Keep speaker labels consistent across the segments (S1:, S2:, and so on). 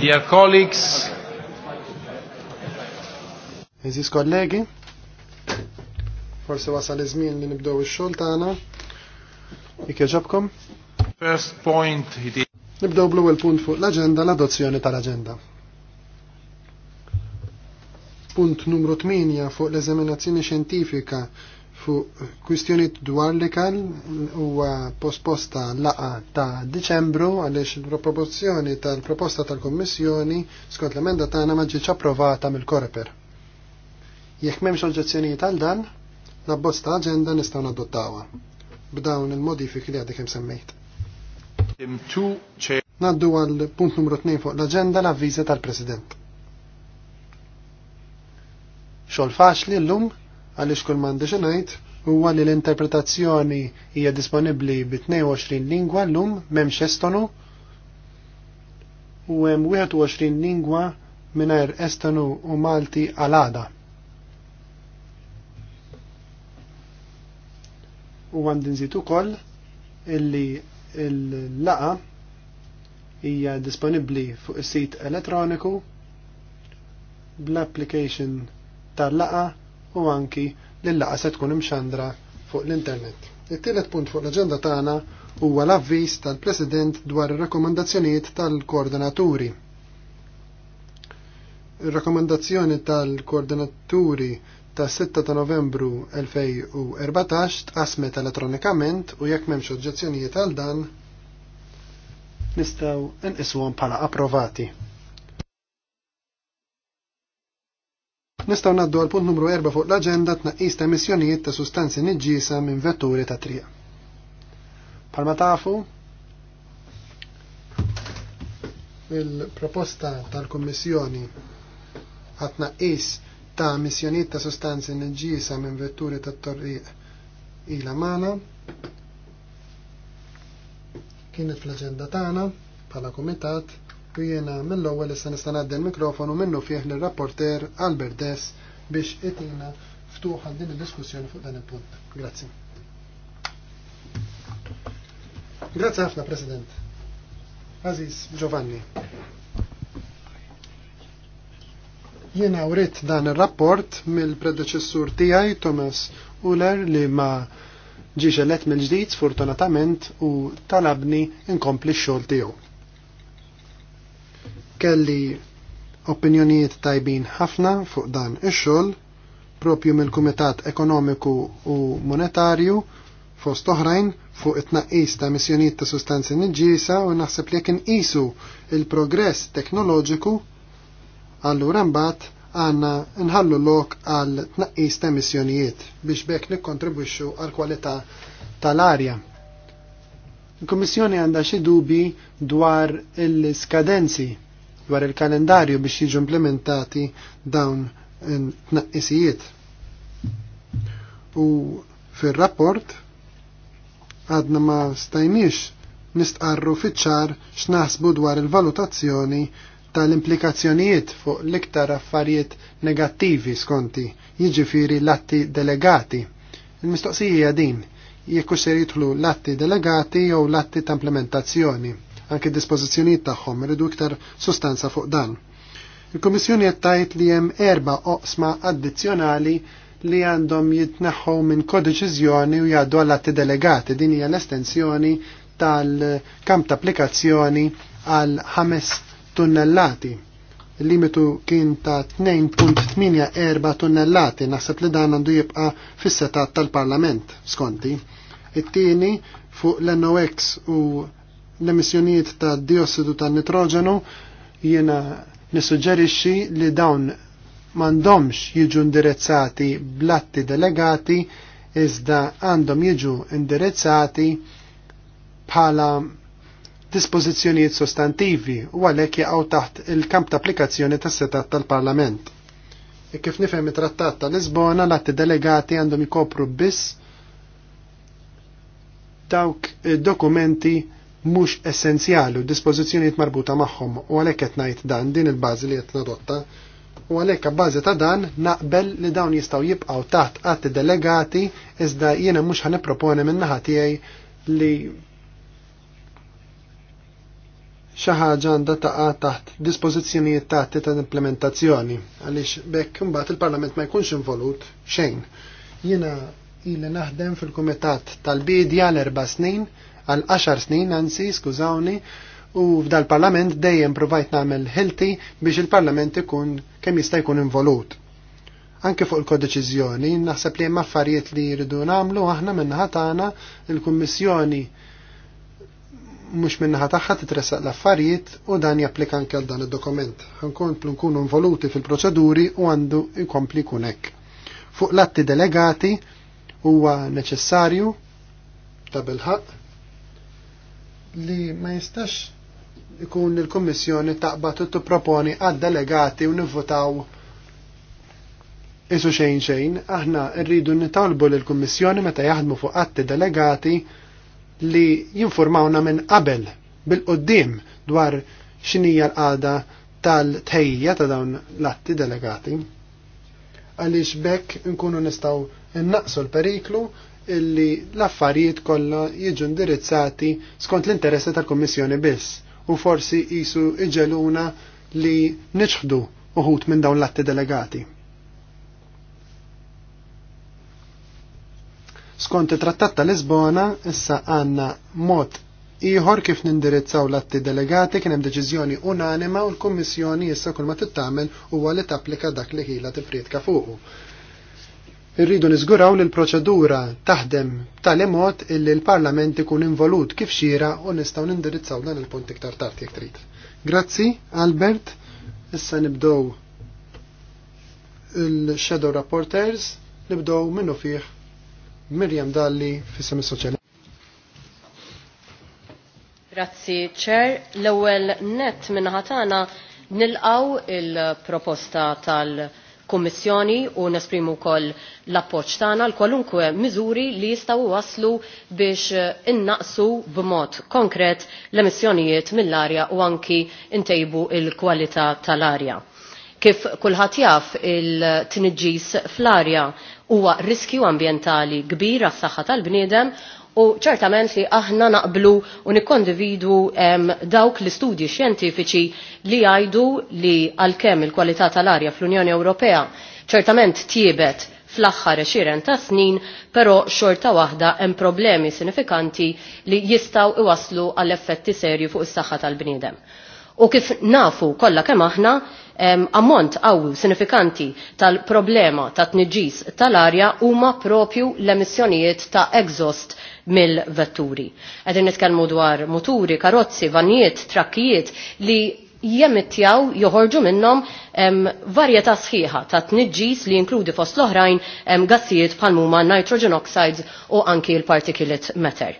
S1: Dear colleagues. Eżis kollegi, forse wasal iż-żmien li nibdew ix-xogħol tagħna. Ikkeġobkom. First point Nibdew bl-ewwel punt fuq l-aġenda l-adozzjoni tal-aġenda. Punt numru 8 fuq l-eżaminazzjoni xjentifika Fu kwistjoni dwar li kan huwa posposta laqa ta' Diċembru għaliex il-proporzjoni tal-proposta tal-Kommissjoni skont l-emenda tagħna ma ġietx approvata mill-Koreper. Jekk m'hemmx oġġezzjonijiet għal dan, l-abbozz ta' aġenda nistgħu nadottawha b'dawn il-modifiki li għadek hemm semmejt. Naddu għal punt numru 2 fuq l-aġenda l-avviża tal-President. Xol faċli l-lum għaliex kull m'għandi xi ngħid huwa li l-interpretazzjoni hija disponibbli bi 22 lingwa llum m'hemmx estonu u hemm 21 lingwa mingħajr estonu u Malti għalada. għada. U għandin nżid ukoll illi l-laqa hija disponibbli fuq is-sit elettroniku bl-application tal-laqa u anki li l-laqa se tkun imxandra fuq l-internet. It-tielet punt fuq l-aġenda tagħna huwa l-avviż tal-President dwar ir-rakkomandazzjonijiet tal-koordinaturi. Ir-rakkomandazzjoni tal-koordinaturi ta' 6 ta' novembru 2014 tqasmet elettronikament u jekk m'hemmx oġġezzjonijiet għal dan nistgħu nqishom bħala approvati. Nistaw naddu għal punt numru 4 fuq l-agenda tnaqqis ta' emissjonijiet ta' sustanzi niġġisa minn vetturi ta' triq. Palma tafu, il-proposta tal-Kommissjoni għat naqqis ta' emissjonijiet ta' sustanzi niġġisa minn vetturi ta' triq ila mana kienet fl-agenda tagħna bħala kumitat u jena mill-ewwel issa nista' ngħaddi l-mikrofonu minnu fih lir-rapporter Albert Dess biex itina ftuħ għal din id-diskussjoni fuq dan il-punt. Grazzi. Grazzi ħafna, President. Aziz Giovanni. Jena writ dan ir-rapport mill-predeċessur tiegħi Thomas Uller li ma ġiex elett mill-ġdid sfortunatament u talabni inkompli x-xogħol tiegħu kelli opinjonijiet tajbin ħafna fuq dan ix-xogħol propju mill-Kumitat Ekonomiku u Monetarju fost oħrajn fuq it-tnaqqis ta' emissjonijiet ta' sustanzi niġġiesa u naħseb li jekk inqisu il-progress teknoloġiku allura mbagħad għandna nħallu lok għal tnaqqis ta' emissjonijiet biex bekk nikkontribwixxu għal kwalità tal-arja. Il-Kummissjoni għandha xi dubi dwar il-skadenzi dwar il-kalendarju biex jiġu implementati dawn tnaqqisijiet. U fil-rapport għadna ma stajniex nistqarru fiċ-ċar x'naħsbu dwar il-valutazzjoni tal-implikazzjonijiet fuq l-iktar affarijiet negattivi skonti, jiġifieri l-atti delegati. Il-mistoqsija din jekk se jidħlu l-atti delegati jew l-atti ta' implementazzjoni anke dispożizzjonijiet tagħhom iridu iktar sustanza fuq dan. Il-Kummissjoni qed tgħid li hemm erba' oqsma addizzjonali li għandhom jitneħħu minn kodeċiżjoni u jgħaddu għal atti delegati din hija l-estensjoni tal-kamp ta' applikazzjoni għal ħames tunnellati. Il-limitu kien ta' 2.84 tunnellati, naħseb li dan għandu jibqa fis-setat tal-Parlament, skonti. It-tieni fuq l-NOX u l-emissjonijiet ta' diossidu ta' nitrogenu jiena nissuġġerixxi li dawn m'għandhomx jiġu indirizzati blatti delegati iżda għandhom jiġu indirizzati bħala dispożizzjonijiet sostantivi u għalhekk jaqgħu taħt il-kamp ta' applikazzjoni tas-setat tal-Parlament. E kif nifhem it-Trattat ta' Lisbona l-atti delegati għandhom ikopru biss dawk dokumenti mhux essenzjali u dispożizzjonijiet marbuta magħhom u għalhekk qed ngħid dan din il-bażi li qed u għalhekk bażi ta' dan naqbel li dawn jistgħu jibqgħu taħt atti delegati iżda jiena mhux ħanipproponi min-naħa tiegħi li xi ħaġa għandha taqa' taħt dispożizzjonijiet taħti ta' implementazzjoni għaliex bekk imbagħad il-Parlament ma jkunx involut xejn. Jiena ili naħdem fil-Kumitat tal-Bidja l-erba' snin għal 10 snin nansi, skużawni, u f'dal-parlament dejjem provajt nagħmel ħilti biex il-parlament ikun kemm jista' jkun involut. Anke fuq il kodeċizjoni naħseb li hemm affarijiet li jridu nagħmlu aħna minnaħa tagħna il-Kummissjoni mux minnaħa tagħha titressaq l-affarijiet u dan japplika anke għal dan id-dokument. Ħankun nkunu involuti fil-proċeduri u għandu jkompli jkun hekk. Fuq l-atti delegati huwa neċessarju tabel bilħaq li ma jistax ikun il-Kommissjoni taqbad u t-proponi għad delegati u nivvotaw isu xejn xejn, aħna rridu nitalbu l kummissjoni meta jaħdmu fuq atti delegati li jinformawna minn qabel bil-qoddim dwar xinija l għada tal-tħejja ta' dawn l-atti delegati. Għaliex bekk nkunu nistaw innaqsu l-periklu illi l-affarijiet kollha jiġu indirizzati skont l-interessi tal-Kummissjoni biss u forsi jisu iġeluna li niċħdu uħut minn dawn l-atti delegati. Skont it-Trattat ta' Lisbona, issa għanna mod ieħor kif nindirizzaw l-atti delegati kien hemm deċiżjoni unanima u l-Kummissjoni issa kull ma tittamel huwa li tapplika dak li ħila tippriedka fuqu. Irridu niżguraw li l-proċedura taħdem tal mod illi l-Parlament ikun involut kif xira u nistgħu nindirizzaw dan il-punt iktar tard jekk trid. Grazzi, Albert. Issa nibdow il-Shadow Reporters, nibdow minnu fih Mirjam Dalli fis-semi soċjali.
S2: Grazzi, Chair. L-ewwel net minnaħatana nilqaw il-proposta tal- kummissjoni u nesprimu wkoll l-appoġġ tagħna l kwalunkwe miżuri li jistgħu waslu biex eh, innaqsu b'mod konkret l-emissjonijiet mill-arja u anki ntejbu il-kwalità tal-arja. Kif kulħadd jaf il tinġis fl-arja huwa riskju ambjentali kbir s saħħa tal-bniedem u ċertament li aħna naqblu u nikkondividu dawk l-istudji xjentifiċi li jgħidu li għalkemm il-kwalità tal-arja fl-Unjoni Ewropea ċertament tiebet fl-axħar xiren ta' snin, pero xorta waħda hemm problemi sinifikanti li jistaw iwaslu għall effetti serju fuq is-saħħa tal-bniedem. U kif nafu kollha kemm aħna ammont qawwi sinifikanti tal-problema ta' tniġġis tal-arja huma propju l-emissjonijiet ta' exhaust mill-vetturi. Qegħdin nitkellmu dwar muturi, karozzi, vanijiet, trakkijiet li jemittjaw joħorġu minnom varjetà sħiħa ta' tniġġis li jinkludi fost l-oħrajn gassijiet bħal nitrogen oxides u anki l-particulate matter.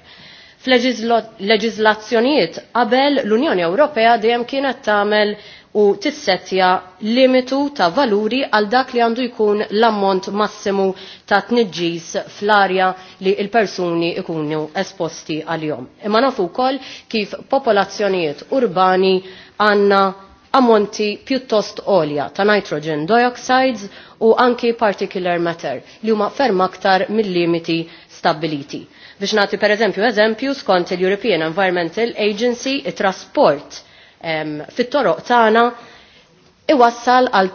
S2: F'leġizlazzjonijiet qabel l-Unjoni Ewropea dejjem kienet tagħmel u tissetja limitu ta' valuri għal dak li għandu jkun l-ammont massimu ta' tniġġis fl-arja li il-persuni ikunu esposti għal-jom. Imma nafu kol kif popolazzjonijiet urbani għanna ammonti pjuttost olja ta' nitrogen dioxides u anki particular matter li huma ferm aktar mill-limiti stabiliti. Biex nagħti pereżempju eżempju skont il-European Environmental Agency it-trasport fit-toroq tagħna iwassal għal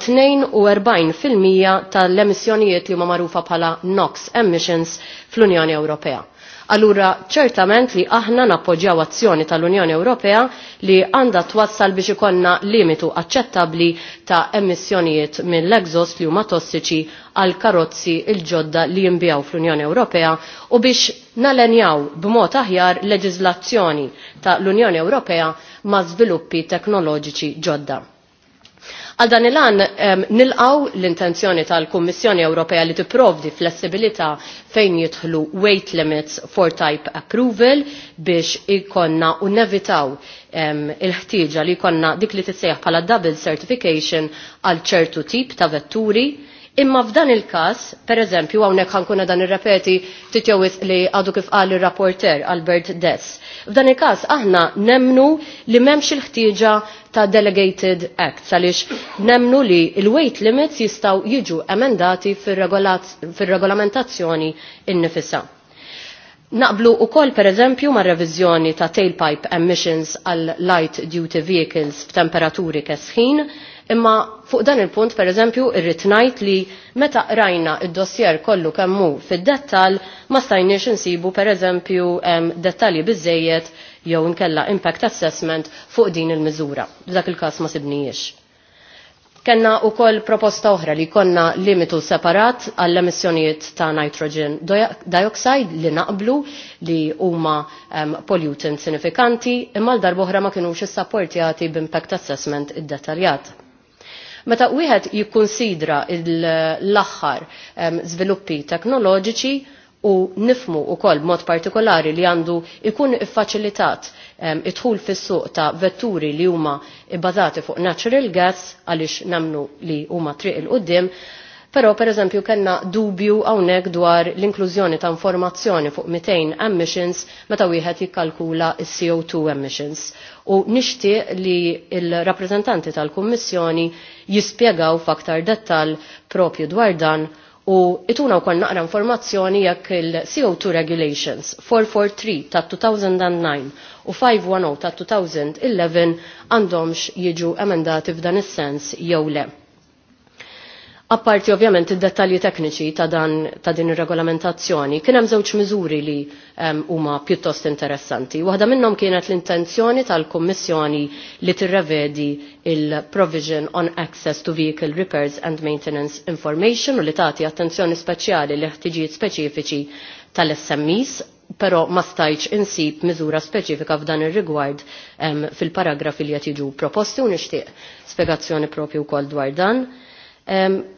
S2: 42% tal-emissjonijiet li huma magħrufa bħala NOx emissions fl-Unjoni Ewropea. Allura ċertament li aħna nappoġġjaw azzjoni tal-Unjoni Ewropea li għandha twassal biex ikollna limitu aċċettabbli ta' emissjonijiet mill-exhaust li huma tossiċi għal karozzi il-ġodda li jinbjaw fl-Unjoni Ewropea u biex nalenjaw b'mod aħjar leġiżlazzjoni tal unjoni Ewropea ma' sviluppi teknoloġiċi ġodda. Għal dan il-għan nilqaw l-intenzjoni tal-Kommissjoni Ewropea li tipprovdi flessibilità fejn jidħlu weight limits for type approval biex ikonna u nevitaw il-ħtieġa li jkollna dik li tissejjaħ bħala double certification għal ċertu tip ta' vetturi Imma f'dan il-kas, per eżempju, għawnek ħankuna dan il-repeti titjowis li għadu kif għal il-rapporter Albert Dess. F'dan il-kas, aħna nemnu li memx il-ħtieġa ta' delegated acts, għalix nemnu li il-weight limits jistaw jiġu emendati fil-regolamentazzjoni fil nifisa Naqblu u koll per eżempju ma' revizjoni ta' tailpipe emissions għal light duty vehicles f'temperaturi kesħin, Imma fuq dan il-punt, per eżempju, irritnajt ngħid li meta rajna id-dossier kollu kemmu fid-dettal ma stajniex insibu per eżempju dettalji bizzejiet jew nkella impact assessment fuq din il-miżura. Dak il-każ ma sibnijiex. Kenna u koll proposta oħra li konna limitu separat għall-emissjonijiet ta' nitrogen dioxide li naqblu li huma um, pollutant sinifikanti imma l-darboħra ma kienux is-sapportjati b'impact assessment id-detaljat. Meta wieħed jikkonsidra l-aħħar ehm, żviluppi teknoloġiċi u nifmu wkoll mod partikolari li għandu ikun iffaċilitat ehm, idħul fis-suq ta' vetturi li huma bbażati fuq natural gas għaliex namnu li huma triq il qudiem Però per eżempju kellna dubju hawnhekk dwar l-inklużjoni ta' informazzjoni fuq 200 emissions meta wieħed jikkalkula s co 2 emissions u nixtieq li il-rappreżentanti tal-Kummissjoni jispjegaw f'aktar dettal propju dwar dan u ituna wkoll naqra informazzjoni jekk il-CO2 Regulations 443 ta' 2009 u 510 ta' 2011 għandhomx jiġu emendati f'dan is-sens jew le. Apparti ovvjament id-dettalji tekniċi ta' dan ta' din ir-regolamentazzjoni, kien hemm żewġ miżuri li ehm, huma um, pjuttost interessanti. Waħda minnhom kienet l-intenzjoni tal-Kummissjoni li tirrevedi il-Provision on Access to Vehicle Repairs and Maintenance Information u li tagħti attenzjoni speċjali li ħtiġijiet speċifiċi tal-SMEs però ma stajċ insib miżura speċifika f'dan ir-rigward ehm, fil-paragrafi li qed jiġu proposti u nixtieq spjegazzjoni propju wkoll dwar dan.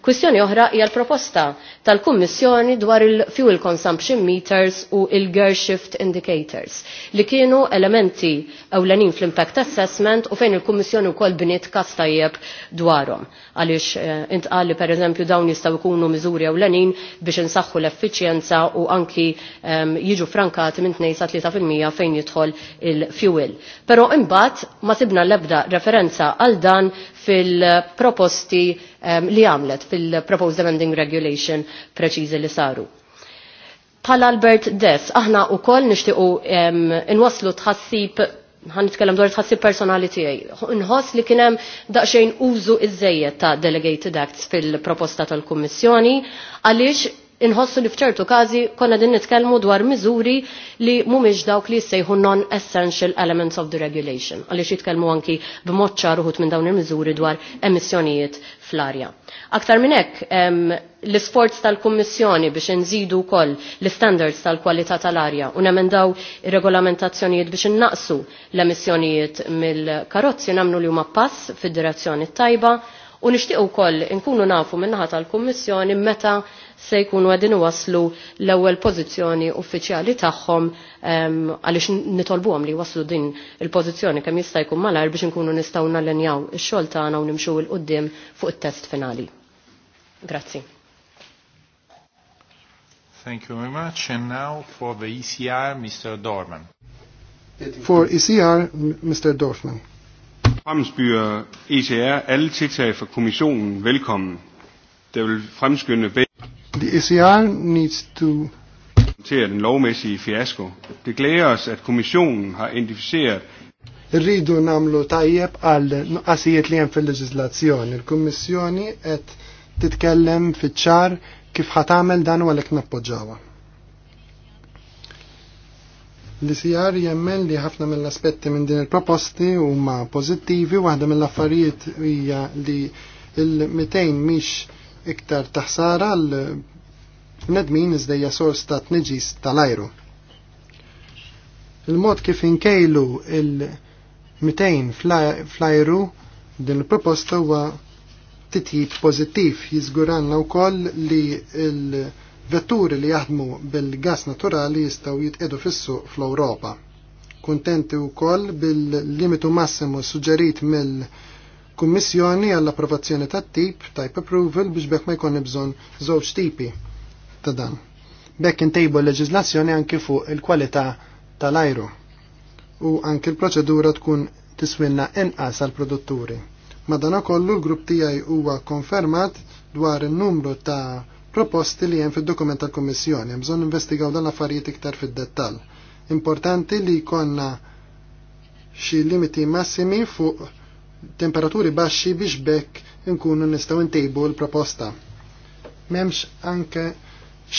S2: Kwistjoni oħra hija l-proposta tal-Kummissjoni dwar il-Fuel Consumption Meters u il-Gear Shift Indicators li kienu elementi ewlenin fl-impact assessment u fejn il-Kummissjoni wkoll biniet kas tajjeb dwarhom. Għaliex eh, intqalli pereżempju dawn jistgħu jkunu miżuri ewlenin biex insaħħu l-effiċjenza u anki ehm, jiġu frankati minn 2 sa 3% fejn jidħol il-fuel. Però imbagħad ma sibna l-ebda referenza għal dan fil-proposti ehm, li għamlet fil-Proposed Amending Regulation preċiżi li saru. Pal Albert Dess, aħna u koll nishtiqu um, ehm, inwaslu tħassib ħan nitkellem dwar tħassi personali tiegħi. Nħoss li kien hemm daqsxejn użu żejjed ta' delegated acts fil-proposta tal-Kummissjoni għaliex inħossu li fċertu każi konna din nitkellmu dwar miżuri li mhumiex dawk li jissejħu non-essential elements of the regulation, għaliex jitkellmu anki b'mod ċar uħut minn dawn il-miżuri dwar emissjonijiet fl-arja. Aktar minn hekk, l-isforz tal-Kummissjoni biex inżidu wkoll l-standards tal-kwalità tal-arja u nemendaw ir-regolamentazzjonijiet biex innaqsu l-emissjonijiet mill-karozzi nagħmlu li huma pass fid-direzzjoni tajba U nixtieq ukoll inkunu nafu min-naħa tal-Kummissjoni meta se jkunu qegħdin waslu l-ewwel pożizzjoni uffiċjali tagħhom ehm, għaliex nitolbuhom li waslu din il-pożizzjoni kemm jista' jkun malajr biex inkunu nistgħu nallenjaw ix-xogħol tagħna u nimxu l qudiem fuq it-test finali. Grazzi. Thank you very much. And now for the ECR, Mr. Dorman.
S1: For ECR, Mr. Dorfman.
S3: Fremmest byder ECR alle tiltag fra kommissionen velkommen, der vil fremskynde
S1: The ECR needs to håndtere den lovmæssige fiasko. Det glæder os, at kommissionen har identificeret Rridu namlu tajjeb għal nuqqasijiet li hemm fil-leġiżlazzjoni. il kommissjoni għed titkellem fiċ kif ħatamel dan u għalek nappoġġawa. L-ICR jemmen li ħafna mill-aspetti minn din il-proposti huma pożittivi waħda mill-affarijiet hija li il-200 mhix iktar taħsara l-nedmin iżdejja sors ta' tniġis tal-ajru. Il-mod kif inkejlu il-200 fl-ajru din il-proposta huwa titjib pożittiv jiżguranna wkoll li il- Vetturi li jaħdmu bil-gas naturali jistgħu jitqedu fissu fl-Ewropa. Kuntenti wkoll bil-limitu massimu suġġerit mill-Kummissjoni għall-approvazzjoni tat-tip type approval biex bekk ma jkun bżonn żewġ tipi ta' dan. Bekk intejbu l-leġiżlazzjoni anki fuq il-kwalità tal-ajru u anki l-proċedura tkun tiswinna inqas għal produtturi. Madana kollu l-grupp tijaj huwa konfermat dwar il-numru ta' proposti li hemm fid-dokument tal-Kummissjoni hemm bżonn investigaw dan l-affarijiet iktar fid-dettall. Importanti li jkollna xi limiti massimi fuq temperaturi baxxi biex bekk nkunu nistgħu ntejbu l-proposta. M'hemmx anke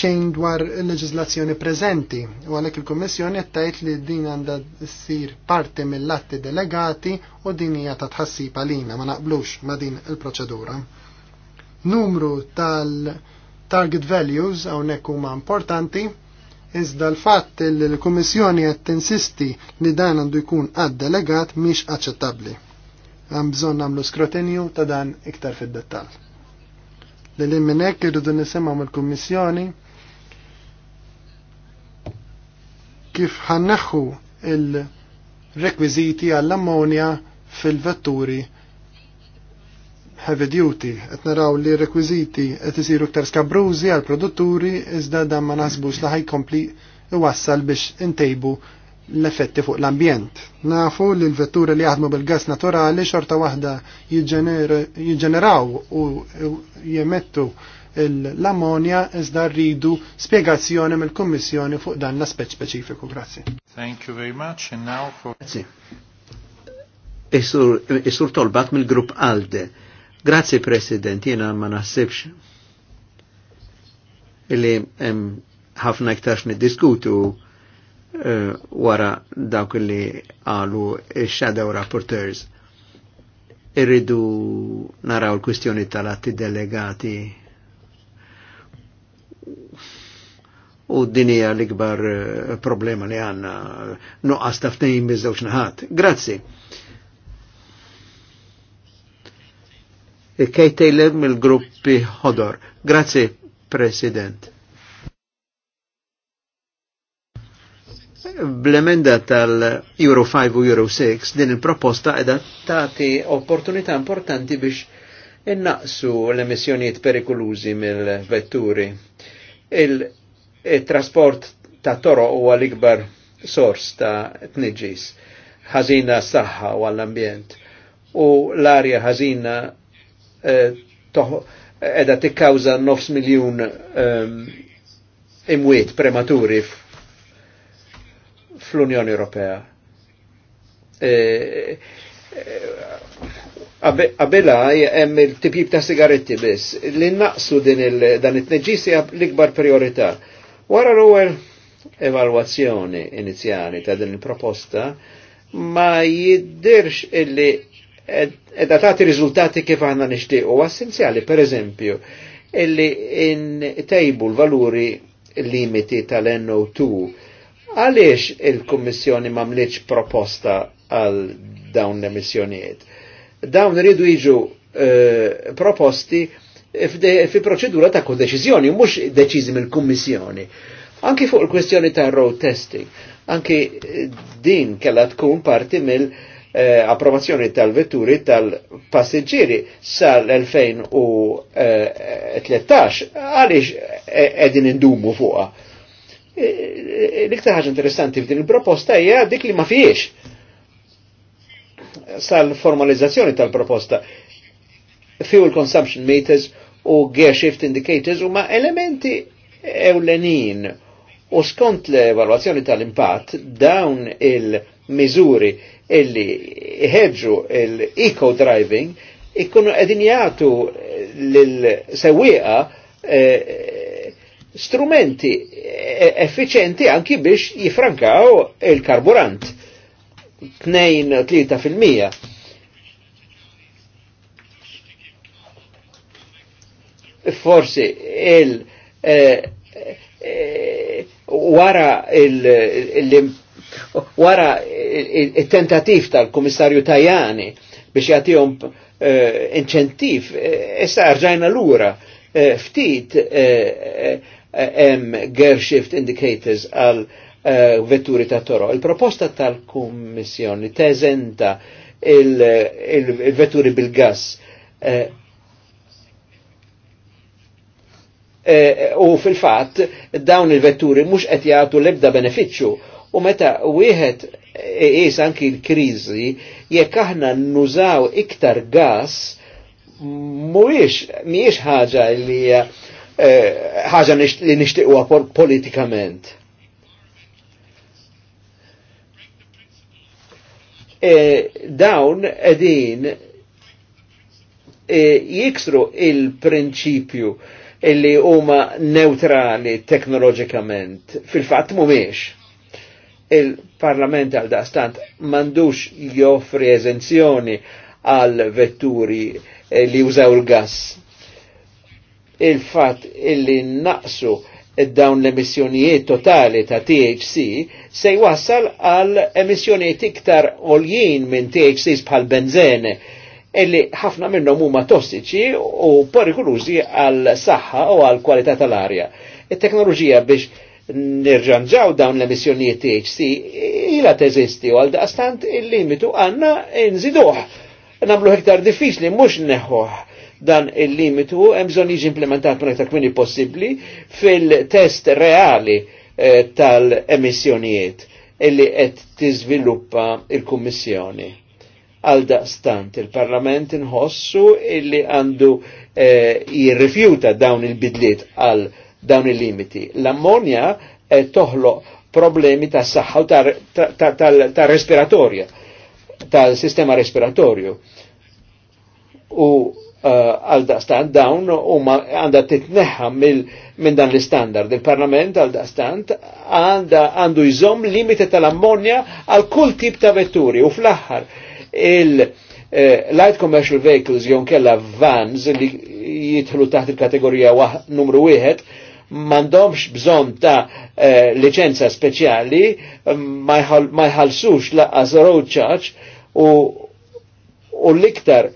S1: xejn dwar il-leġiżlazzjoni preżenti u għalhekk il-Kummissjoni qed tgħid li din għandha ssir parti mill-atti delegati u din hija ta' tħassib għalina ma naqblux ma' din il-proċedura. Numru tal- target values hawnhekk huma importanti, iżda l-fatt li l-Kummissjoni qed tinsisti li dan għandu jkun għad delegat mhix aċċettabbli. Għam bżon nagħmlu skrutinju ta' dan iktar fid-dettall. Lil minn hekk irridu nisimgħu mill-Kummissjoni kif ħanneħu il-rekwiżiti għall-ammonja fil-vetturi heavy duty, qed naraw li rekwiżiti qed isiru ktar skabrużi għal produtturi iżda dan ma naħsbux li ħajkompli iwassal biex intejbu l-effetti fuq l-ambjent. Nafu li l-vetturi li jaħdmu bil-gas naturali xorta waħda jiġġeneraw u jemettu l-ammonja iżda rridu spiegazzjoni mill-Kummissjoni fuq dan l-aspett speċifiku. Grazzi. Thank you
S2: very much and now for Grazie.
S4: isur tolbat mill-grupp ALDE. Grazzi President, jena ma naħsibx illi ħafna iktarx diskutu uh, eh, wara dawk li għalu shadow rapporteurs. Irridu naraw l-kwistjoni tal-atti delegati u dinija l-ikbar eh, problema li għanna nuqqas taftejn bizzawx naħat. Grazzi. Kej Taylor mill-gruppi Hodor. Grazzi, President. Blemenda tal-Euro 5 u Euro 6 din il-proposta edha tati opportunità importanti biex innaqsu l-emissjonijiet perikolużi mill-vetturi. Il-trasport il ta' toro huwa l-ikbar sors ta' tniġis, ħażina s-saħħa u għall-ambjent, u l-arja ħażina Eh, edha tikkawza nofs miljun ehm, imwiet prematuri fl-Unjoni Ewropea. Qabela eh, eh, hemm il-tipjib ta' sigaretti biss. Li naqsu din dan it-tneġġis l-ikbar priorità. Wara l-ewwel evalwazzjoni inizjali ta' din il-proposta ma jiddirx illi edda tagħti riżultati kif aħna u essenzjali, per eżempju, illi intejbu l-valuri limiti tal-NO2. Għaliex il-Kummissjoni mamliċ proposta għal dawn l-emissjonijiet? Dawn rridu jiġu eh, proposti fi proċedura ta' kodeċizjoni, mux deċizim mill-Kummissjoni. Anki fuq il-kwestjoni ta' road testing, anki din kella tkun parti mill- eh, approvazzjoni tal-vetturi tal-passeġġieri sal-2013 għaliex e-, edin indumu fuqa. E, e, l-iktar ħaġa interessanti f'din il-proposta hija dik li ma fiex sal-formalizzazzjoni tal-proposta fuel consumption meters u gear shift indicators huma elementi ewlenin u skont l-evalwazzjoni tal-impatt dawn il-miżuri illi iħedġu l-eco driving ikkunu qegħdin jagħtu lill-sewwieqa eh, strumenti eh, effiċenti anki biex jifrankaw il-karburant 2-3%. fil Forsi il- eh, wara il impatt wara il-tentativ tal-Komissarju Tajani biex jagħtihom eh, inċentiv, eh, issa l lura eh, ftit hemm gear shift indicators għal vetturi ta' toro. Il-proposta tal-Kummissjoni teżenta il-vetturi bil-gas u fil-fatt dawn il-vetturi mhux qed jagħtu l-ebda benefiċċju U meta wieħed is anki l-kriżi jekk aħna nużaw iktar gas mhuwiex mhijiex ħaġa li hija eh, ħaġa li nixtiequha politikament. Eh, dawn qegħdin eh, jiksru il-prinċipju illi huma neutrali teknoloġikament. Fil-fatt mhumiex Il-Parlament għal daqstant mandux joffri eżenzjoni għal vetturi eh, li użaw il-gas. Il-fat illi naqsu dawn l-emissjonijiet totali ta' THC se jwassal għal emissjonijiet iktar oljien minn THC bħal benzene illi ħafna minnhom huma tossiċi u perikolużi għal saħħa u għal kwalità tal-arja. Il-teknoloġija biex nirġanġaw dawn l-emissjonijiet THC ila teżisti għal daqstant il-limitu għanna nżiduħ. Namlu hektar diffiċli mux neħuħ dan il-limitu hemm bżonn jiġi implementat minn aktar kmini possibbli fil-test reali eh, tal-emissjonijiet illi qed tiżviluppa il-Kummissjoni. Għal daqstant il-Parlament inħossu illi għandu eh, jirrifjuta dawn il-bidliet għal dawn il-limiti. L-ammonja eh, toħlo problemi ta' saħħa ta', ta, ta, ta respiratorja, tal-sistema respiratorju. U eh, għal da stand dawn u għanda titneħħa minn dan l-standard. Il-parlament għal daqstant għandu jżom limite tal-ammonja għal kull tip ta' vetturi u fl-axħar il- eh, light commercial vehicles jonkella vans li jitħlu taħt il-kategorija numru wieħed mandomx bżon ta' eh, licenza speċjali, mm, ma jħalsux laqqas road charge u, u l-iktar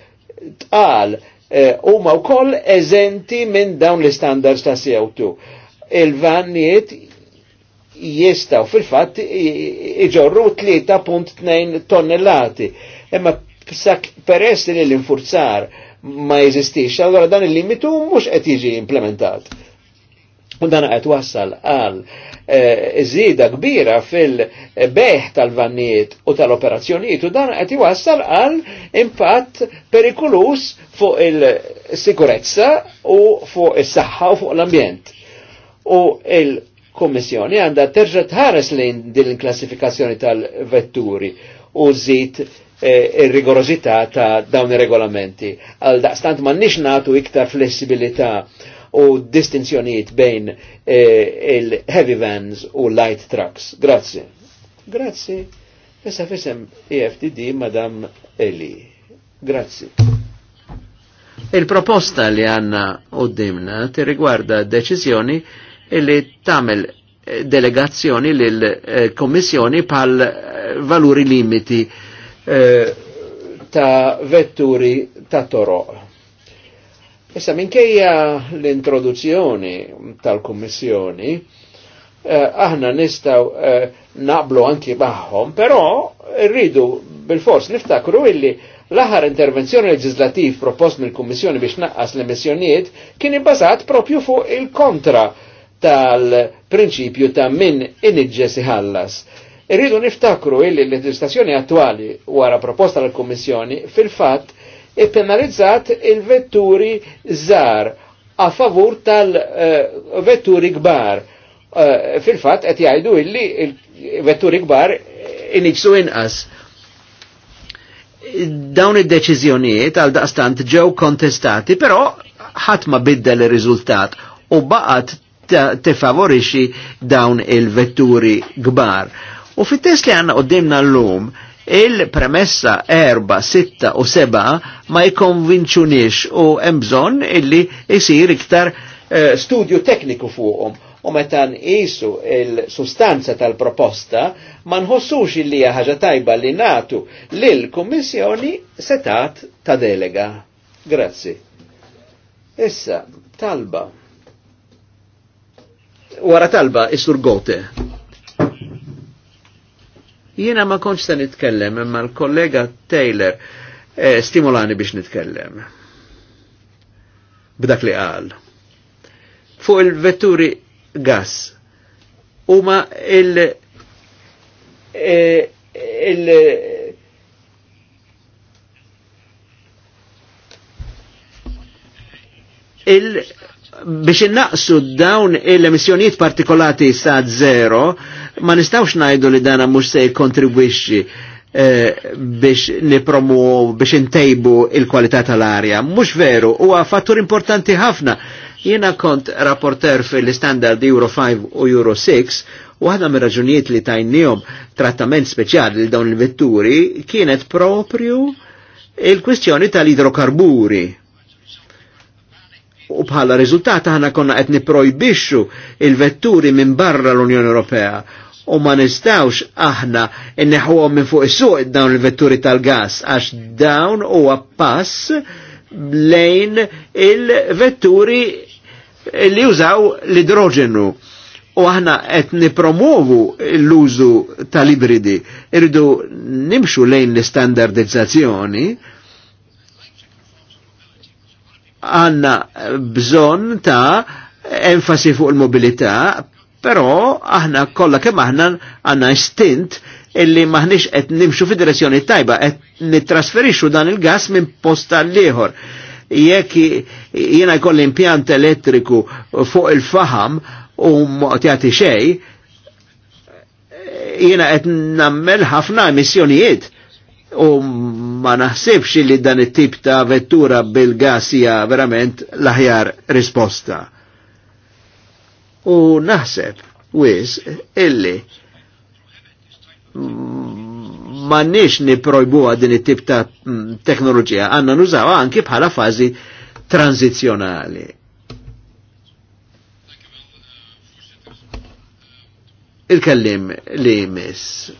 S4: tqal eh, huma eh, wkoll eżenti minn dawn l-standards ta' CO2. Il-vanniet jistaw fil-fatt iġorru 3.2 tonnellati. Imma peress li l-infurzar ma jeżistix, allora dan il-limitu mhux qed jiġi implementat. U dan għet wassal għal zida eh, kbira fil-beħ tal-vanniet u tal-operazzjoniet u dan għet wassal għal impatt perikolus fuq il-sikurezza u fuq il saħħa u fuq l-ambjent. U il-Kommissjoni għanda terġa tħares lejn din il klassifikazzjoni tal-vetturi u zid eh, il-rigorozità ta' dawn ir-regolamenti. Għal daqstant ma' nix natu iktar flessibilità u distinzjoniet bejn eh, il-heavy vans u light trucks. Grazzi. Grazzi. Issa fisem EFTD Madam Eli. Grazzi. Il-proposta li għanna u dimna ti riguarda deċizjoni li tamel eh, delegazzjoni l-Komissjoni eh, pal eh, valuri limiti eh, ta' vetturi ta' toro. Issa minkejja l-introduzzjoni tal-Kummissjoni, eh, aħna nistaw eh, naqblu anki maħħom, però rridu bil-fors niftakru illi l aħħar intervenzjoni leġislativ propost mill-Kummissjoni biex naqqas l-emissjonijiet kien ibbażat propju fuq il-kontra tal-prinċipju ta' min inġġes iħallas. Irridu niftakru illi l legislazzjoni attuali wara proposta l-Kummissjoni fil-fatt ippenalizzat il-vetturi zar a favur tal-vetturi kbar. Eh, fil-fatt qed jgħidu illi il-vetturi kbar iniġsu inqas dawn id-deċiżjonijiet għal daqstant ġew kontestati, però ħadd ma biddel ir-riżultat u baqgħet tifavorixxi dawn il-vetturi kbar. U fit-test li għandna qudiemna llum il-premessa erba, sitta u seba ma jkonvinċunix u mbżon illi jisir iktar eh, studju tekniku fuqhom u meta jisu il-sustanza tal-proposta ma nħossux illi ħaġa tajba li natu lil kummissjoni setat ta' delega. Grazzi. Issa, talba. Wara talba, isur gote. Jiena ma konċ ta' nitkellem, imma l-kollega Taylor eh, stimolani biex nitkellem. B'dak li qal. Fuq il-vetturi gas huma il- il- eh, il- il biex innaqsu dawn il-emissjonijiet partikolati sa' zero, ma nistawx najdu li dana mux se kontribwixi eh, biex nipromu, biex intejbu il-kwalità tal-arja. Mux veru, huwa fattur importanti ħafna. Jiena kont rapporter fil-standard Euro 5 u Euro 6 u għadna mir raġunijiet li tajnijom trattament speċjali li dawn il-vetturi kienet propju il-kwistjoni tal-idrokarburi. U bħala riżultat aħna konna qed niprojbixxu il-vetturi minn barra l-Unjoni Ewropea u ma nistawx aħna inneħuhom minn fuq is-suq dawn il-vetturi tal-gas għax dawn huwa pass lejn il-vetturi li jużaw l-idroġenu. U aħna qed nipromovu l-użu tal-ibridi, irridu nimxu lejn l-standardizzazzjoni, għanna bżon ta' enfasi fuq il-mobilità, Però aħna kollha kemm aħna għandna stint illi maħniex qed nimxu fid direzzjoni tajba qed nittrasferixxu dan il-gas minn post tal ieħor Jekk jiena jkoll impjant elettriku fuq il-faham u jagħti xej, jiena qed nammel ħafna emissjonijiet u ma naħsibx li dan it-tip ta' vettura bil-gas hija verament l-aħjar risposta. U naħseb, wis, illi ma nix ni din it-tip ta' teknoloġija, għanna nużawa anki bħala fazi tranzizjonali. Il-kellim li jmiss.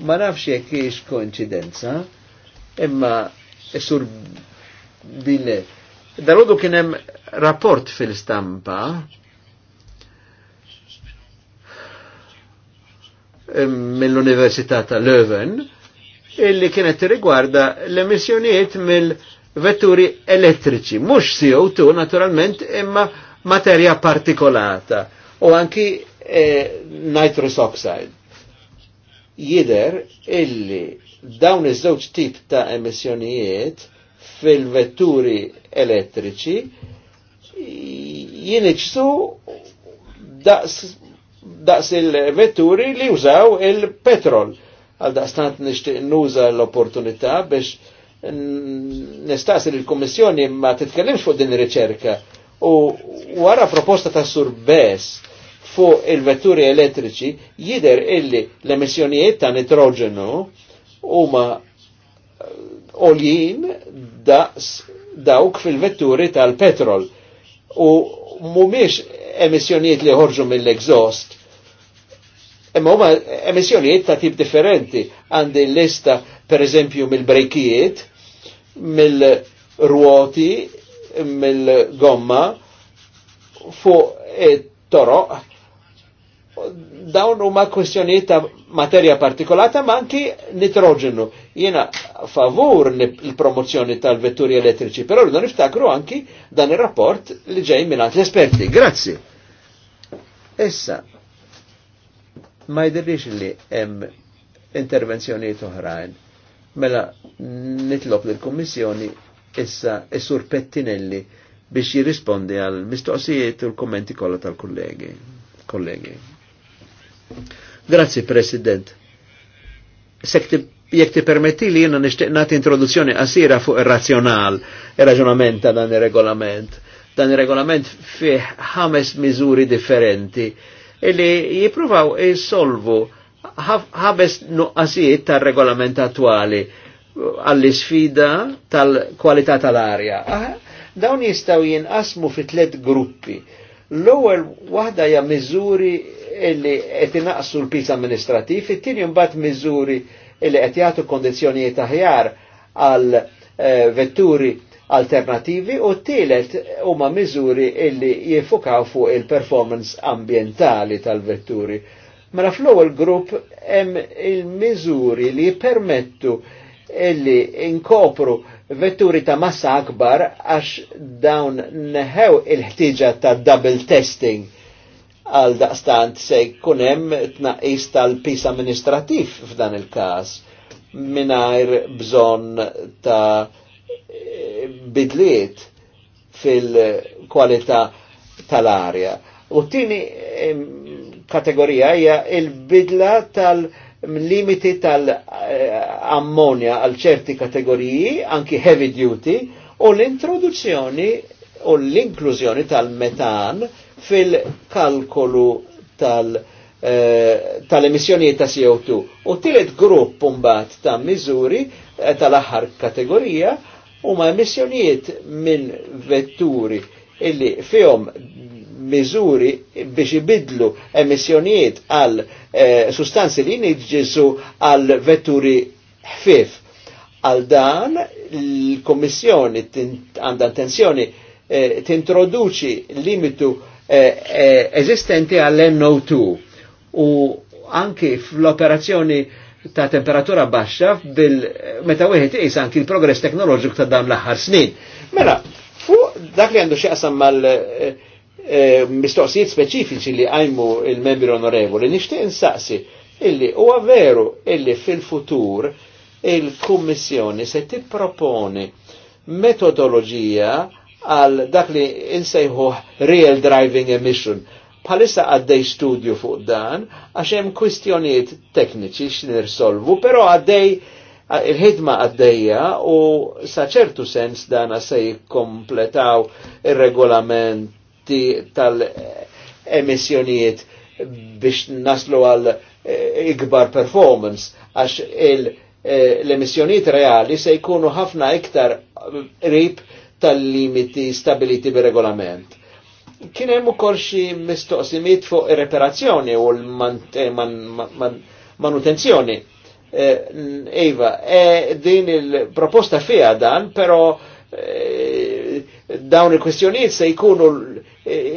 S4: Ma nafx jekk hiex koincidenza, imma sur bille. Dalodu kien hemm rapport fil-stampa mill-Università ta' Leuven illi kienet rigwarda l-emissjonijiet mill-vetturi elettriċi, mux CO2 naturalment imma materja partikolata u anki eh, nitrous oxide. Jider illi dawn iż-żewġ tip ta' emissjonijiet fil-vetturi elettriċi jinġsu daqs daqs il-vetturi li użaw il-petrol. Għal daqstant nishtiq nuża l-opportunità biex nistaqsil il-Kommissjoni ma titkellimx fuq din ir-riċerka u wara proposta ta' surbes fuq il-vetturi elettriċi jider illi l-emissjonijiet ta' nitrogenu huma eh, oljin daqs dawk fil-vetturi tal-petrol u mumiex emissjonijiet li ħorġu mill-exhaust. Imma huma emissjonijiet ta' tip differenti. Għandi lista per eżempju mill-brejkijiet, mill-ruoti, mill-gomma, fuq it-toroq, dawn huma kwestjonijiet ta' materja partikolata ma' anki nitrogenu. Jiena favur il-promozzjoni tal-vetturi elettriċi, però rridu niftakru anki dan ir-rapport li ġej mingħand l-esperti. Grazzi. Issa, ma jdirrix li hemm intervenzjonijiet oħrajn. Mela nitlob l kummissjoni issa is-sur Pettinelli biex jirrispondi għal mistoqsijiet u l-kommenti kollha tal-kollegi. Kollegi. kollegi. Grazie, President. Jek ti permetti li jena nishtiq nati introduzzjoni qasira fuq ir-razzjonal, ir-raġunament ta' dan il regolament Dan il regolament fih ħames miżuri differenti illi jiprufaw jissolvu ħabes nuqqasijiet tal-regolament attuali għall-sfida tal-kwalità tal-arja. Dawn jistaw jinqasmu fi tlet gruppi. L-ewwel waħda hija miżuri illi qed inaqsu l-pis amministrativ, it-tieni mbagħad miżuri illi qed jagħtu kondizzjonijiet aħjar għal eh, vetturi alternativi u t-tielet huma miżuri illi jiffukaw fuq il-performance ambientali tal-vetturi. Mela fl-ewwel grupp hemm il-miżuri li jippermettu illi inkopru vetturi ta' massa akbar għax dawn neħew il-ħtiġa ta' double testing għal daqstant se kunem tnaqis tal-pis amministrativ f'dan il-kas minnajr bżon ta' bidliet fil-kwalità tal-arja. U tini kategorija hija il-bidla tal-limiti tal-ammonja għal ċerti kategoriji, anki heavy duty, u l-introduzzjoni u l-inklużjoni tal-metan fil-kalkolu tal- eh, tal-emissjonijiet ta' CO2. U tielet grupp mbagħad ta' miżuri eh, tal-aħħar kategorija huma emissjonijiet minn vetturi illi fihom miżuri biex ibidlu emissjonijiet għal eh, sustanzi li nġisu għal vetturi ħfif. Għal dan l-Kommissjoni għandha intenzjoni eh, tintroduċi limitu eżistenti eh, eh, għall-NO2 u anki fl-operazzjoni ta' temperatura baxxa bil meta wieħed iqis anki l-progress teknoloġiku ta' dan l-aħħar snin. Mela, fuq dak li għandu xieqsam mal eh, mistoqsijiet speċifiċi li għajmu il-membri onorevoli, nixtieq insaqsi illi huwa veru illi fil-futur il-Kummissjoni se tipproponi metodoloġija għal dak li insejħu real driving emission. Palissa għaddej studju fuq dan, għax hemm kwistjonijiet tekniċi x'nirsolvu, però għaddej il-ħidma għaddejja u saċertu sens dana se jikkompletaw ir-regolamenti tal-emissjonijiet biex naslu għal eh, ikbar performance għax eh, l-emissjonijiet reali se jkunu ħafna iktar rip tal-limiti stabiliti bir-regolament. Kien hemm ukoll xi mistoqsimiet fuq ir-reparazzjoni u l-manutenzjoni. Eh, eh, iva, eh, din il-proposta fija dan, però dawn il-kwestjonijiet se jkunu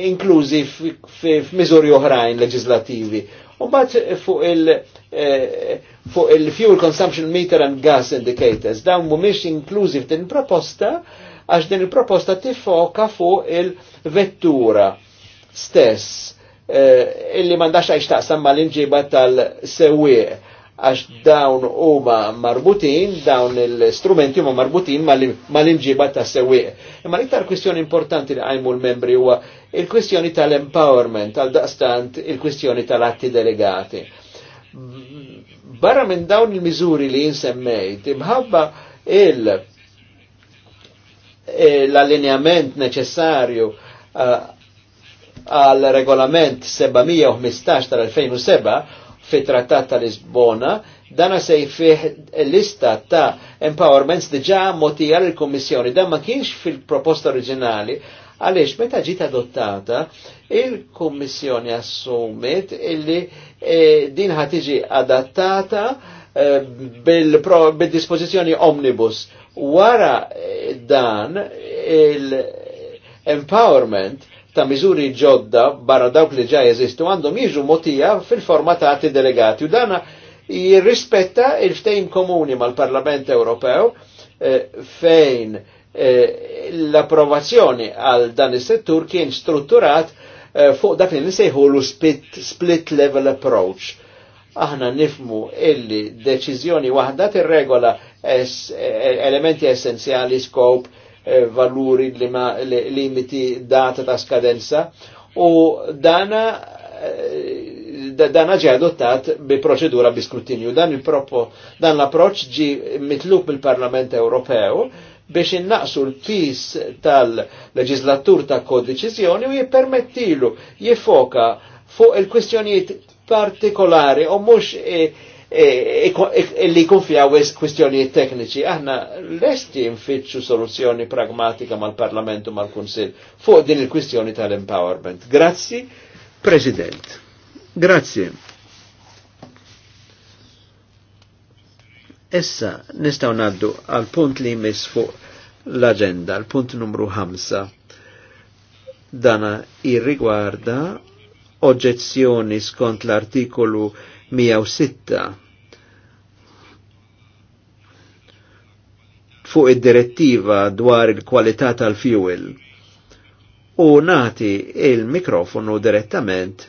S4: inklużi f'miżuri oħrajn leġislativi. Umbat fuq il- fuq il-fuel consumption meter and gas indicators, dawn mumiex inklużi f'din proposta għax din il-proposta tifoka fuq il-vettura stess eh, illi mandax għax taqsam ma l inġiba tal sewi għax dawn huma marbutin, dawn l-strumenti huma marbutin ma l inġiba tal-sewi. Imma l-iktar kwistjoni importanti li għajmu l-membri huwa il-kwistjoni tal-empowerment, tal-daqstant il-kwistjoni tal-atti delegati. Barra minn dawn il-miżuri li jinsemmejt, imħabba il- Eh, l-allineament neċessarju eh, għal regolament 715 tal-2007 fi trattat ta' Lisbona, dana se jfih lista ta' empowerments diġa motija il kommissjoni Dan ma kienx fil-proposta oriġinali, għaliex meta ġiet adottata, il-Kommissjoni assumit illi e, din ħatiġi adattata Eh, bil-dispozizjoni omnibus. Wara eh, dan il-empowerment ta' miżuri ġodda barra dawk li ġa jeżistu għandhom jiġu motija fil-formatati delegati u dana jirrispetta il-ftejn komuni mal-Parlament Ewropew eh, fejn l-approvazzjoni għal dan is-settur kien strutturat fuq dak li nisejħu l-split level approach aħna nifmu illi deċiżjoni waħda tirregola es, elementi essenzjali, skop, eh, valuri, limiti, data ta' skadenza u dana eh, dan ġi adottat bi proċedura bi skrutinju. Dan, dan l-approċ ġi mitlup mill-Parlament Ewropew biex innaqsu l-pis tal-leġislatur ta' kodeċizjoni u jippermettilu jifoka fuq il-kwistjonijiet partikolari u mux eh, eh, eh, li jkun fija kwistjonijiet tekniċi. Aħna lesti nfittxu soluzzjoni pragmatika mal-Parlamentu mal-Kunsil fuq din il-kwistjoni tal-empowerment. Grazzi, President. Grazzi. Essa nistaw naddu għal punt li jmiss fuq l-agenda, l-punt numru 5. Dana irrigwarda oġezzjoni skont l-artikolu 106 fuq id-direttiva dwar il-kwalità tal-fuel u nati il-mikrofonu direttament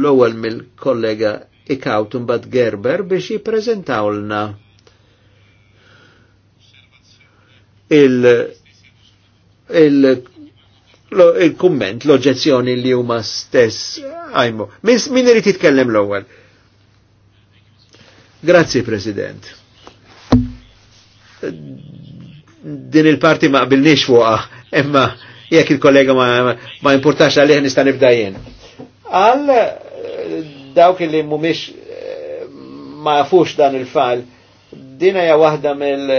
S4: l-ewwel mill-kollega Ikawtum Bad Gerber biex jippreżentawlna il- il il-kumment, l-oġezzjoni li huma stess għajmu. Min irid jitkellem l-ewwel? Grazzi, President. Din il-parti ma qbilniex fuqha, imma jekk il-kollega ma, ma importax għalih nista' nibda jien. Għal dawk li mhumiex ma jafux dan il-fall, dina hija waħda mill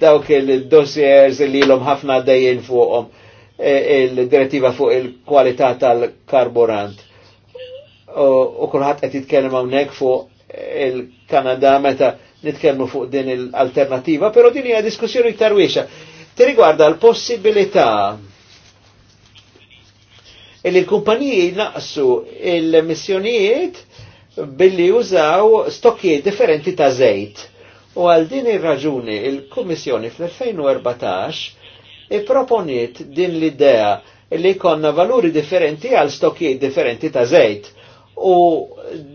S4: dawk il-dossiers li l-om ħafna dejjin fuqhom E, il-direttiva fuq il-kwalità tal-karburant. U kulħadd qed jitkellem hawnhekk fuq il-Kanada meta nitkellmu fuq din l-alternativa, però din hija diskussjoni iktar wiexa. Ti rigwarda l-possibilità li l-kumpaniji naqsu il-missjonijiet billi jużaw stokkijiet differenti ta' zejt. U għal din ir-raġuni il-Kummissjoni fl-2014 proponiet din l-idea li konna valuri differenti għal stokkijiet differenti ta' zejt. U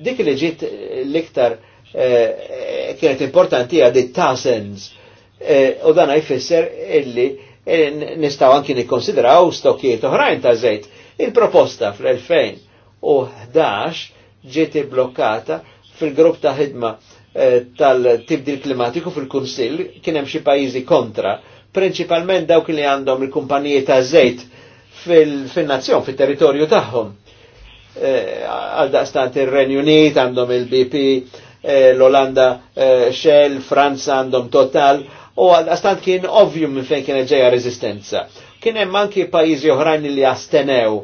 S4: dik li ġiet l-iktar eh, kienet importanti għad it-tasens. Eh, u dan jfisser illi eh, nistaw anki nikkonsidraw stokkijiet oħrajn ta' zejt. Il-proposta fl-2011 ġiet blokkata fil-grupp ta' ħidma eh, tal-tibdil klimatiku fil-Kunsill kien hemm xi pajjiżi kontra principalment dawk li għandhom il-kumpaniji ta' żejt fil-nazzjon, fil-territorju tagħhom. Eh, għal daqstant ir-Renju Unit għandhom il-BP, eh, l-Olanda, eh, Shell, Franza għandhom Total, u għal daqstant kien ovvju minn fejn kien ġeja rezistenza. Kien hemm anki pajjiżi oħrajn li astenew.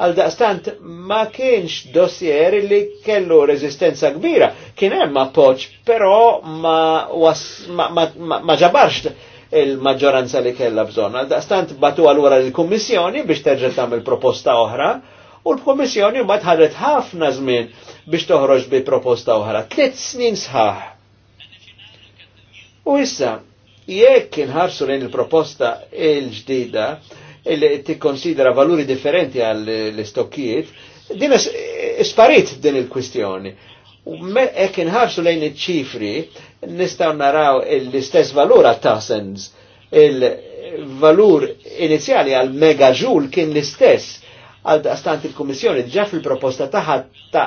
S4: Għal daqstant ma kienx dossier li kellu rezistenza kbira, kien hemm appoġġ, però ma, ma, ma, ma ġabarx il-maġġoranza li kellha bżonn. Stant batu għalura l-Kummissjoni biex terġa' tagħmel proposta oħra u l-Kummissjoni ma tħarret ħafna żmien biex toħroġ bi proposta oħra. Tliet snin sħaħ. U issa, jekk inħarsu lejn il-proposta il-ġdida li tikkonsidra valuri differenti għall-istokkijiet, din sparit din il-kwistjoni. U inħarsu lejn iċ-ċifri, nistgħu naraw l-istess valur għat-tasens. Il-valur inizjali għal megajoule kien l-istess għal stant il-Kummissjoni ġa fil-proposta taħħa ta'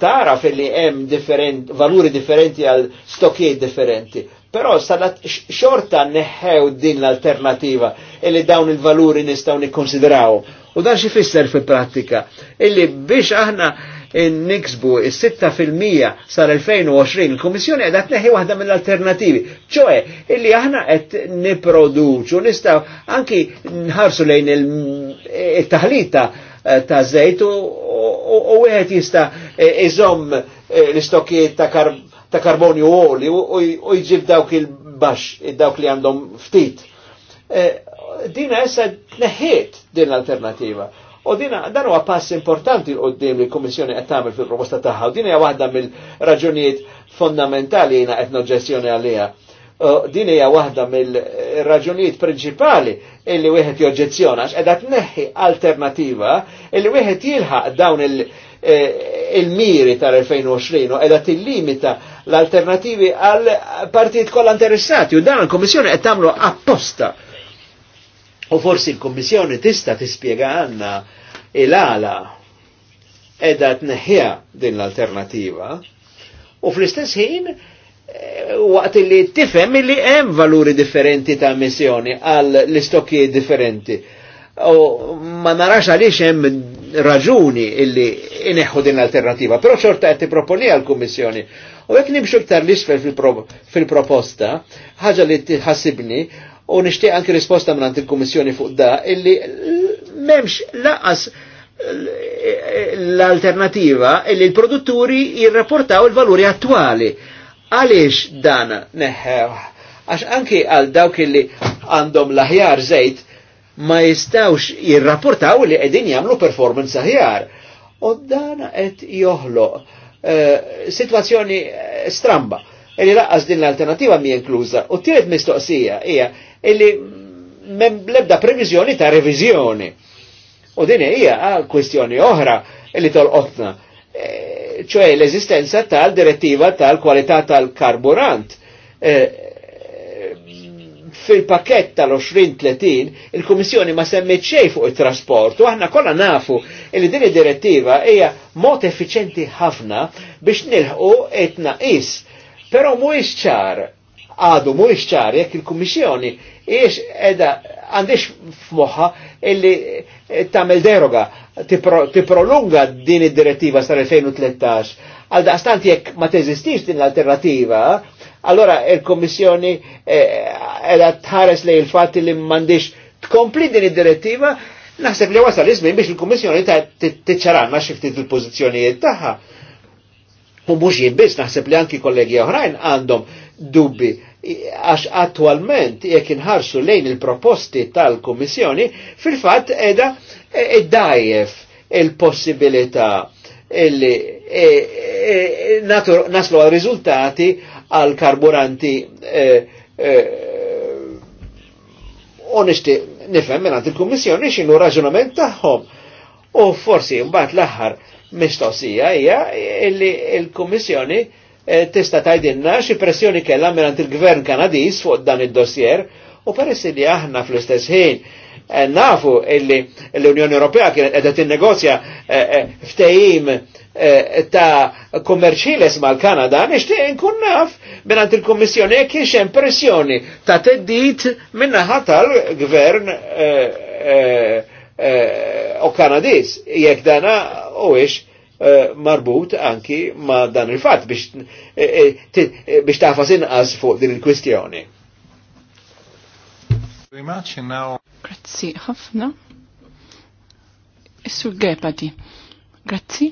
S4: tara fil-li hemm different, valuri differenti għal stokijiet differenti. Però sadat xorta neħew din l-alternativa illi dawn il-valuri nistaw nikkonsidraw. U dan xi fisser fil-prattika illi biex aħna niksbu is-6% sar 2020 il-Kummissjoni qiegħda tneħħi waħda mill-alternativi, ċoħe illi aħna qed niproduċu nistaw anki nħarsu lejn il-taħlita ta' żejt u wieħed jista' iżom eh, l-istokkijiet ta' karbonju għoli u jġib dawk il-baxx, dawk li għandhom ftit. Eh, dina issa neħiet din l-alternativa U dina, dan huwa pass importanti qoddim li l-Kummissjoni qed tagħmel fil-proposta tagħha u din hija waħda mill-raġunijiet fondamentali jiena qed noġġestjoni għaliha. Din hija waħda mill-raġunijiet prinċipali illi wieħed joġġezzjona għax qiegħda tneħħi alternativa illi wieħed jilħaq dawn il- e, il-miri tal-2020 u edha tillimita l-alternativi għal partijiet kollha interessati u dan il-Kommissjoni qed tagħmlu apposta. U forsi l-Kommissjoni tista' tispjega għandna il-għala edha t-neħja din l-alternativa u fl-istess ħin eh, waqt li tifhem li hemm valuri differenti ta' missjoni għal l istokki differenti. U ma narax għaliex hemm raġuni illi ineħħu din l-alternativa, però xorta qed tipproponi għall-Kummissjoni. U jekk nimxu iktar l-isfel fil-proposta, ħaġa li tħassibni u nixtieq anki risposta minn il-Kummissjoni fuq da illi memx laqas eh, l-alternativa illi l-produtturi jirrapportaw il-valuri attuali. Għaliex dan neħew? Għax anki għal dawk illi għandhom l-aħjar zejt ma jistawx jirrapportaw li qegħdin jagħmlu performance aħjar. U dan qed joħloq uh, eh, situazzjoni eh, stramba illi laqqas din l-alternativa mi inkluza. U tiret mistoqsija hija illi mem lebda previżjoni ta' reviżjoni U din hija kwestjoni oħra li tolqotna, e, ċoħe l-eżistenza tal-direttiva tal-kwalità tal-karburant. E, fil-pakett tal-2030 il-Komissjoni ma semmet xej fuq it-trasport u aħna kollha nafu li din id-direttiva hija mod effiċenti ħafna biex nilħqu it-naqis. Però mhuwiex ċar għadu mhuwiex ċar jekk il-Kummissjoni hiex għandix f'moħħa illi Eh, tamel deroga, tiprolunga din id-direttiva sal-2013. Għal stant jekk ma teżistix din l-alternativa, allora il-Kommissjoni eh, edha tħares li il-fat li mandiġ tkompli din id-direttiva, naħseb li wasal iż biex il-Kommissjoni ċaran ma xiftit il-pozizjonijiet taħħa. U mux jibbis, naħseb li anki kollegi oħrajn għandhom dubbi għax attualment jekk inħarsu lejn il-proposti tal-Kummissjoni, fil-fatt edha id e, e, dajjef il-possibilità illi e, naslu għal riżultati għal karburanti e, onesti nifhem minn il-Kummissjoni xinu raġunament tagħhom. U forsi mbagħad l-aħħar mistoqsija hija illi il-Kummissjoni il Eh, tista' tajdinna xi pressjoni kellha mingħand il-Gvern Kanadiż fuq dan id-dossier u peressi li aħna fl-istess ħin eh, nafu illi l-Unjoni Ewropea kienet qiegħda tinnegozja eh, ftehim ta' kummerċiles mal-Kanada, nixtieq nkun naf mingħand il-Kummissjoni hekk kienx hemm pressjoni ta' teddit minnaħa tal-Gvern u Kanadiż jekk dana u ix Eh, marbut anki ma dan il-fat biex eh, eh, fasin inqas fuq din il-kwistjoni.
S3: Grazzi ħafna. sur Gepadi. Grazzi.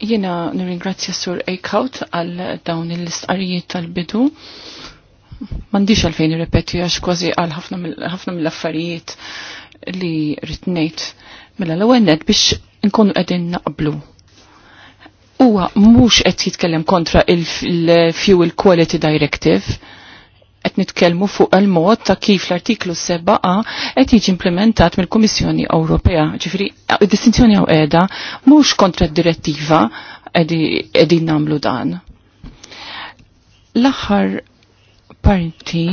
S3: Jena nirringrazzja sur Eichhout għal dawn il-istqarijiet tal-bidu. Mandiċ għalfejn ripeti għax kważi għal ħafna mill-affarijiet li ritnejt. Mela l-ewwel biex nkunu qegħdin naqblu. Huwa mhux qed jitkellem kontra il-Fuel Quality Directive, qed nitkellmu fuq il-mod ta' kif l-artiklu 7a qed jiġi implementat mill-Kummissjoni Ewropea. Ġifieri id-distinzjoni hawn qiegħda mhux kontra d-direttiva qegħdin nagħmlu dan. L-aħħar parti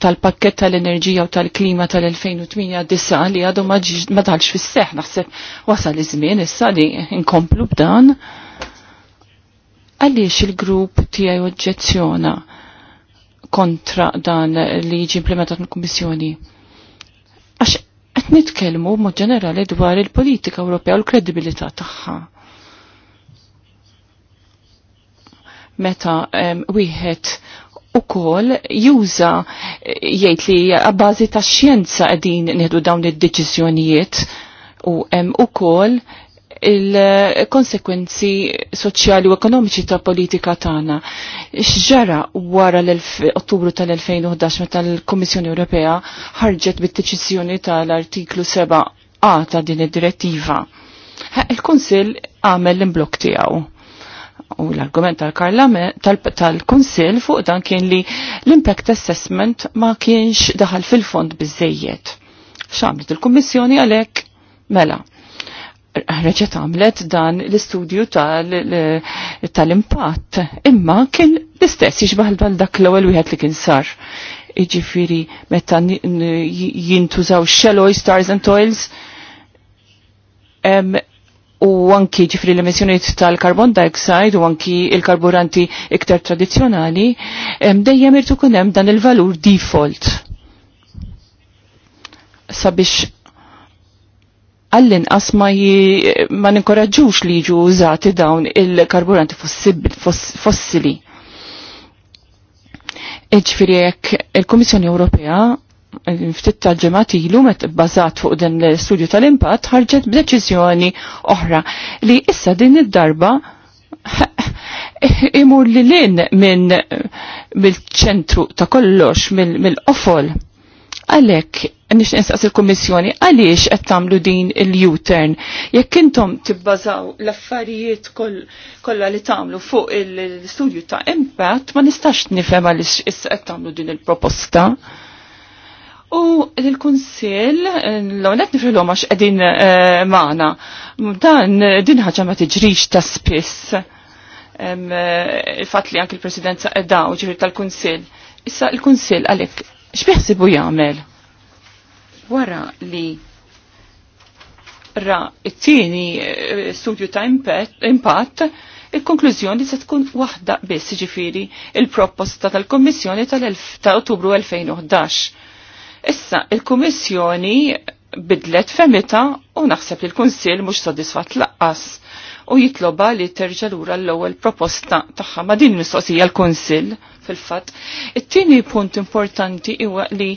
S3: tal-pakket tal-enerġija u tal-klima tal-2008 disa li għadu ma dalx fis-seħ naħseb wasal iż-żmien issa li nkomplu b'dan. Għaliex il-grupp tiegħi oġġezzjona kontra dan li jiġi implementat mill-Kummissjoni? Għax qed nitkellmu mod ġenerali dwar il-politika Ewropea u l-kredibilità tagħha. Meta wieħed u kol juża jgħid li għabbażi ta' xjenza għedin nieħdu dawn id-deċiżjonijiet u hemm ukoll il-konsekwenzi soċjali u ekonomiċi ta' politika tagħna. X'ġara wara l-Ottubru tal-2011 meta l-Kummissjoni Ewropea ħarġet bid-deċiżjoni tal-artiklu 7 A ta' din id-direttiva. Il-Kunsill għamel l-imblok tiegħu U l-argument tal-Kunsil fuq dan kien li l-impact assessment ma kienx daħal fil-fond bizzejiet. X'għamlet il-Kummissjoni għalhekk mela. Reċet għamlet dan l-istudju tal-impatt, imma kien l-istess jiġbaħ bħal dak l-ewwel wieħed li kien sar. Iġifiri, meta jintużaw shallow stars and toils, u anki ġifri l-emissjoniet tal-carbon dioxide u anki il-karburanti iktar tradizjonali, dejjem irtu kunem dan il-valur default. Sabiex għallin asma ma ninkoraġġux li ġu użati dawn il-karburanti fossili. Iġfiri jekk il-Komissjoni Ewropea ftit ta' ilu met bazat fuq din l-studju tal-impatt ħarġet b'deċiżjoni oħra li issa din id-darba imur li l-in minn mill-ċentru ta' kollox mill-qofol. Għalek, nix nisqas il-Kommissjoni, għaliex qed tagħmlu din il-U-turn? Jekk intom tibbażaw l-affarijiet kollha li tagħmlu fuq il-studju ta' impatt, ma nistax nifhem għaliex issa qed tagħmlu din il-proposta. il proposta U l-Kunsil, l-għonet nifrilu għax għedin eh, maħna, dan din ħagġa ma tiġrix ta' spiss eh, il-fat li anki l-presidenza edha u ġiri tal-Kunsil. Issa l-Kunsil għalek, xbieħsibu jgħamil? Wara li ra it-tini eh, studju ta' impatt, il-konklużjoni se tkun waħda biss ġifiri il-proposta tal-Kommissjoni tal-1000 ta' Ottubru 2011 Issa, il-Kummissjoni bidlet femita u naħseb li l-Kunsil mhux sodisfat laqqas u jitloba li terġa' lura l-ewwel proposta tagħha ma' din mistoqsija l-Kunsil fil-fatt. It-tieni punt importanti huwa li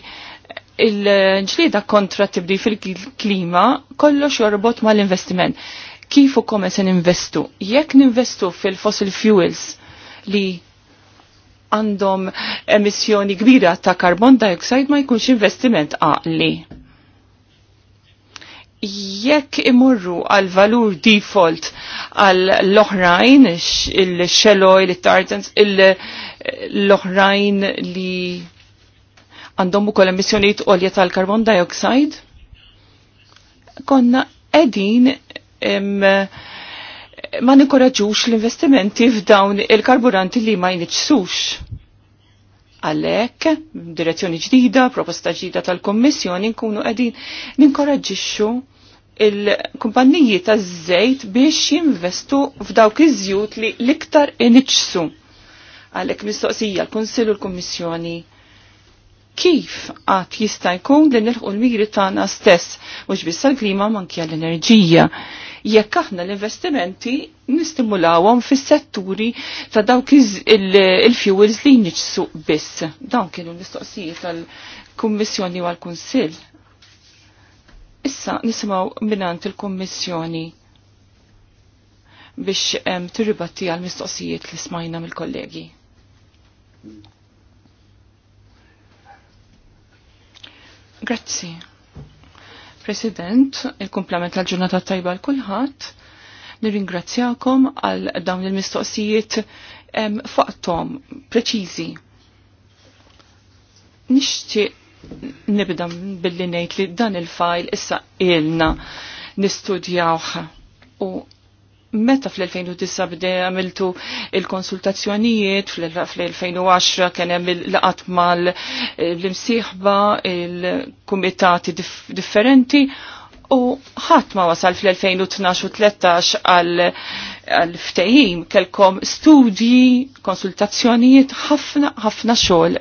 S3: il-ġlieda kontra tibdi fil-klima kollox jorbot mal-investiment. Kif u kome se ninvestu? Jekk ninvestu fil-fossil fuels li għandhom emissjoni kbira ta' carbon dioxide ma jkunx investiment għaqli. Jekk imorru għal valur default għal l-oħrajn, il shell oil, il-tartans, l-oħrajn li għandhom ukoll emissjonijiet olja tal-carbon dioxide, konna edin im, uh, ma nikoraġux l-investimenti f'dawn il-karburanti li ma jniċsux. Għalek, direzzjoni ġdida, proposta ġdida tal-Kommissjoni, nkunu għedin ninkoraġixxu il-kumpanniji ta' żejt biex jinvestu f'dawk iż-żjut li l-iktar iniċsu. Għalek mistoqsija l-Konsil u l-Kommissjoni kif għat jista' jkun li l-miri tagħna stess, mhux biss tal-klima manki għall-enerġija jekk aħna l-investimenti nistimulawhom fis-setturi ta' dawk il-fuels li jniġsu biss. Dawn kienu l-mistoqsijiet tal-Kummissjoni u għall-Kunsill. Issa nisimgħu minant il-Kummissjoni biex tirribatti għal mistoqsijiet li smajna mill-kollegi. Grazzi. President, il-komplement tal-ġurnata tajba l-kulħat, nirringrazzjakom għal dawn il-mistoqsijiet faqtom, preċizi. Nishti nibda billi nejt li dan il-fajl issa ilna nistudjawħ u Meta fl-2009 bde għamiltu il-konsultazzjonijiet, fl-2010 kien hemm il-laqat mal eh, l-imsieħba, il-kumitati differenti, u ħadd ma wasal fl-2012 u 13 għal għal-ftejim kelkom studji, konsultazzjonijiet, ħafna ħafna xogħol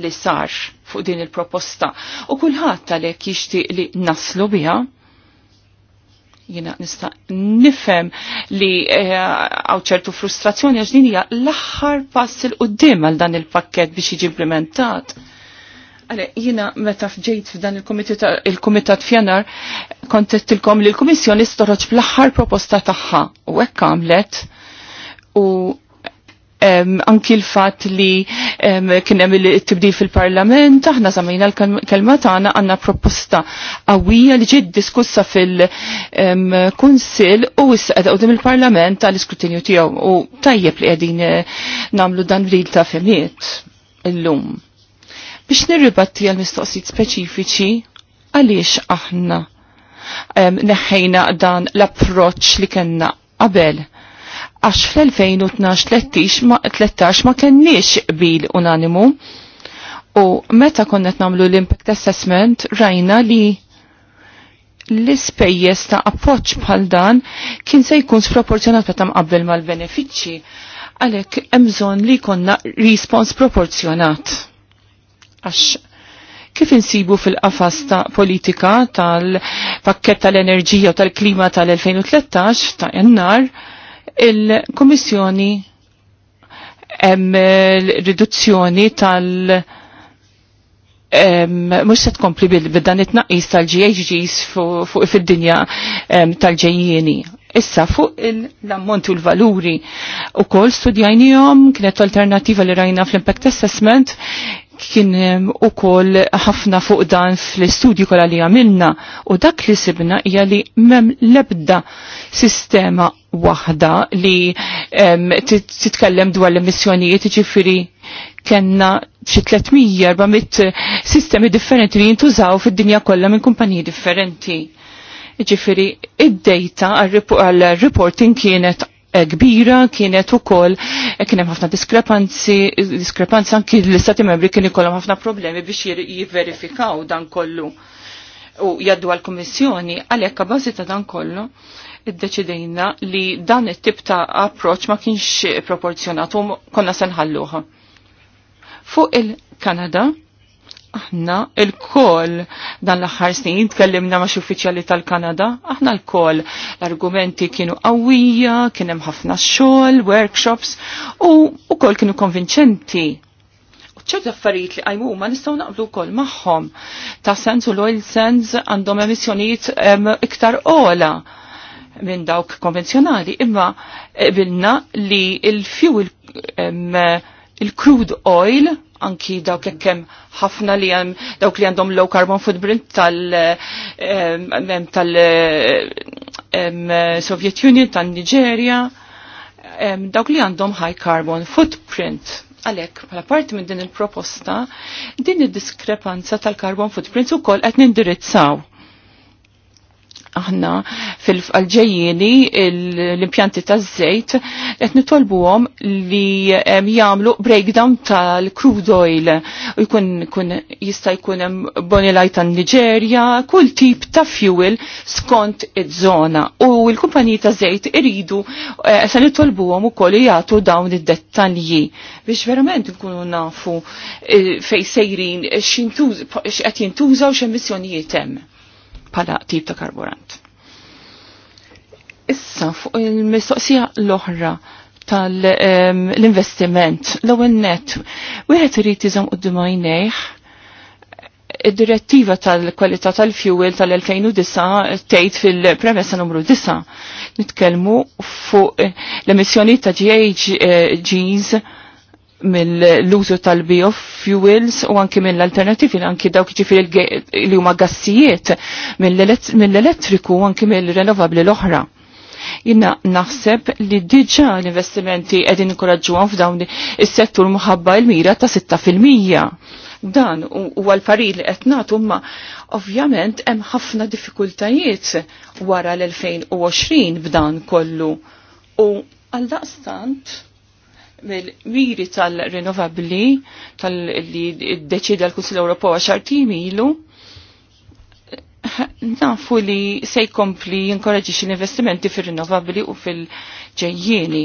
S3: li sar fuq din il-proposta. U kulħadd għalhekk jixtieq li naslu biha jina nista nifem li eh, għaw ċertu frustrazzjoni għax din hija l-aħħar pass il qudiem għal dan il-pakket biex jiġi implementat. Għale, jina meta fġejt f'dan il-komitat fjanar kontettilkom li l-Komissjoni storoċ bl-aħħar proposta tagħha u hekk għamlet u anki l-fat li um, kienem il tibdi fil-parlament, aħna zamina l-kelma tagħna għandna proposta qawwija li ġiet diskussa fil-kunsil u wisqed qudiem il-parlament għall-iskrutinju tiegħu u tajjeb li qegħdin eh, nagħmlu dan ril ta' femiet illum. Biex nirribatti għal-mistoqsijiet speċifiċi għaliex aħna um, neħħejna dan l-approċ li kellna qabel għax fl-2012-13 ma, ma kenniex bil unanimu u meta konnet namlu l-impact assessment rajna li l-ispejjeż ta' appoġġ bħal dan kien se jkun sproporzjonat meta tamqabbel mal-benefiċċji għalhekk hemm bżonn li jkollna respons proporzjonat. Għax kif insibu fil-qafas ta' politika tal-pakket tal-enerġija u tal-klima tal-2013 ta' jannar, il-Komissjoni hemm riduzzjoni tal- mux se tkompli bil-dan it-naqis tal-GHGs fuq fid-dinja tal-ġejjieni. Issa fuq l-ammont u l-valuri u kol jom kienet alternativa li rajna fl-impact assessment kien u kol ħafna fuq dan fl-istudju kolla li għamilna u dak li sibna hija li mem lebda sistema waħda li titkellem dwar l-emissjonijiet ġifiri kena xi 300-400 sistemi differenti li jintużaw fid-dinja kollha minn kumpaniji differenti. Ġifiri, id-data għal-reporting kienet kbira kienet ukoll eh, kien hemm ħafna diskrepanzi, diskrepanzi anki l-Istati Membri kien ikollhom ħafna problemi biex jiverifikaw dan kollu u jaddu għall-Kummissjoni għalhekk bażi ta' dan kollu iddeċidejna li dan it-tip ta' approċ ma kienx proporzjonat u konna senħalluħa. Fuq il-Kanada, aħna il-kol dan l-axar snin tkellimna ma' uffiċjali tal-Kanada, aħna l-kol l-argumenti kienu qawwija, kien hemm ħafna xogħol, workshops u wkoll kienu konvinċenti. U ċert affarijiet li għajmu ma nistgħu naqblu wkoll magħhom. Ta' sens u l-oil sens għandhom emissjonijiet iktar ola minn dawk konvenzjonali, imma eh, bilna li il-fuel eh, il-crude oil anki dawk jekkem ħafna li hemm dawk li għandhom low carbon footprint tal eh, tal Soviet Union, tal Nigeria, dawk li għandhom high carbon footprint. Għalek, pala parti minn din il-proposta, din id-diskrepanza tal-carbon footprint u koll għet nindirizzaw aħna fil-ġejjini l-impjanti ta' żejt qed nitolbuhom li jagħmlu breakdown tal-crude oil u jkun jista' jkun hemm bonilaj tan-Niġerja, kull tip ta' fuel skont iż-żona. U l-kumpaniji ta' żejt iridu eh, se nitolbuhom ukoll jagħtu dawn id-dettalji biex verament nkunu nafu eh, fejn sejrin x'qed jintuża u x'emissjonijiet hemm pala tip ta' karburant. Issa fuq il-mistoqsija l-oħra tal-investiment, l-ewwel net, wieħed irid iżomm qudiem għajnejh id-direttiva tal-kwalità tal-fuel tal-2009 tgħid fil-premessa numru 9 nitkellmu fuq l-emissjoni ta' GHGs eh, mill-użu tal-biofuels u anki mill-alternativi, anki dawk ġifir li huma gassijiet mill-elettriku u anki mill-renovabli l-oħra. Jina naħseb li diġa l-investimenti edin inkoraġġuhom f'dawn is-settur muħabba il-mira ta' 6%. Dan u għal-parir li qed nagħtu ma ovvjament hemm ħafna diffikultajiet wara l-2020 b'dan kollu. U għal daqstant mil miri tal-renovabli tal-li id-deċida l-Kunsil Ewropew għaxar ilu nafu li se jkompli jinkoraġi l-investimenti fil-renovabli u fil-ġejjieni.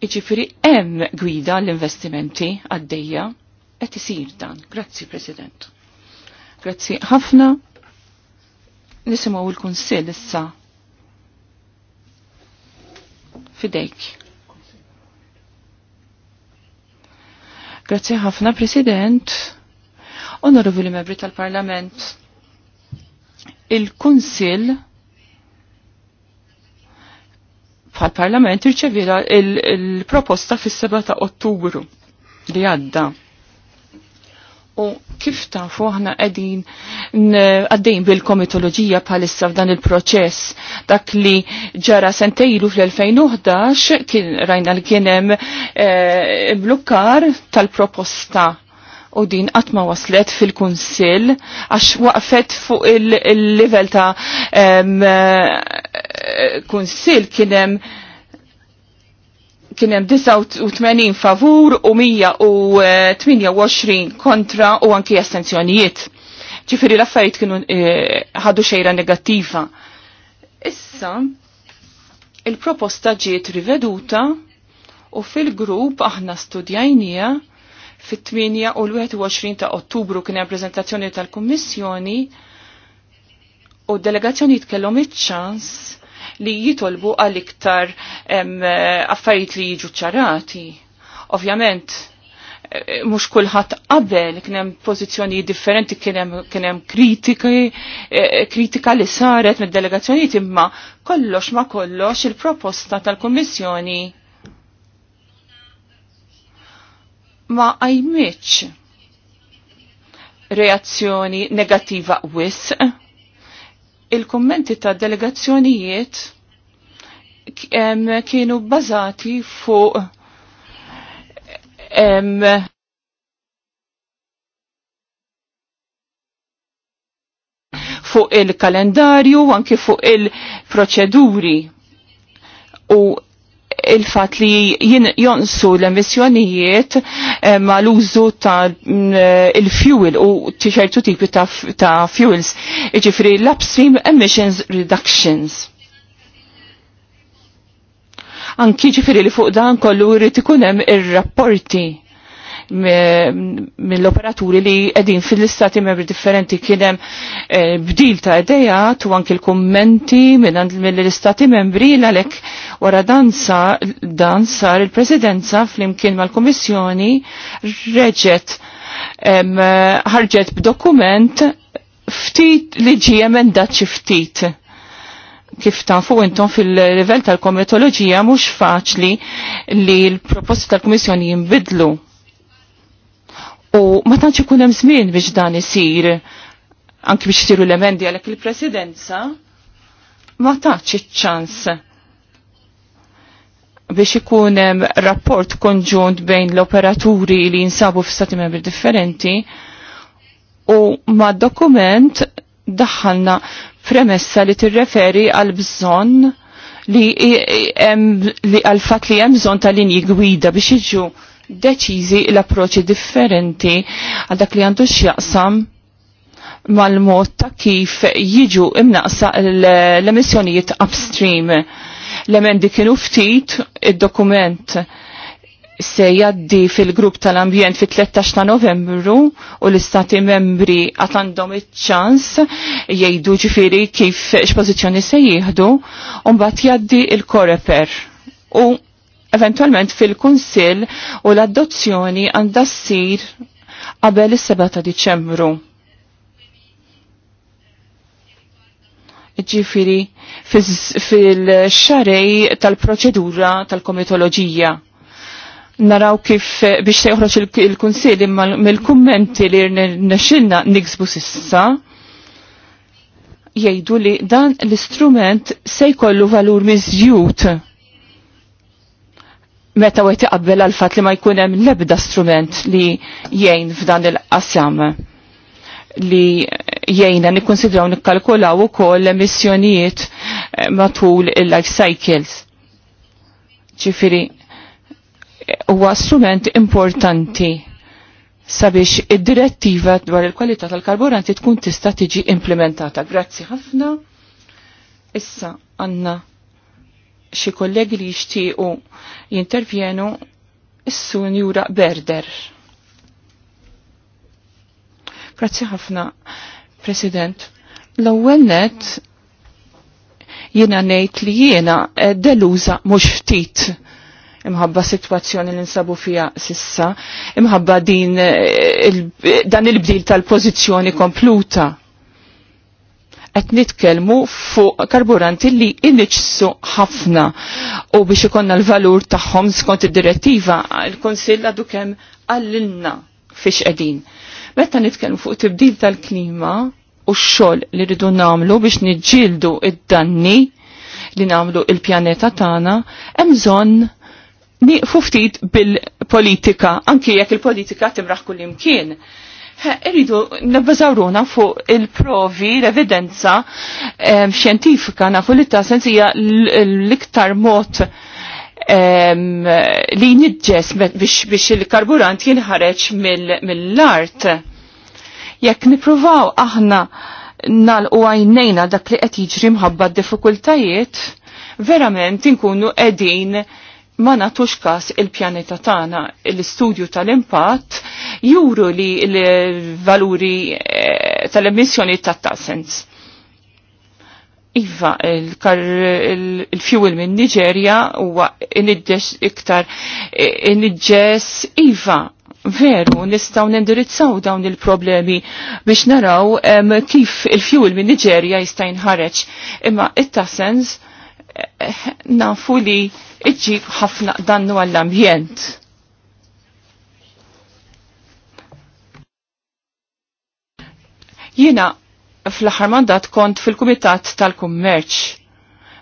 S3: Iġifiri hemm gwida l-investimenti għaddejja qed isir dan. Grazzi President. Grazzi ħafna. Nisimgħu l-Kunsill issa. Fidejk. Grazie ħafna, President. Onorevoli membri tal-Parlament, il-Kunsil bħal parlament irċevira il-proposta fis-7 ta' Ottubru li għadda. U kif ta' aħna qegħdin għaddejn bil-komitoloġija bħalissa f'dan il-proċess dak li ġara sentejlu fl-2011 kien rajna li kien hemm e, eh, blukkar tal-proposta u din għatma waslet fil-kunsil għax waqfet fuq il-level ta' eh, kunsil kienem kien hemm 89 favur u 128 kontra u anki astenzjonijiet. Ġifieri l-affarijiet kienu eh, ħadu xejra negattiva. Issa il-proposta ġiet riveduta u fil-grupp aħna studjajnija fit-8 u l-21 ta' Ottubru kien hemm preżentazzjoni tal-Kummissjoni u delegazzjoni kellhom iċ-ċans li jitolbu għal iktar affarijiet li jiġu ċarati. Ovvjament, eh, mux kullħat qabel, kienem pozizjoni differenti, kienem, eh, kritika li saret mid delegazzjoni imma kollox ma kollox il-proposta tal-Kommissjoni ma għajmiċ reazzjoni negativa wisq il-kommenti ta' delegazzjonijiet kienu bazati fuq fuq il-kalendarju, anki fuq il-proċeduri. U il-fat li jonsu l-emissjonijiet eh, ma l-użu ta' mm, eh, il-fuel u ċertu tipi ta' fuels, iġifri l-upstream emissions reductions. Anki ġifri li fuq dan kollu rritikunem ikun hemm ir-rapporti mill-operaturi li edin fil-istati membri differenti kienem eh, bdil ta' ideja tu anki l-kommenti mill-istati membri l-għalek wara dan sar il-presidenza fl-imkien mal-komissjoni reġet ħarġet b'dokument ftit li ġi emendat xi ftit kif tafu intom fil-level tal-komitoloġija mhux faċli li l-proposti tal-Kummissjoni jinbidlu U ma tantx ikun hemm żmien biex dan isir anki biex isiru l-emendi għalhekk il-presidenza ma taċ iċ-ċans biex ikun hemm rapport konġunt bejn l-operaturi li jinsabu f'stati membri differenti u ma dokument daħħalna premessa li tirreferi għal bżonn li għal fatt li hemm bżonn ta' linji gwida biex jiġu deċiżi l-approċċi differenti għal dak li għandu x'jaqsam mal-mod ta' kif jiġu imnaqsa l-emissjonijiet upstream. L-emendi kienu ftit id-dokument se jaddi fil-grupp tal-ambjent fit-13 ta' novembru u l-istati membri għatandom iċ-ċans jgħidu ġifiri kif x-pozizjoni se jieħdu un bat jaddi il-koreper u eventualment fil-Kunsill u l-adozzjoni għandha ssir qabel is-7 ta' Diċembru. Ġifiri fil-xarej tal-proċedura tal-komitoloġija naraw kif biex teħroġ il-Kunsil imma mill-kummenti li nexilna niksbu sissa jgħidu li dan l-istrument se jkollu valur miżjut meta għet iqabbel għal fat li ma jkun hemm l-ebda strument li jgħin f'dan il-qasam li jgħina nikkonsidraw nikkalkulaw ukoll l-emissjonijiet eh, matul il-life cycles. Ġifiri, huwa strument importanti sabiex id-direttiva dwar il-kwalità tal-karburanti tkun tista' tiġi implementata. Grazzi ħafna. Issa Anna xi kollegi li jixtiequ jintervjenu s sun jura berder. Grazzi ħafna, President. L-ewwel net jiena ngħid li jiena eh, deluża mhux ftit imħabba situazzjoni li nsabu fija sissa, imħabba din eh, dan il-bdil tal-pożizzjoni kompluta qed nitkellmu fuq karburanti li inniċsu ħafna u biex ikonna l-valur tagħhom skont id-direttiva il-Kunsill għadu kemm għallilna fiex qegħdin. Meta nitkellmu fuq tibdil tal-klima u x-xogħol li rridu nagħmlu biex niġġieldu id-danni li nagħmlu il-pjaneta tagħna hemm bżonn niqfu ftit bil-politika, anki jekk il-politika timraħ kull imkien Irridu nabbażawruna fuq il-provi, l-evidenza xjentifika nafu li ta' sensija l-iktar mod li nidġes biex il-karburant jinħareġ mill-art. Jekk nipruvaw aħna u għajnejna dak li qed jiġri mħabba d-diffikultajiet, verament inkunu qegħdin ma natux kas il-pjaneta tagħna l-istudju tal-impatt juru li l-valuri eh, tal-emissjoni ta' tasens. Iva, il-fuel minn Nigeria huwa inidġes iktar eh, inidġes Iva, veru, nistaw nindirizzaw dawn il-problemi biex naraw kif il-fuel minn Nigeria jista' jinħareġ. Imma it-tassens nafu li iġġib ħafna dannu għall-ambjent. Jiena fl-aħħar mandat kont fil-Kumitat tal-Kummerċ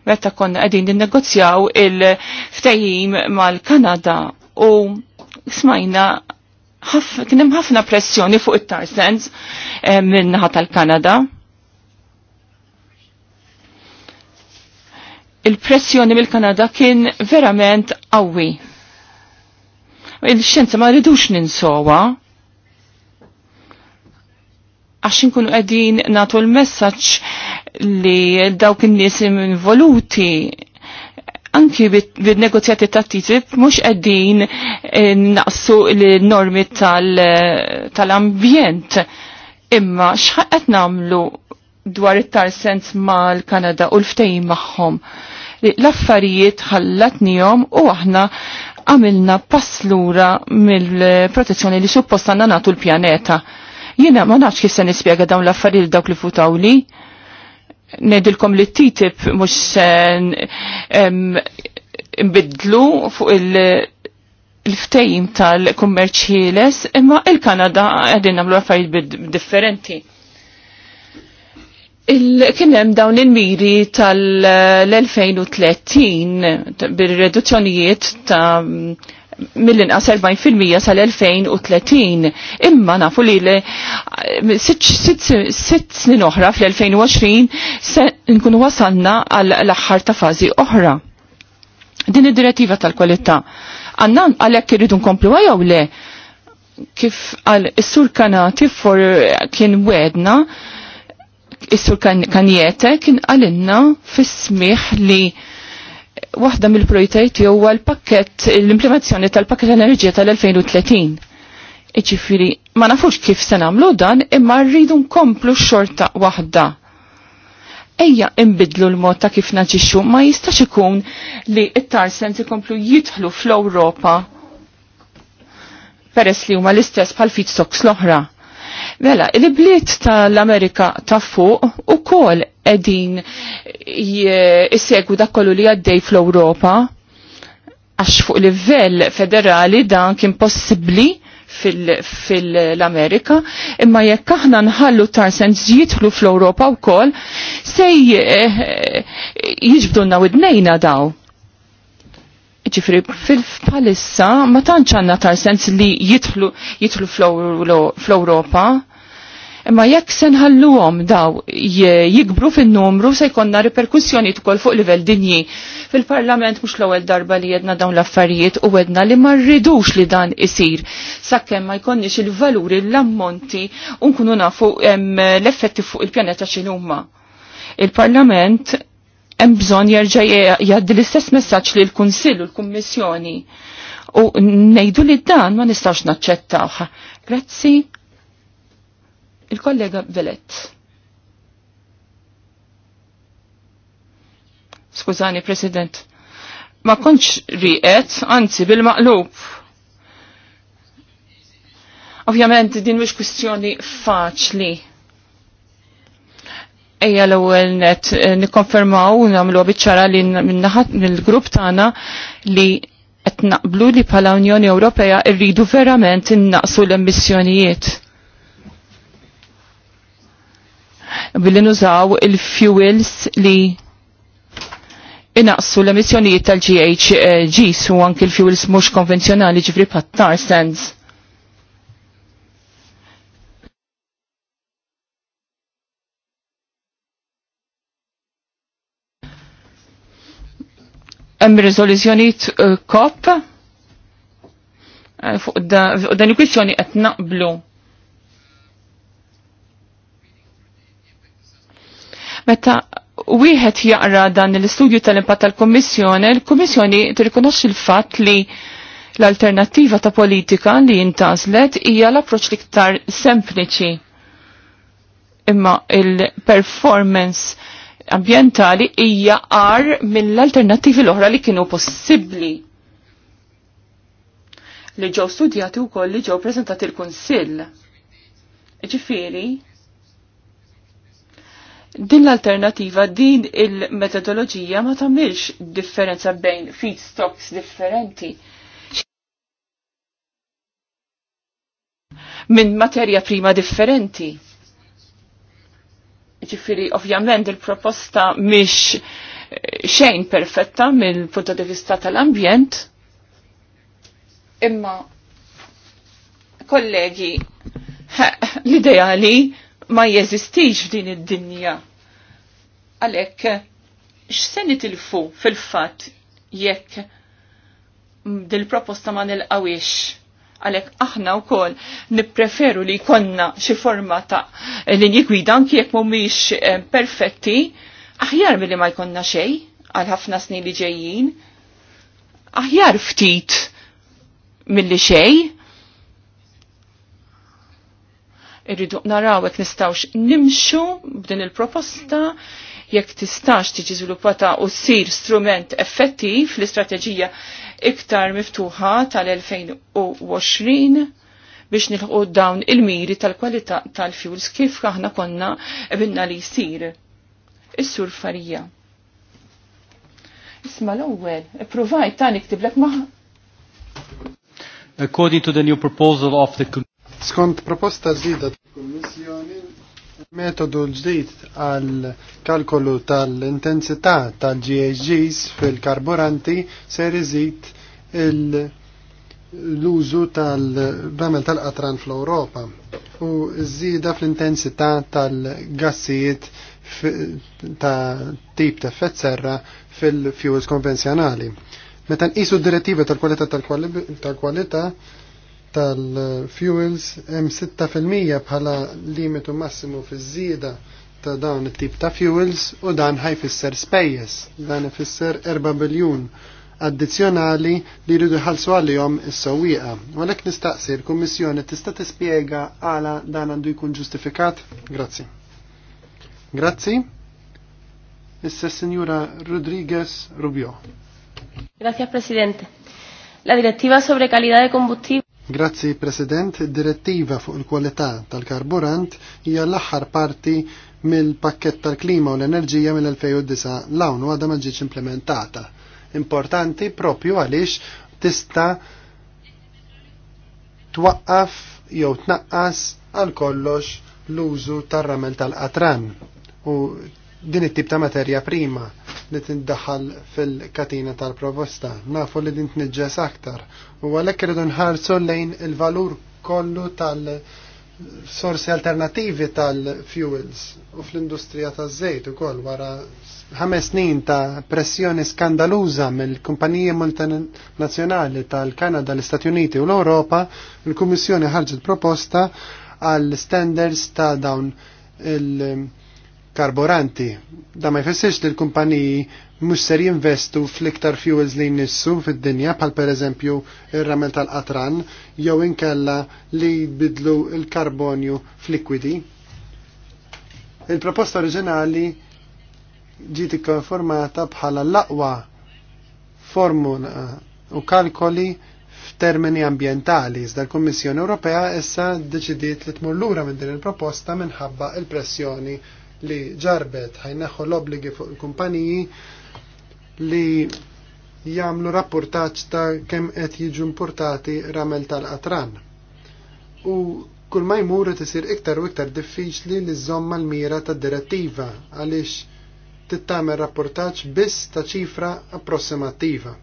S3: meta konna qegħdin ninnegozjaw il-ftehim mal-Kanada u smajna kien hemm ħafna pressjoni fuq it-tarsens eh, minn naħa tal-Kanada il-pressjoni mill-Kanada kien verament qawwi. Il-xjenza ma rridux ninsowa għax inkunu qegħdin nagħtu l-messaġġ li dawk in-nies involuti anki bid-negozjati ta' TTIP mhux qegħdin eh, naqsu l-normi eh, tal-ambjent imma x'ħaqet nagħmlu dwar it-tarsens mal-Kanada u l-ftejn maħħom. L-affarijiet ħallatnihom u aħna għamilna paslura mill-protezzjoni li supposta għanna nagħtu l-pjaneta. Jiena ma nafx kif se nispjega dawn l-affarijiet dawk li futaw li. Nedilkom li t-titib mux imbidlu fuq il- il-ftejim tal-kummerċ imma il-Kanada għedin għamlu għaffariet differenti. Kienem dawn il-miri tal-2030 bil-reduzzjonijiet ta' mill-inqas 40% sal-2030 imma nafu li sitt snin oħra fl-2020 se nkunu wasalna għall-aħħar ta' fażi oħra. Din id-direttiva tal-kwalità għanna għalhekk irridu nkomplu jew le kif għal is-sur kanati for kien wedna Is-sur kanjete kien għalinna fis-smiħ li waħda mill-projtajt huwa l-pakket l-implementazzjoni tal-pakket enerġija tal-2030. Iġifiri, ma nafux kif se nagħmlu dan imma rridu nkomplu xorta waħda ejja imbidlu l-mod ta' kif naġixxu ma jistax ikun li t tarsens ikomplu jidħlu fl-Ewropa peress li huma l-istess bħal feedstocks l-oħra. Mela, il-bliet tal-Amerika ta' fuq u kol edin jissegu da' kollu li għaddej fl-Europa, għax fuq livell federali dan kien possibli fil-Amerika, fil imma jekk aħna nħallu tarsen jitħlu fl-Europa u kol, sej eh, jiġbdunna u id-nejna daw ġifri, fil-palissa ma tantx għandna sens li jidħlu fl-Europa, Imma jekk se nħalluhom daw jikbru fin-numru se jkollna riperkussjoni ukoll fuq livell dinji. Fil-Parlament mhux l-ewwel darba li jedna dawn l-affarijiet u wedna li ma rridux li dan isir sakemm ma jkollniex il-valuri l-ammonti u nkunu nafu l-effetti fuq il-pjaneta x'inhuma. Il-Parlament hemm bżonn jerġa' jgħaddi l-istess messaġġ l kunsill u l-Kummissjoni. U ngħidu li dan ma nistax naċċettawha. Grazzi. Il-kollega Velet. Skużani, President. Ma konċ riqet, anzi bil-maqlub. Ovvjament din mhux kwistjoni faċli. Ejja l-ewwel net eh, nikkonfermaw nagħmlu biċċara li minnaħat mill-grupp tagħna li qed naqblu li bħala Unjoni Ewropea rridu verament innaqsu l-emissjonijiet billi nużaw il-fuels li inaqsu l-emissjonijiet tal-GHGs u anki l-fuels mhux konvenzjonali ġifri pattar sens. Hemm riżoluzzjonijiet COP eh, fuq dan il-kwistjoni qed naqblu Meta wieħed jaqra dan l-istudju tal-impatt tal-Kommissjoni, l-Kommissjoni tirrikonoxxi l-fatt li l alternattiva ta' politika li jintażlet hija l-approċċ l-iktar sempliċi. Imma il-performance ambientali hija għar mill-alternattivi l-oħra li kienu possibbli li ġew studjati wkoll li ġew preżentati l-Kunsill. Ġifieri, din l-alternativa, din il-metodologija ma tamilx differenza bejn feedstocks differenti. Minn materja prima differenti. Ġifiri, ovvjament il-proposta miex eh, xejn perfetta mill punto di vista tal-ambjent, imma kollegi, l-ideali ma jeżistix f'din id-dinja. Għalhekk x'se nitilfu fil-fatt jekk dil-proposta ma nilqawiex għalek aħna u kol nipreferu li konna xi forma ta' linji gwida anki jekk mhumiex eh, perfetti, aħjar milli ma jkonna xej għal ħafna snin li ġejjin, aħjar ftit milli xej. Irridu naraw jekk nistgħux nimxu b'din il-proposta jekk tistax tiġi żviluppata u ssir strument effettiv l-istrateġija iktar miftuħa tal-2020 biex nilħu dawn il-miri tal-kwalità tal-fuels kif aħna konna ebinna li jsir. Is-sur farija. Isma l-ewwel, provajt ta' niktiblek ma'
S1: According to the new proposal of the Skont proposta żieda
S3: tal-Kummissjoni
S1: Metodu l-ġdid għal kalkolu tal-intensità tal-GHGs fil-karburanti se iżid l-użu tal-ramel tal-qatran fl-Ewropa u żieda fl-intensità tal-gassijiet ta' tip ta' effett serra fil-fuels konvenzjonali. Meta nqisu d-direttiva tal-kwalità tal-kwalità tal kwalità tal kwalità tal-fuels hemm 6% bħala limitu massimu fiż-żieda ta' dawn it-tip ta' fuels u dan ħajfisser spejjes, Dan ifisser 4 biljun addizzjonali li jridu jħallsu għalihom is-sewwieqa. Walek nistaqsi l-Kummissjoni tista' tispjega għala dan għandu jkun ġustifikat? Grazzi. Grazzi. Issa Signora Rodriguez Rubio.
S2: Grazie Presidente. La direttiva sobre calidad de combustible
S1: Grazzi President, direttiva fuq il-kwalità tal-karburant hija l-aħħar parti mill-pakket tal-klima u l-enerġija mill-2009 l-hawn għadha ma ġietx implementata. Importanti propju għaliex tista twaqqaf jew tnaqqas għal kollox l-użu tar-ramel tal-qatran u din it-tip ta' materja prima li tindaħal fil-katina tal-proposta. Nafu li din tniġġes aktar. U għalhekk irridu nħarsu lejn il-valur kollu tal-sorsi alternativi tal-fuels u fl-industrija taż-żejt ukoll wara ħames snin ta' pressjoni skandaluża mill-kumpaniji multinazzjonali tal-Kanada, l-Istati Uniti u l-Ewropa, il-Kummissjoni ħarġet proposta għal standards ta' dawn il- karburanti. Da ma jfessirx li l-kumpaniji mhux ser jinvestu fl-iktar fuels li jnissu fid-dinja bħal pereżempju il ramel tal-qatran jew inkella li jbidlu l-karbonju fl-likwidi. Il-proposta oriġinali ġiet konformata bħala l-aqwa formula u kalkoli f'termini ambientali. Iżda l-Kummissjoni Ewropea issa deċidiet li tmur lura minn din il-proposta minħabba il-pressjoni il pressjoni li ġarbet ħajneħħu l-obligi fuq il-kumpaniji li jagħmlu rapportaġġ ta' kemm qed jiġu importati ramel tal-qatran. U kull ma jmur tisir isir iktar u iktar diffiċli li żomma l-mira tad-direttiva għaliex tittamel rapportaġġ biss ta' ċifra approssimattiva.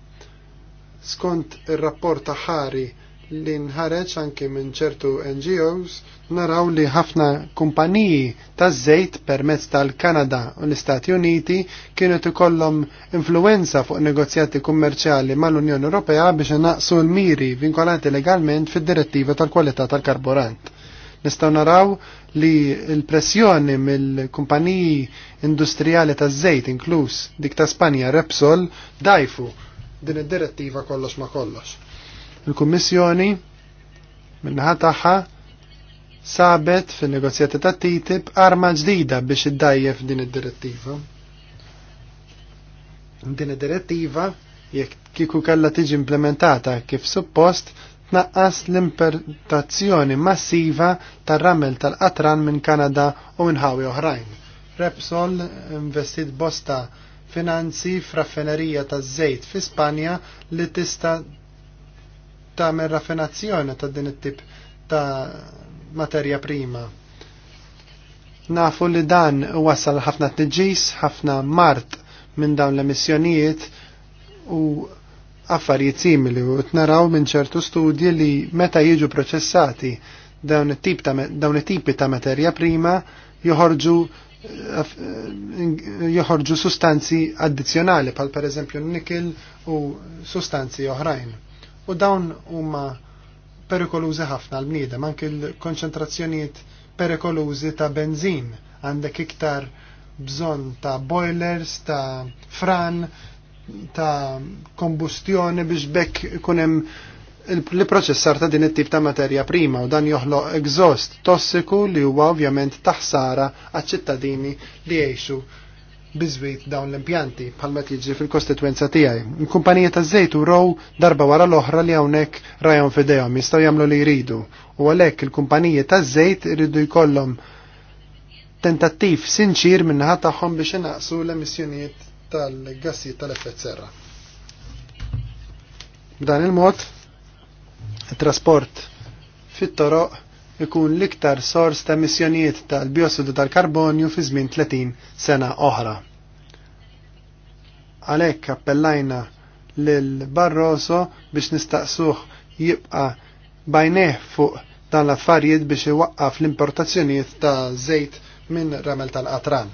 S1: Skont ir-rapport ta' ħari li nħareġ anke minn ċertu NGOs naraw li ħafna kumpaniji taż-żejt permezz tal-Kanada u l-Istati Uniti kienu ikollhom influenza fuq negozjati kummerċjali mal-Unjoni Ewropea biex naqsu l-miri vinkolanti legalment fid-direttiva tal-kwalità tal-karburant. Nistgħu naraw li l-pressjoni mill-kumpaniji industrijali taż-żejt inkluż dik ta' Spanja Repsol dajfu din id-direttiva kollox ma kollox Il-Kummissjoni minnaħa tagħha sabet fin negozjati ta' TTIP arma ġdida biex iddajjef din id-direttiva. Din id-direttiva jekk kiku kalla tiġi implementata kif suppost tnaqqas l-importazzjoni massiva tar-ramel tal-qatran minn Kanada u minn ħawi oħrajn. Repsol investit bosta finanzi f'raffinerija taż-żejt fi Spanja li tista' ta' raffinazzjoni ta' din it-tip ta' materja prima. Nafu li dan wasal ħafna tniġis, ħafna mart minn dawn l-emissjonijiet u affarijiet simili u t-naraw minn ċertu studji li meta jiġu proċessati dawn it-tipi ta' materja prima joħorġu eh, joħorġu sustanzi addizjonali pal per eżempju nikel u sustanzi oħrajn u dawn huma perikolużi ħafna l bniedem anke l-konċentrazzjonijiet perikolużi ta' benzin għandek iktar bżonn ta' boilers, ta' fran, ta' kombustjoni biex bekk ikun hemm proċessar ta' din it-tip ta' materja prima u dan joħloq egzost tossiku li huwa ovvjament taħsara għaċ-ċittadini li jgħixu bizwit dawn l-impjanti bħalma tiġi fil-kostituenza tiegħi. Il-kumpanija taż-żejt row darba wara l-oħra li hawnhekk rajhom f'idejhom jistgħu jagħmlu li jridu. U għalhekk il-kumpanija taż-żejt iridu jkollhom tentattiv sinċir min-naħa tagħhom biex inaqsu l-emissjonijiet tal-gassijiet tal-effett serra. B'dan il-mod, it-trasport fit-toroq ikun l-iktar sors ta' emissjonijiet tal-biossidu tal-karbonju fi żmien 30 sena oħra. Għalhekk appellajna lil Barroso biex nistaqsuh jibqa' bajneh fuq dan l-affarijiet biex iwaqqaf l-importazzjonijiet ta' żejt minn ramel tal-qatran.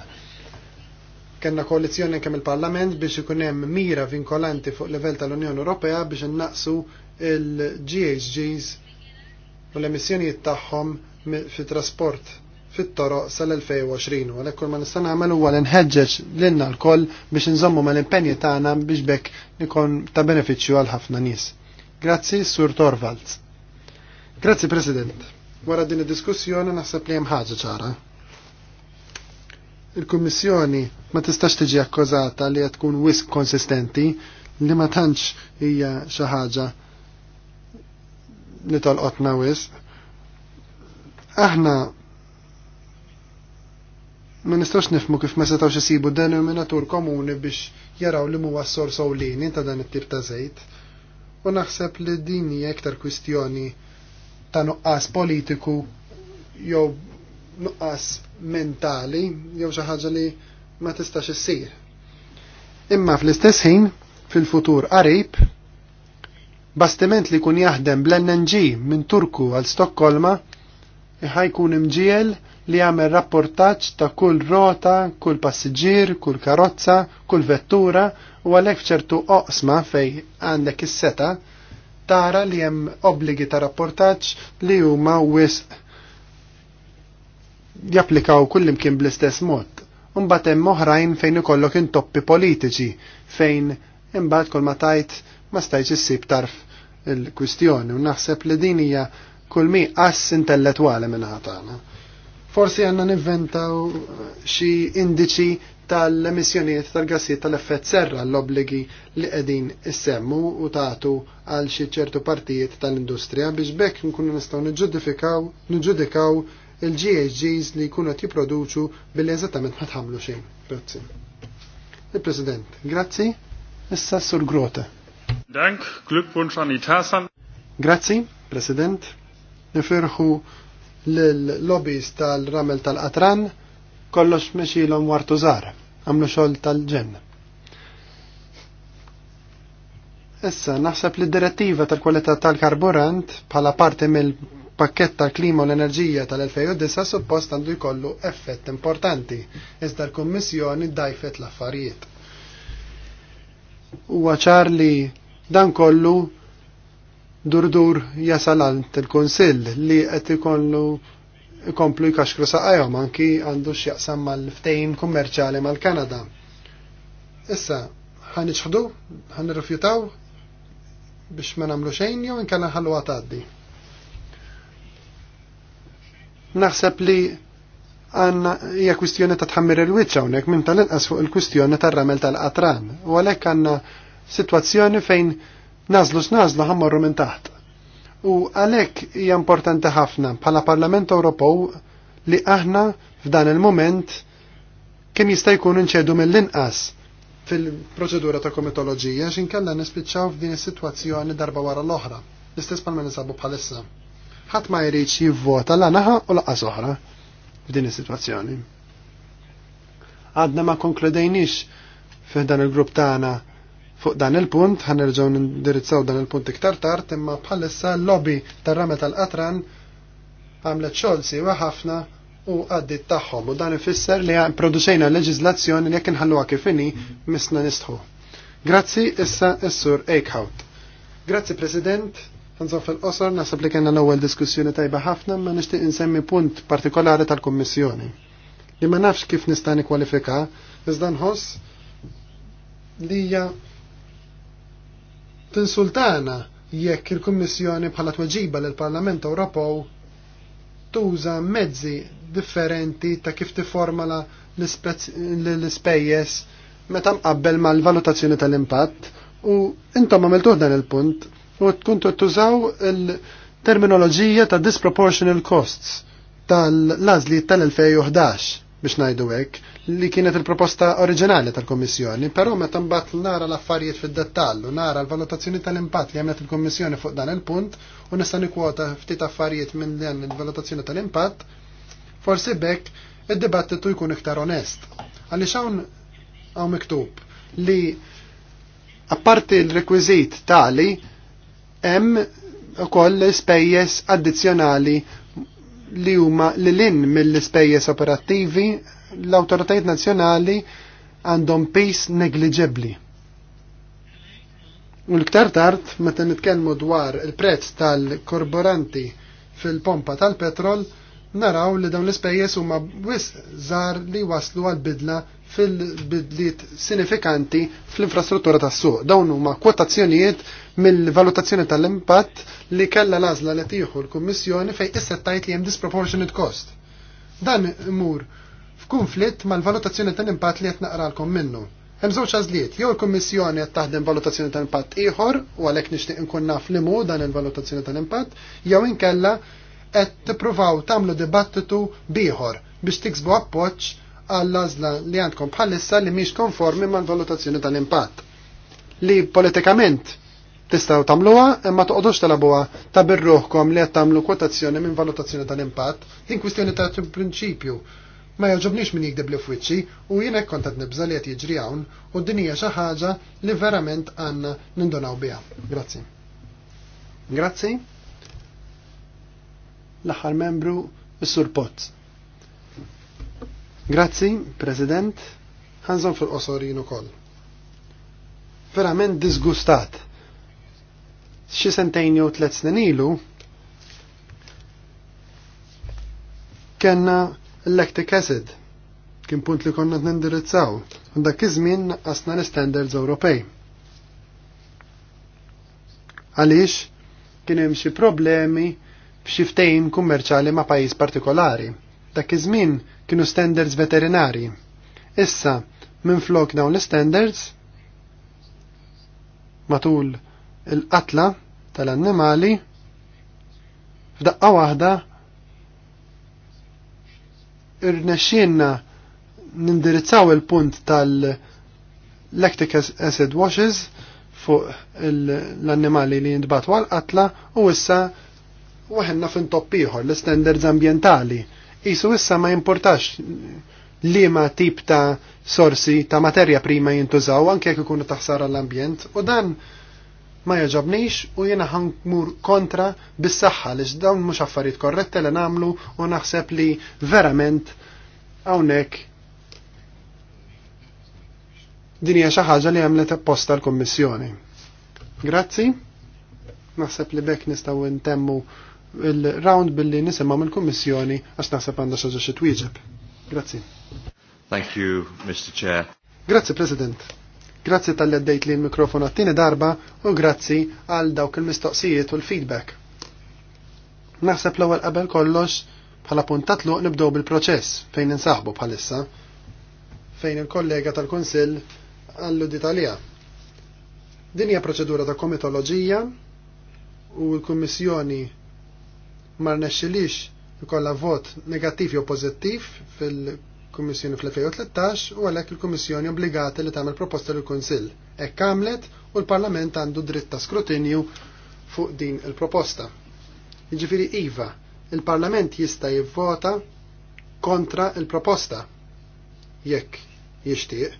S1: Kenna koalizjoni kemm il-Parlament biex ikun hemm mira vinkolanti fuq livell tal-Unjoni Ewropea biex innaqsu il-GHGs u l-emissjonijiet tagħhom fit-trasport fit-toroq sal-2020 u l-ekkur ma nistan għamlu huwa l-nħedġeġ l-inna l-koll biex nżommu ma l-impenji tagħna biex bekk nikon ta' beneficju għal ħafna nies. Grazzi, Sur Torvalds. Grazzi, President. Wara din id-diskussjoni naħseb li hemm ħaġa ċara. Il-Kummissjoni ma tistax tiġi akkużata li qed tkun wisk konsistenti li ma tantx hija xi ħaġa nitalqotna wisq. Aħna ma nistax nifmu kif ma setawx isibu denominatur komuni biex jaraw li huwa s-sors ewlieni ta' dan it-tip ta' żejt. U naħseb li din hija iktar kwistjoni ta' nuqqas politiku jew nuqqas mentali jew xi ħaġa li ma tistax issir. Imma fl-istess ħin fil-futur qarib Bastiment li kun jaħdem bl-NNG minn Turku għal Stokkolma ħajkun imġiel li għamil rapportaġġ ta' kull rota, kull passiġġier, kull karozza, kull vettura u għalhekk ċertu oqsma fej għandek is-seta tara li hemm obbligi ta' rapportaġġ li huma wis japplikaw kullimkien bl-istess mod. Imbagħad hemm oħrajn fejn ikollok intoppi politiċi fejn imbagħad kol ma tajt ma stajċ issib tarf il-kwistjoni u naħseb li din hija kull mi intellettwali minn ħatana. Forsi għanna nivventaw xi indiċi tal-emissjonijiet tal-gassijiet tal-effett serra l-obligi li qegħdin issemmu u tagħtu għal xi ċertu partijiet tal-industrija biex bekk nkunu nistgħu niġġudifikaw niġġudikaw il-GHGs li jkunu qed jipproduċu billi eżattament ma tħamlu xejn. Grazzi. Il-President, grazzi. Issa sur Grota. Dank, Glückwunsch an Itasan. Grazzi, President. Nifirħu l-lobbies tal-ramel tal-qatran kollox meċilom wartu zar, għamlu xol tal ġen Issa, naħseb li direttiva tal-kwalità tal-karburant bħala parti mill-pakket tal-klima u l-enerġija tal-2009 suppost għandu jkollu effett importanti, iżda l-Kummissjoni dajfet l-affarijiet. Huwa ċar li Dan kollu durdur jasal il-Kunsill li qed ikollu ikomplu jkaxkru saqajhom anki għandu x'jaqsam mal-ftejn kummerċjali mal-Kanada. Issa, ħan iċħdu, ħan irrifjutaw biex ma nagħmlu xejn jew inkella ħallu għataddi. Naħseb li għanna hija kwistjoni ta' tħammir il wiċċa hawnhekk minn tal-inqas fuq il-kwistjoni tar-ramel tal-qatran, u għalhekk situazzjoni fejn nażlu x'nażlu ħammorru minn taħt. U għalhekk hija importanti ħafna bħala Parlament Ewropew li aħna f'dan il-moment kemm jista' jkun inċedu mill-inqas fil-proċedura ta' komitoloġija x'inkella nispiċċaw f'din is-sitwazzjoni darba wara l-oħra, l-istess bħalma nisabu bħalissa. Ħadd ma jridx jivvota la naħa u laqas oħra f'din is-sitwazzjoni. Għadna ma konkludejniex f'dan dan il-grupp tagħna Fuq dan il-punt ħanerġaw nindirizzaw dan il-punt iktar tard imma bħalissa l-lobby tar-rame tal-qatran għamlet xogħol siewa ħafna u għaddit tagħhom u dan ifisser li produċejna leġizlazzjoni li jekk inħalluha kif inhi misna nistħu. Grazzi issa s-sur Eichhout. Grazzi President, Nżof fil-qosor nasab li kena l-ewwel diskussjoni tajba ħafna ma nixtieq insemmi punt partikolari tal-Kummissjoni. Li ma nafx kif nista' nikkwalifika, iżda nħoss li hija tinsultana jekk il-Kummissjoni bħala tweġiba l parlament Ewropew tuża mezzi differenti ta' kif tiformala l-ispejjeż meta mqabbel mal-valutazzjoni tal-impatt u intom għamiltuh dan il-punt u tkun tużaw il-terminoloġija ta' disproportional costs tal-lazli tal-2011 biex najdu hekk li kienet il-proposta oriġinali tal-Kommissjoni, però meta mbagħad nara l-affarijiet fid-dettall u nara l-valutazzjoni tal-impatt li għamlet il-Kommissjoni fuq dan il-punt u nista' nikwota ftit affarijiet minn dan il-valutazzjoni tal-impatt, forsi bekk id-dibattitu jkun iktar onest. Għaliex hawn għaw miktub li apparti l-rekwiżit tali hemm ukoll spejjeż addizzjonali li huma lil lin mill-ispejjeż operattivi l-autoritajiet nazzjonali għandhom pace negligibli. U l-ktar tard, meta nitkellmu dwar il-prezz tal-korboranti fil-pompa tal-petrol, naraw li dawn l-ispejjeż huma wis żar li waslu għal bidla fil-bidliet sinifikanti fl-infrastruttura tas-suq. Dawn huma kwotazzjonijiet mill-valutazzjoni tal-impatt li kellha l-għażla li tieħu l-Kummissjoni fejn issa tajt li hemm disproportionate cost. Dan imur f'kunflitt mal-valutazzjoni tal-impatt li qed naqralkom minnu. Hemm żewġ għażliet, jew il-Kummissjoni qed taħdem valutazzjoni tal-impatt ieħor u għalhekk nixtieq inkun naf li mu dan il-valutazzjoni tal-impatt, jew inkella qed tippruvaw tagħmlu dibattitu bieħor biex tiksbu appoġġ għall-għażla li għandkom bħalissa li mhix konformi mal-valutazzjoni tal-impatt. Li politikament tistgħu tagħmluha imma toqgħodux talabuha ta' birruħkom li qed tagħmlu kwotazzjoni minn valutazzjoni tal-impatt, din kwistjoni ta' prinċipju ma jaġobniex min jikdeb li fwiċċi u jien hekk kont qed li qed jiġri hawn u din hija xi ħaġa li verament għandna nindonaw biha. Grazzi. Grazzi. L-aħħar membru is-Sur Potts. Grazzi, President. Ħanżon fil-qosorin ukoll. Verament disgustat. Xi sentejn jew tliet snin ilu kenna l-lactic acid. Kien punt li konna t-nindirizzaw, u dak iż l-standards Ewropej. Għaliex kien hemm xi problemi f'xi ftehim kummerċali ma' pajjiż partikolari. Dak iż-żmien kienu standards veterinari. Issa minn flok dawn l-standards matul il-qatla tal-annimali f'daqqa waħda irnexxinna nindirizzaw il-punt tal-lactic acid washes fuq l-annimali li jindbat għal-qatla u issa waħenna fin toppiħor l-standards ambientali. Isu issa ma importax li ma tip ta' sorsi ta' materja prima jintużaw anke jekk ikunu taħsara l-ambjent u dan ma joġobnix u jena ħankmur kontra bis-saħħa li dawn mhux affarijiet korretti li nagħmlu u naħseb li verament hawnhekk din hija xi ħaġa li għamlet apposta l-Kummissjoni. Grazzi. Naħseb li bekk nistgħu ntemmu il-round billi nisimgħu mill-Kummissjoni għax naħseb għandha xi xi twieġeb. Grazzi.
S4: Thank you, Mr. Chair.
S1: Grazzi, President. Grazzi tal għaddejt li l-mikrofon għattini darba u grazzi għal dawk il-mistoqsijiet u l-feedback. Naħseb l-ewwel qabel kollox bħala luq nibdow bil-proċess fejn ninsaħbu bħalissa fejn il-kollega tal-Kunsill għallu ditalija. Din hija proċedura ta' komitoloġija u l-Kummissjoni marnexxilix ikolla vot negattiv jew pożittiv fil il kummissjoni fl-2013 u għalhekk il-Kummissjoni obbligata li tagħmel proposta lill kunsill Hekk għamlet u l-Parlament għandu dritt ta' skrutinju fuq din il-proposta. Jiġifieri iva, il-Parlament jista' jivvota kontra il-proposta jekk jixtieq,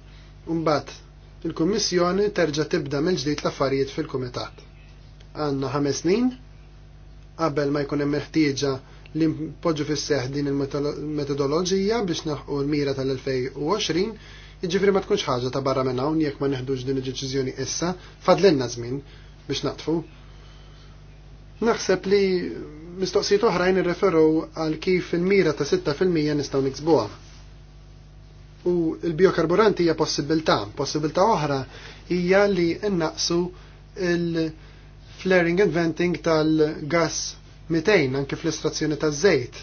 S1: u mbagħad il-Kummissjoni terġa' tibda mill-ġdid l-affarijiet fil-Kumitat. Għandna ħames snin qabel ma jkun hemm li mpoġu fisseħ din il-metodoloġija biex naħqu l-mira tal-2020, jiġifieri ma tkunx ħaġa ta' barra minn hawn jekk ma neħduġ din id-deċiżjoni issa, fadlenna żmien biex naqtfu. Naħseb li mistoqsijiet oħrajn irreferu għal kif il-mira ta' 6% nistgħu niksbuha. U l-biokarburanti hija possibilità, possibilità oħra hija li innaqsu il-flaring and venting tal-gas 200 anke fl-istrazzjoni ta' żejt.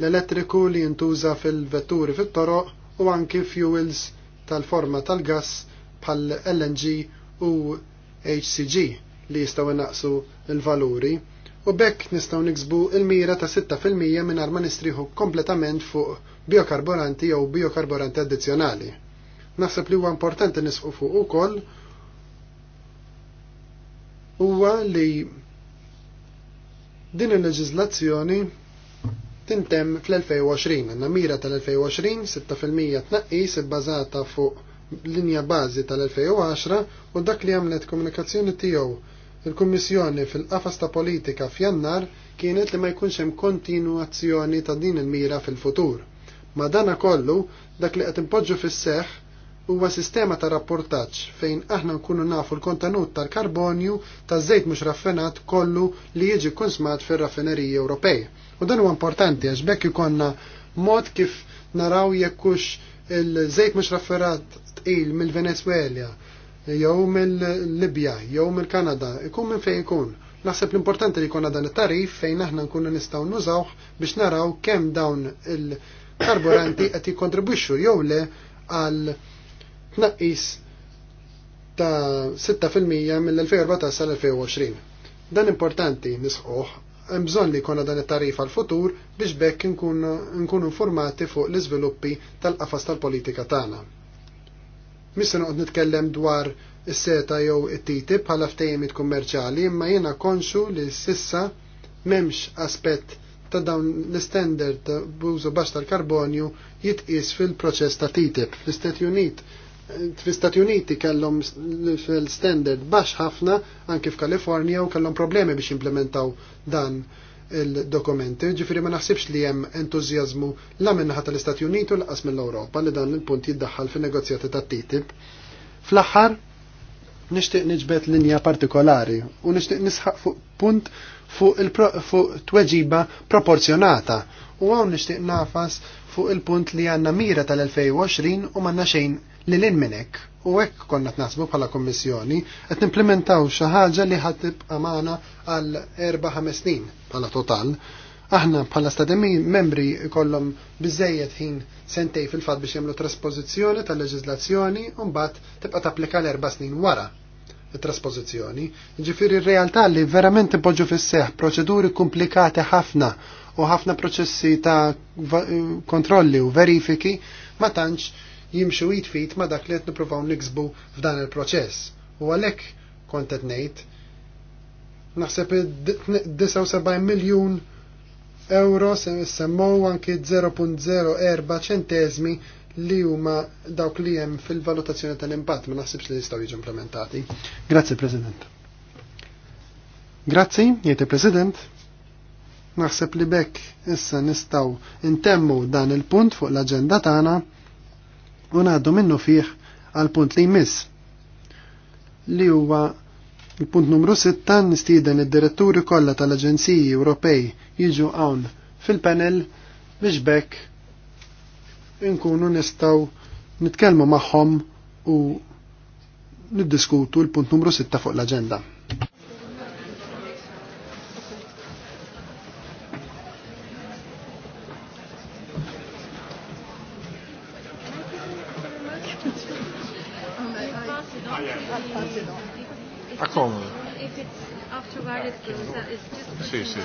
S1: L-elettriku li jintuża fil-vetturi fit-toroq u anki fuels tal-forma tal-gas bħal LNG u HCG li jistaw naqsu l-valuri u bekk nistaw niksbu il-mira ta' 6% minn ma nistriħu kompletament fuq biokarburanti jew biokarburanti addizzjonali. Naħseb li huwa importanti nisqu fuq ukoll huwa li Din il-leġizlazzjoni tintem fl-2020, n mira tal-2020, 6% tnaqqis bbażata fuq linja bażi tal-2010 u dak li għamlet komunikazzjoni tiegħu il-Kummissjoni fil-qafas ta' politika f'jannar kienet li ma jkunx hemm kontinuazzjoni ta' din il-mira fil-futur. Ma dana kollu dak li qed impoġġu fis-seħħ huwa sistema ta' rapportaġġ fejn aħna nkunu nafu l-kontenut tal-karbonju ta' żejt mhux raffinat kollu li jiġi konsmat fir-raffineriji Ewropej. U dan huwa importanti għax bekk ikonna mod kif naraw jekkux il-żejt mhux raffinat tqil mill-Venezuela jew mill-Libja jew mill-Kanada ikun minn fejn ikun. Naħseb l-importanti li jkollna dan it-tarif fejn aħna nkunu nistgħu nużawh biex naraw kemm dawn il-karburanti qed jikkontribwixxu jew le għal tnaqqis ta' 6% mill-2014 sal-2020. Dan importanti nisħuħ, bżonn li jkollna dan it-tarif għal futur biex bekk nkunu informati fuq l-iżviluppi tal-qafas tal-politika tagħna. Missa noqgħod nitkellem dwar is-seta jew it-titi bħala ftejjimiet kummerċjali, imma jiena konxu li sissa m'hemmx aspett ta' dawn l-standard bużu baxx tal-karbonju jitqis fil-proċess ta' TTIP. L-Istati Unit fl-Istati Uniti kellhom standard baxx ħafna anke f'Kalifornija u kellhom problemi biex implementaw dan il-dokumenti. Ġifiri ma naħsibx li hemm entużjażmu la minnaħa tal-Istati Uniti u laqas mill-Ewropa li dan il-punt jiddaħħal fin-negozjati tat-TTIP. Fl-aħħar nixtieq niġbed linja partikolari u nixtieq nisħaq fuq punt fuq il-tweġiba proporzjonata u għaw nishtiq nafas fuq il-punt li għanna mira tal-2020 u manna xejn li l minnek u hekk konna t-nasbu bħala kommissjoni qed implementaw xi ħaġa li ħad tibqa' għal erba' ħames snin bħala total. Aħna bħala stademi membri kollhom bizzejiet ħin sentej fil-fatt biex jemlu trasposizzjoni tal leġizlazzjoni u mbagħad tibqa' t-applika l 4 snin wara il trasposizzjoni Ġifiri r-realtà li verament ipoġġu fis-seħ proċeduri komplikati ħafna u ħafna proċessi ta' kontrolli u verifiki ma tantx jimxu jitfit ma dak li qed nippruvaw niksbu f'dan il-proċess. U għalhekk kont qed ngħid naħseb 79 miljun euro semmow anki 0.04 centesmi li huma dawk li hemm fil-valutazzjoni tal-impatt ma naħsibx li jistgħu jiġu implementati. Grazzi President. Grazzi, il President. Naħseb li bekk issa nistgħu intemmu dan il-punt fuq l-aġenda tagħna u ngħaddu minnu fiħ għal punt li jmiss li huwa il-punt numru 6 nistieden id-diretturi kollha tal-Aġenziji Ewropej jiġu hawn fil-panel biex bekk inkunu nistgħu nitkellmu magħhom u niddiskutu l-punt numru 6 fuq l-aġenda. Sì, sì.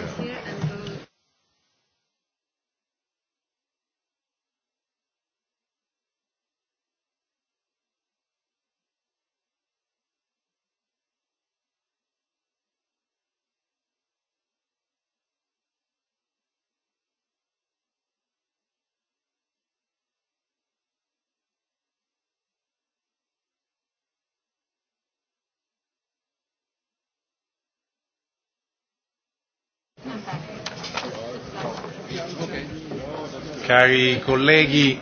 S1: Cari colleghi,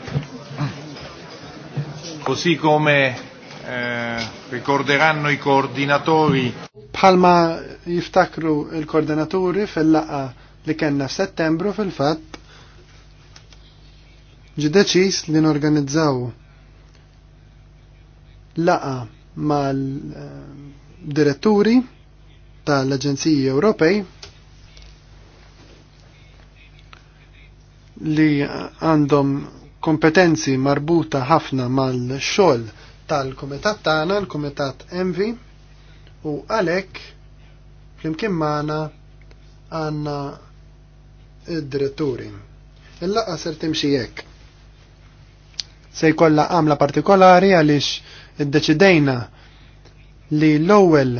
S1: così come eh, ricorderanno i coordinatori. Palma jiftakru il-koordinaturi fil-laqa li kena settembru fil-fat ġideċis li norganizzaw laqa mal-diretturi eh, tal-Aġenziji Ewropej li għandhom kompetenzi marbuta ħafna mal-xogħol tal-kumitat tagħna, l-kumitat Envi, u għalhekk flimkien magħna għandna id-diretturi. Il-laqgħa ser timxi hekk. Se jkollha għamla partikolari għaliex iddeċidejna li l-ewwel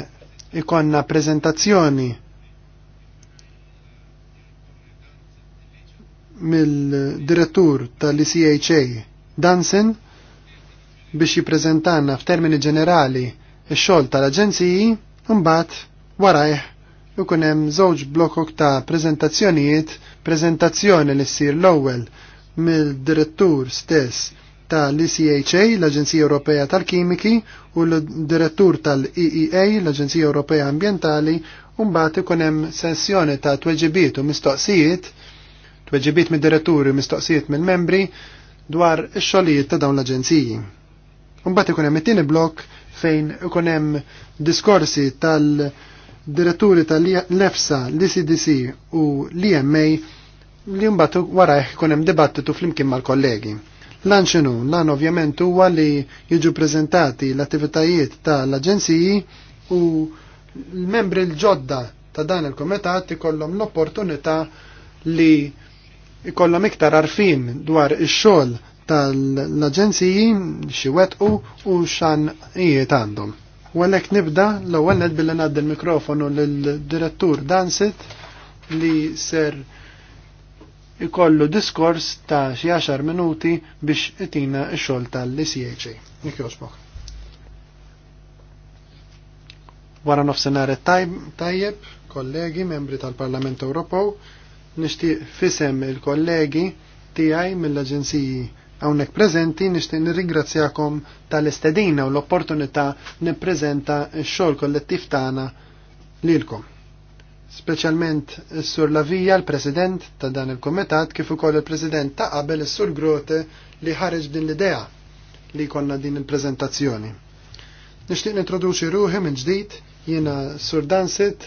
S1: ikonna prezentazzjoni mill-direttur tal-ICHA Dansen biex jiprezentanna f'termini ġenerali x-xogħol tal-aġenziji mbagħad warajh ikun hemm żewġ blokok ta' preżentazzjonijiet, preżentazzjoni li ssir l-ewwel mill-direttur stess tal icha l-Aġenzija Ewropea tal-Kimiki, u l-direttur tal-EEA, l-Aġenzija Ewropea Ambientali, mbagħad ikun hemm sessjoni ta' tweġibiet u mistoqsijiet tweġibiet mid-diretturi mistoqsijiet mill-membri dwar ix-xogħlijiet ta' dawn l-aġenziji. Imbagħad ikun hemm it-tieni blok fejn ikun hemm diskorsi tal-diretturi tal-EFSA, l-ICDC u l-EMA li mbagħad wara ikun hemm dibattitu flimkien mal-kollegi. Lan xinu, lan ovvjament huwa li jiġu preżentati l-attivitajiet tal-aġenziji u l-membri l-ġodda ta' dan il-komitat ikollhom l-opportunità li ikollhom iktar arfin dwar ix-xogħol tal-aġenziji xi wetqu u xan ijiet għandhom. U għalhekk nibda l-ewwel ned billi ngħaddi il mikrofonu lill-direttur Dansit li ser ikollu diskors ta' xi għaxar minuti biex itina x-xogħol tal-ICHA. Nik joġbok. Wara nofsinhar tajjeb, kollegi, membri tal-Parlament Ewropew, nixtieq fisem il-kollegi tiegħi mill-aġenziji hawnhekk preżenti nixtieq nirringrazzjakom tal-istedina u l-opportunità niprezenta x-xogħol kollettiv tagħna lilkom. Speċjalment s sur Lavija, l-President ta' dan il-Kumitat, kif ukoll il-President ta' qabel is-Sur Grote li ħareġ din l-idea li konna din il-preżentazzjoni. Nixtieq nintroduċi ruħi minn ġdid Jiena Sur Dansit,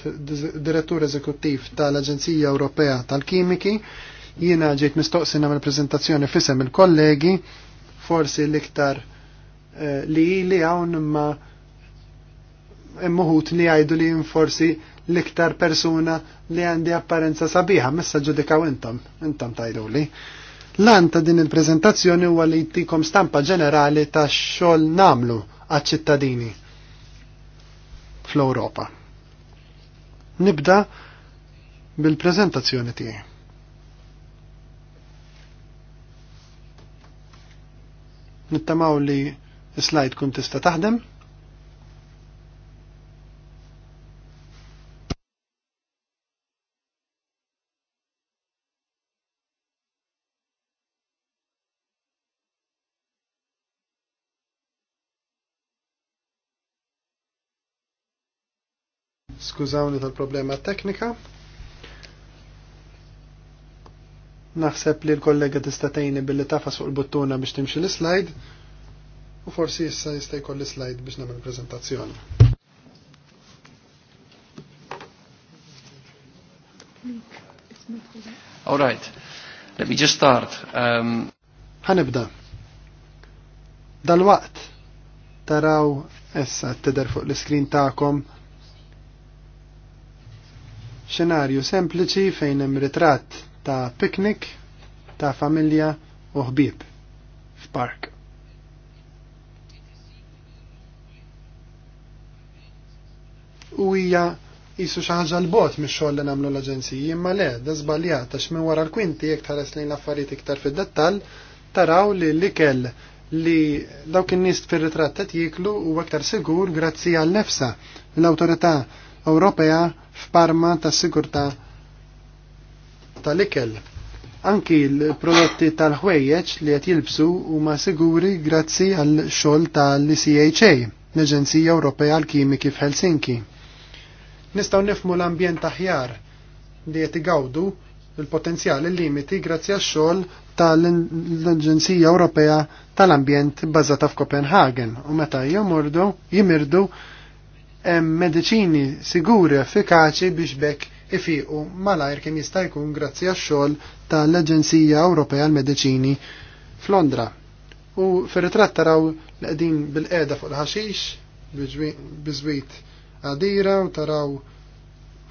S1: direttur eżekuttiv tal-Aġenzija Ewropea tal-Kimiki. Jiena ġejt mistoqsi nagħmel preżentazzjoni fisem il-kollegi, forsi l-iktar eh, li li hawn ma immuħut li għajdu li forsi l-iktar persuna li għandi apparenza sabiħa, messa ġudikaw intom, intom tajdu li. Lan ta' din il-prezentazzjoni huwa li jtikom stampa ġenerali ta' xogħol namlu għaċ-ċittadini fl-Ewropa. Nibda bil-prezentazzjoni tiegħi. Nittamaw li slajd kun tista' taħdem. Skużawni tal-problema teknika. Naħseb li l-kollega tistatejni billi tafas fuq il-buttuna biex timxi l-slide u forsi jissa jista' l slide biex nagħmel prezentazzjoni. All right. Let me just start. Um... Ħanibda. Dal-waqt taraw essa t tider fuq l screen ta'kom xenarju sempliċi fejn hemm ritratt ta' piknik ta' familja u ħbieb f'park. U hija jisu ħaġa l-bot mhix xogħol li nagħmlu l-aġenziji, imma le, da żbaljat għax minn wara l-kwinti jekk tħares lejn l-affarijiet iktar fid-dettall, taraw li l-ikel li dawk in-nies fir-ritratt qed jieklu u aktar sigur grazzi għal nefsa l-awtorità Ewropea f'Parma tas sigurtà tal-ikel. Anki l-prodotti tal-ħwejjeġ li qed jilbsu huma siguri grazzi għal xogħol tal icha l-Aġenzija Ewropea għall Kimiki f'Helsinki. Nistgħu nifmu l-ambjent aħjar li qed igawdu il-potenzjali limiti grazzi għax xogħol tal-Aġenzija Ewropea tal-Ambjent bbażata f'Kopenhagen u meta jomordu jimirdu hemm mediċini siguri effikaċi biex bekk ifiqu malajr kien jista' jkun grazzi għax-xogħol tal-Aġenzija Ewropea għall-Mediċini f'Londra. U fir-ritratt taraw l qedin bil-qiegħda fuq il-ħaxix biżwit għadira u taraw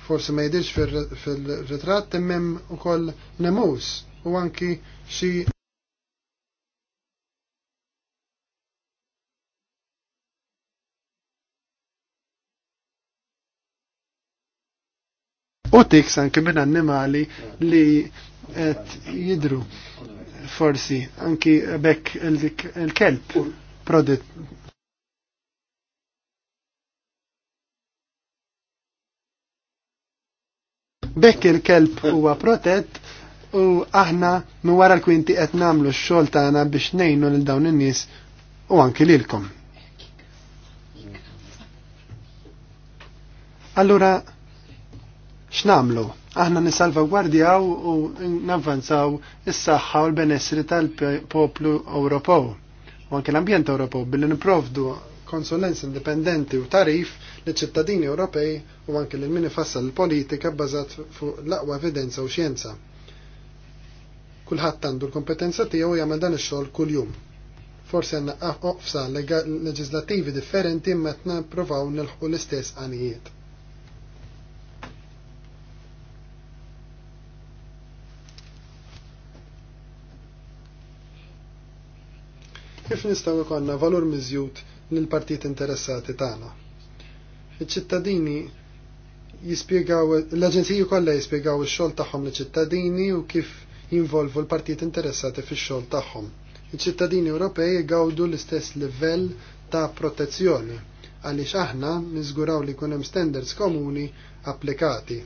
S1: forsi ma jidirx fil-ritratt immem ukoll nemus u anki xi robotics anke minn annimali li qed jidru forsi anki bekk il-kelb prodit Bekk il-kelb huwa protett u aħna minn wara l-kwinti qed nagħmlu x-xogħol tagħna biex ngħinu lil dawn in-nies u anki lilkom. Allura x'namlu? Aħna nisalvagwardjaw u navvanzaw is-saħħa u l-benessri tal-poplu Ewropew u anke l-ambjent Ewropew billi niprovdu konsulenz indipendenti u tarif li ċittadini Ewropej u anke li min ifassal politika bbażat fuq l-aqwa evidenza u xjenza. Kulħadd għandu l-kompetenza tiegħu jagħmel dan ix-xogħol kuljum. Forsi għandna oqfsa leġislattivi differenti imma qed nippruvaw nilħqu l-istess għanijiet. kif nistgħu ikonna valur miżjud lill partit interessati tagħna. Iċ-ċittadini jispjegaw l-aġenziji kollha jispjegaw ix-xogħol tagħhom liċ-ċittadini u kif jinvolvu l-partit interessati fix-xogħol tagħhom. Iċ-ċittadini Ewropej jgawdu l-istess livell ta' protezzjoni għaliex aħna niżguraw li jkun hemm standards komuni applikati.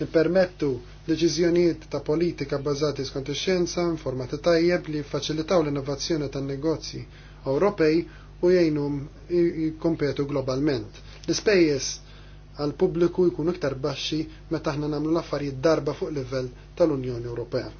S1: Nippermettu deċiżjonijiet ta' politika bbażati skont ix-xjenza, informati tajjeb li faċilitaw l-innovazzjoni tan-negozji Ewropej u jgħinhom jikkompetu globalment. L-ispejjeż għal pubbliku jkun iktar baxxi meta aħna nagħmlu l-affarijiet darba fuq livell tal-Unjoni Ewropea.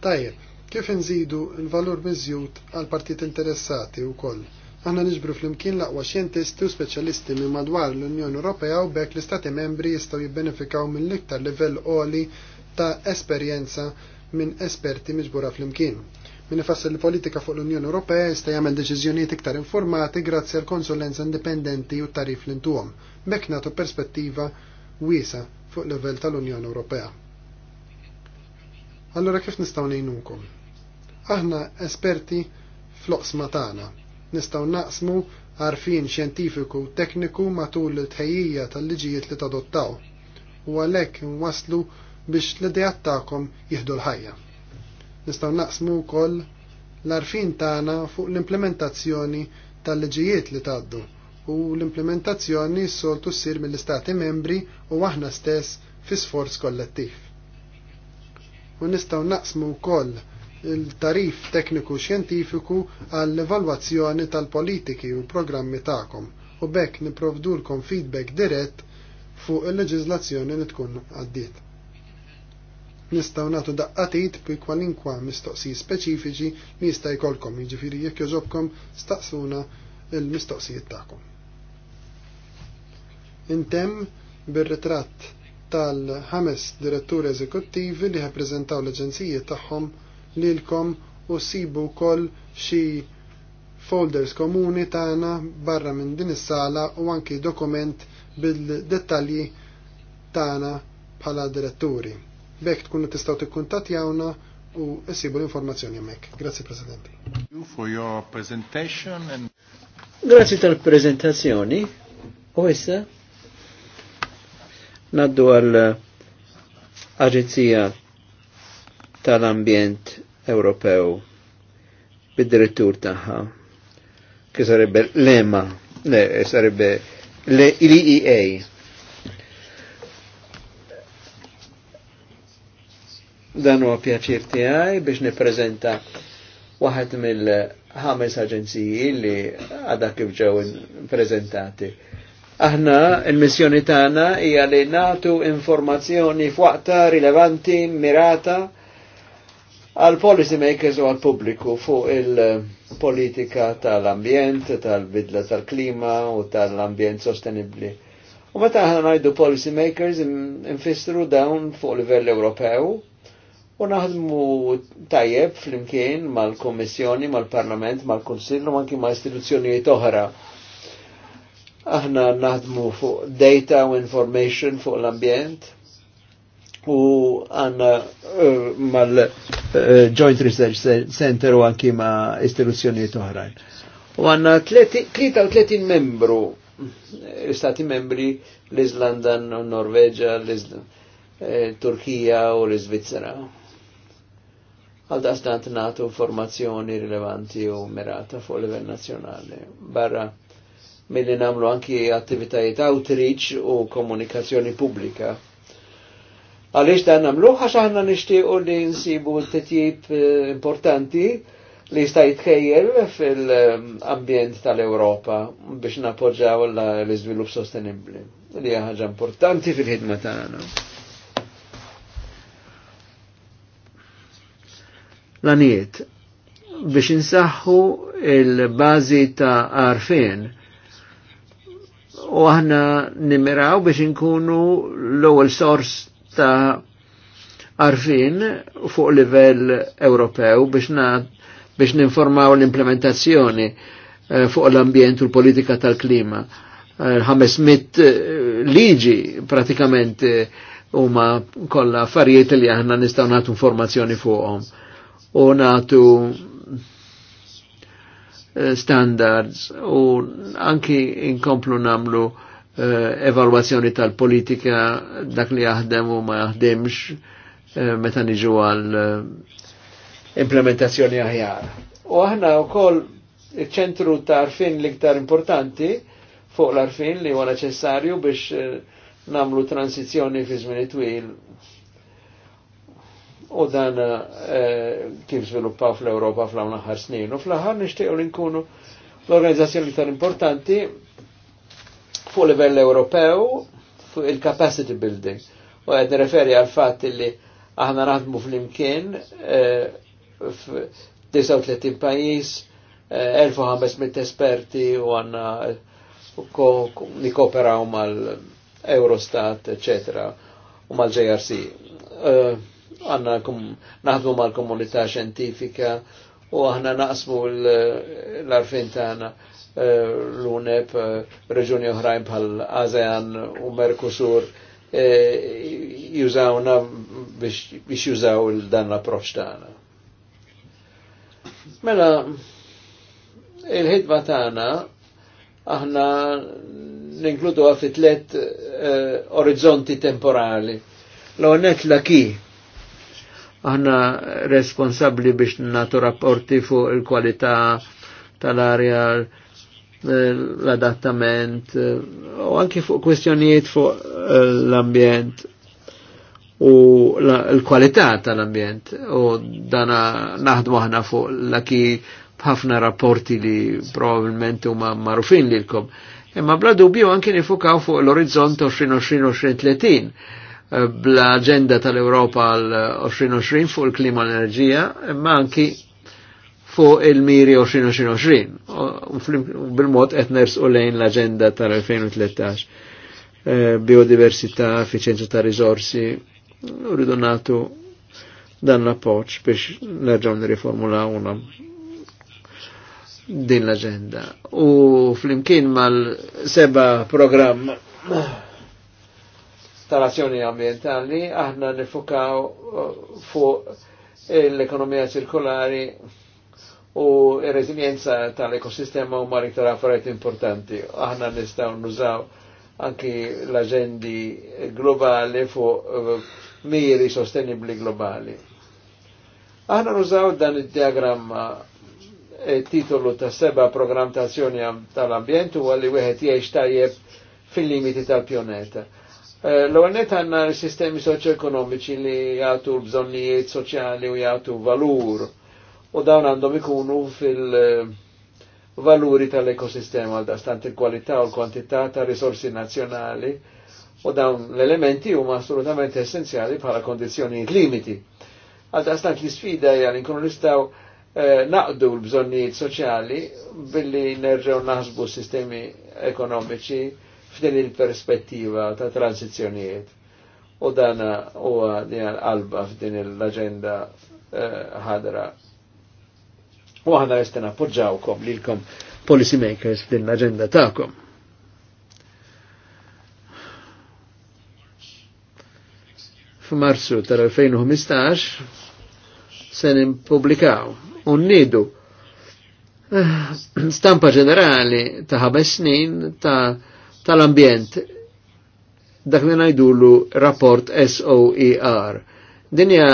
S1: Tajjeb, Kif nżidu l-valur miżjud għal partit interessati wkoll? Aħna niġbru fl-imkien laqwa xjentisti u speċjalisti minn madwar l-Unjoni Ewropea u bekk l-Istati membri jistgħu jibbenefikaw mill-iktar livell qoli ta' esperjenza minn esperti miġbura fl-imkien. Min l politika fuq l-Unjoni Ewropea jista' jagħmel deċiżjonijiet iktar informati grazzi għal konsulenza indipendenti u tarif l-intuhom. Bekk nagħtu perspettiva wiesa fuq livell tal-Unjoni Ewropea. Allora kif nistgħu ngħinukom? Aħna esperti fl-oqsma tagħna. Nistgħu naqsmu għarfien xjentifiku u tekniku matul il-tħejjija tal-liġijiet li tadottaw u għalhekk nwaslu biex l-idejat tagħkom jieħdu l-ħajja. Nistgħu naqsmu wkoll l-arfin tagħna fuq l-implementazzjoni tal-liġijiet li tgħaddu u l-implementazzjoni soltu ssir mill-istati membri u aħna stess fi sforz kollettiv. U nistgħu naqsmu wkoll il-tarif tekniku xjentifiku għall-evalwazzjoni tal-politiki u programmi tagħkom u bekk niprovdulkom feedback dirett fuq il-leġizlazzjoni li tkun għaddiet. Nistaw natu daqqatit bi kwalinkwa mistoqsi speċifiċi li jista' jkollkom jiġifieri jekk joġobkom staqsuna il-mistoqsijiet tagħkom. Intemm bir-ritratt tal-ħames diretturi eżekuttivi li ħappreżentaw l-aġenzijiet tagħhom lilkom u sibu kol xi folders komuni tagħna barra minn din is-sala u anki dokument bil-dettalji tagħna bħala diretturi. Bekk tkunu tistgħu tikkuntattjawna u issibu l-informazzjoni hemmhekk. Grazzi President. for your
S4: presentation and Grazzi tal-prezentazzjoni. U issa naddu għal Aġenzija tal-ambjent Ewropew bid-direttur tagħha che sarebbe l-EMA, eh, sarebbe l-IEA. E Dan huwa pjaċir tiegħi biex nippreżenta waħed mill-ħames aġenziji li għadha kif ġew prezentati. Aħna il-missjoni tagħna hija li nagħtu informazzjoni f'waqta rilevanti, mirata, għal policy makers u għal publiku fuq il-politika tal-ambjent, tal-bidla tal-klima u tal-ambjent sostenibli. U meta ħana najdu policy makers infissru dawn fuq livell Ewropew u naħdmu tajjeb flimkien mal-Kommissjoni, mal-Parlament, mal-Kunsill u anki ma' istituzzjonijiet oħra. Aħna naħdmu fuq data u information fuq l-ambjent u għanna eh, mal-Joint eh, Research Center u anki ma' istituzzjonijiet toħrajn. U għanna 33 membru, stati membri l-Islanda, Norveġa, eh, Turkija u l-Svizzera. Għal dastant natu formazzjoni rilevanti u mirata fuq livell nazjonali. Barra milli namlu anki attivitajiet outreach u komunikazzjoni pubblika Għaliex dan nagħmluh għax aħna nixtiequ li nsibu t-titjib eh, importanti li sta jitkejjel fil-ambjent tal-Ewropa biex napoġġaw l-iżvilupp sostenibbli. Li ħaġa importanti fil-ħidma tagħna. L-għaniet, biex insaħħu il-bazi ta' għarfin u aħna nimiraw biex inkunu l-ewwel sors ta' arfin fuq livell Ewropew biex na biex ninformaw l-implementazzjoni eh, fuq l-ambjent u l-politika tal-klima. 500 eh, eh, liġi pratikament huma kollha affarijiet li aħna nistgħu nagħtu informazzjoni fuqhom u nagħtu standards u anki inkomplu namlu uh, Eh, evalwazzjoni tal-politika dak li jaħdem u ma jaħdemx eh, meta niġu għal eh, implementazzjoni aħjar. U aħna u iċ-ċentru ta' arfin l-iktar importanti fuq l-arfin li huwa neċessarju biex namlu transizjoni fi żmien twil u dan kif żviluppaw fl-Ewropa fl-hawn snin. U fl-aħħar nixtiequ li nkunu l-organizzazzjoni importanti fuq livell Ewropew fuq il-capacity building. U għed referi għal fatt li aħna naħdmu fl-imkien eh, f-39 pajis, 1500 eh, esperti u għanna nikoperaw mal-Eurostat, etc. u mal-JRC. Eh, għanna naħdmu mal-komunità xentifika u aħna naqsmu l-arfin tagħna Eh, l-UNEP, eh, reġuni uħrajn bħal ASEAN u Mercosur eh, jużawna biex jużaw il dan l-approċ tagħna. Mela, il ħidba tagħna aħna ninkludu fi tlet orizzonti temporali. L-onet la ki aħna responsabli biex natu rapporti fuq il-kwalità tal-arja l-adattament eh, u anki fuq kwestjonijiet fuq eh, l-ambjent u l-kwalità tal-ambjent u dana naħdmu aħna fuq l-aki bħafna rapporti li probabilment huma marufin li lilkom. Imma bla dubju anki nifukaw fuq l-orizzont 2020-2030 eh, bl-agenda tal-Europa l-2020 fuq il-klima l-enerġija, imma anki fuq il-miri 2020. U bil-mod qed nersqu lejn l-aġenda tal-2013. Eh, biodiversità, efficienza ta' risorsi, u rridu natu dan l-appoċ biex nerġaw niriformulaw din l-agenda. U flimkien mal-seba program tal-azzjoni ambientali, aħna nifukaw eh, fuq l-ekonomija ċirkolari u il-rezilienza tal-ekosistema u mariktar affarijiet importanti. Aħna nistaw nużaw anki l-agendi globali fu eh, miri sostenibli globali. Aħna nużaw dan il-diagramma e eh, titolu ta' seba program ta' azzjoni tal-ambjent u għalli wieħed jiex tajjeb fil-limiti tal-pjoneta. Eh, L-għonet għanna sistemi soċjoekonomiċi li jgħatu bżonnijiet soċjali u jgħatu valur u dawn għandhom ikunu fil-valuri tal-ekosistema għal dastant il-kwalità u l-kwantità ta' risorsi nazjonali, u dawn l-elementi huma assolutament essenzjali bħala kondizjonijiet limiti. Għal dastant l-sfida jgħal inkunu nistaw eh, naqdu l-bżonnijiet soċjali billi nerġaw naħsbu sistemi ekonomiċi f'din il-perspettiva ta' transizjonijiet. u dana huwa din għalba f'din l agenda eh, ħadra uh, U għana restan appoġġawkom lilkom policy makers din l-agenda ta'kom. F'Marsu tal-2015 se nimpubblikaw nidu. Eh, stampa ġenerali ta' ħabes snin ta' tal-ambjent dak li najdullu rapport SOER Dinja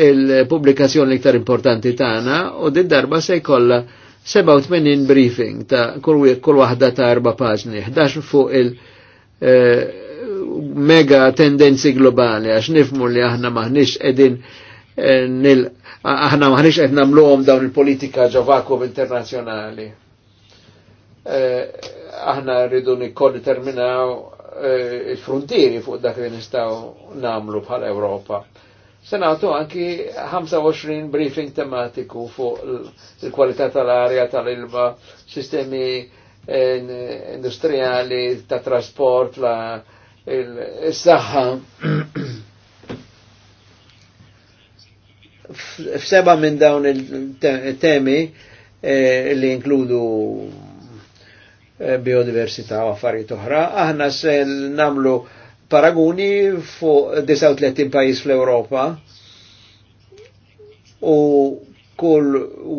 S4: il-publikazzjoni iktar importanti tagħna u din darba se jkollha 87 briefing ta' kull waħda ta' erba' paġni, 11 fuq il- eh, mega tendenzi globali għax nifmu li aħna maħniex edin eh, nil aħna maħniex qed nagħmluhom dawn il-politika ġo vakum internazzjonali. Eh, aħna rridu nikkoll determinaw il-frontieri fuq dak li nistgħu nagħmlu bħal Ewropa. Senatu anki 25 briefing tematiku fuq il-kwalità tal-arja, tal ilba sistemi eh, industriali, ta' trasport, la il-saħħa. F'seba minn dawn il-temi eh, li inkludu eh, biodiversità u affarijiet oħra, aħna se namlu paraguni fuq 39 pajis fl-Europa u kull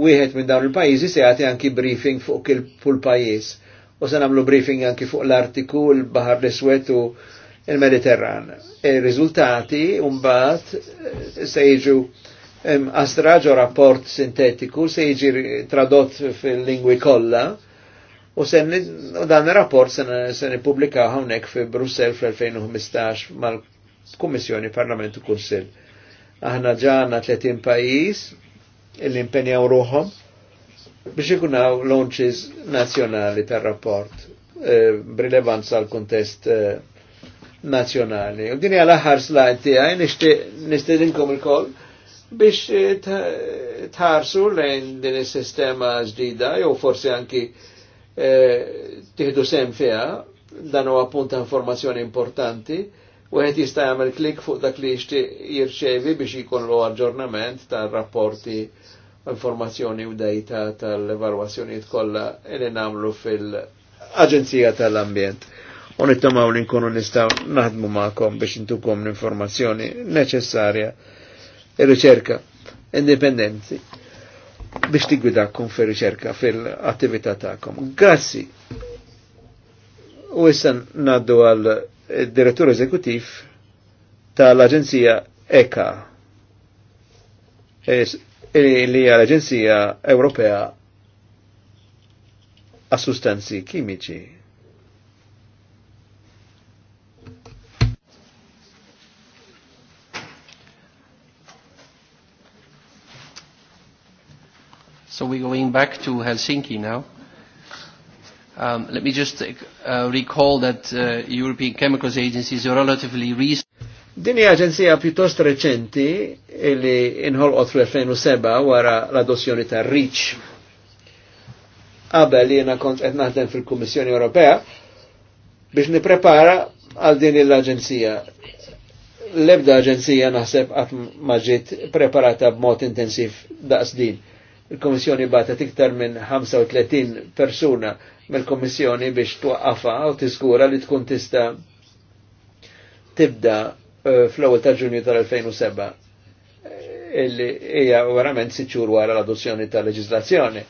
S4: wieħed minn dawn il-pajjiżi se jagħti anki briefing fuq kull pajjiż. U se nagħmlu briefing anki fuq l-artiku l-Baħar l-Iswed u l-Mediterran. Ir-riżultati mbagħad se jiġu astra ġo rapport sintetiku se jiġi tradott fil-lingwi kollha U sen dan il-rapport sen sen ippubblika hawnhekk fi Brussel fl-2015 mal-Kummissjoni Parlament u Kunsill. Aħna ġana 30 pajjiż illi impenjaw ruhom biex ikunaw launches nazzjonali tar-rapport eh, b'rilevanza għal kuntest eh, nazzjonali. U din hija l-aħħar slide tiegħi nistedinkom il-koll biex eh, tħarsu lejn din is-sistema ġdida jew forsi anki tiħdu sem fiha, dan u punt informazzjoni importanti, u għet jista' jagħmel klik fuq dak li jirċevi biex jkollu aġġornament ta' rapporti informazzjoni u dejta tal-evalwazzjonijiet kollha li nagħmlu fil-Aġenzija tal-Ambjent. U nittamaw li nkunu nistgħu naħdmu magħkom biex intukom l-informazzjoni neċessarja ir-riċerka e indipendenti biex tigwidakom fil riċerka fil-attività ta'kom. Grazzi. U issa naddu għal direttur eżekutiv tal-Aġenzija ECA, e li għal l-Aġenzija Ewropea għas-Sustanzi Kimiċi.
S1: So we're going back to Helsinki now.
S4: Um, let me just uh, recall that uh, European Chemicals Agency is a relatively recent. Din hija aġenzija pjuttost reċenti li inħolqot fl-2007 wara l-adozzjoni ta' REACH. Qabel li jiena kont qed naħdem fil-Kummissjoni Ewropea biex nipprepara għal din l-aġenzija. L-ebda aġenzija naħseb qatt ma ġiet preparata b'mod intensiv daqs din il-Komissjoni batet iktar minn 35 persuna mill-Komissjoni biex twaqqafa u tiskura li tkun tista tibda eh, fl-ewwel ta' Ġunju tal-2007 eh, illi hija verament siċur wara l-adozzjoni tal leġislazzjoni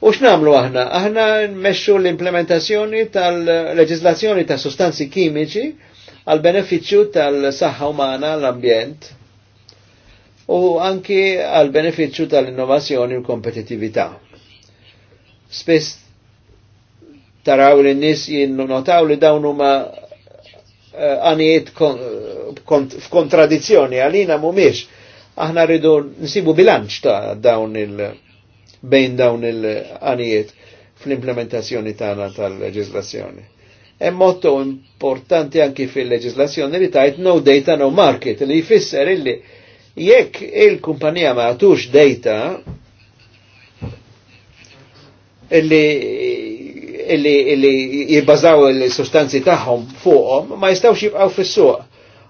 S4: U x'namlu aħna? Aħna nmexxu l-implementazzjoni tal leġislazzjoni ta' sostanzi kimiċi għal benefiċċju tal-saħħa umana l-ambjent u anki għal beneficju tal-innovazzjoni u kompetitività. Spess taraw li n-nis jinnotaw li dawn huma eh, għanijiet f'kontradizzjoni għalina mumiex. Aħna rridu nsibu bilanċ ta' dawn il- bejn dawn il-għanijiet fl-implementazzjoni tagħna tal-leġislazzjoni. E' motto importanti anki fil-leġislazzjoni li tajt no data no market li jfisser illi Jekk il-kumpanija ma għatux data illi illi, illi jibbażaw il sustanzi tagħhom fuqhom ma jistgħux jibqgħu fis-suq.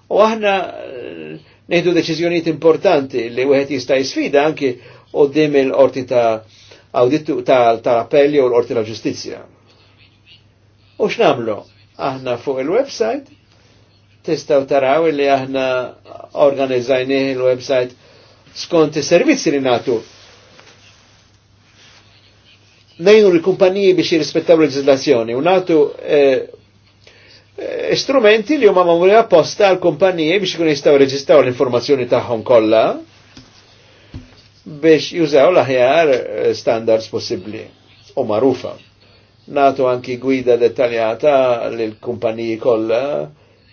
S4: U aħna eh, neħdu deċiżjonijiet importanti li wieħed jista' jisfida anki qudiem il-qorti ta' tal appelli u l-qorti tal ġustizzja. U x'namlu? Aħna fuq il-website tistaw taraw li aħna organizzajni il-website skont is-servizzi li natu. Nejnu l-kumpaniji biex jirrispettaw l legislazzjoni u natu eh, eh, strumenti li huma mamuli apposta għal kumpaniji biex kun jistaw reġistaw l-informazzjoni tagħhom kollha biex jużaw l-aħjar eh, standards possibbli u marufa. Natu anki gwida dettaljata l kumpaniji kollha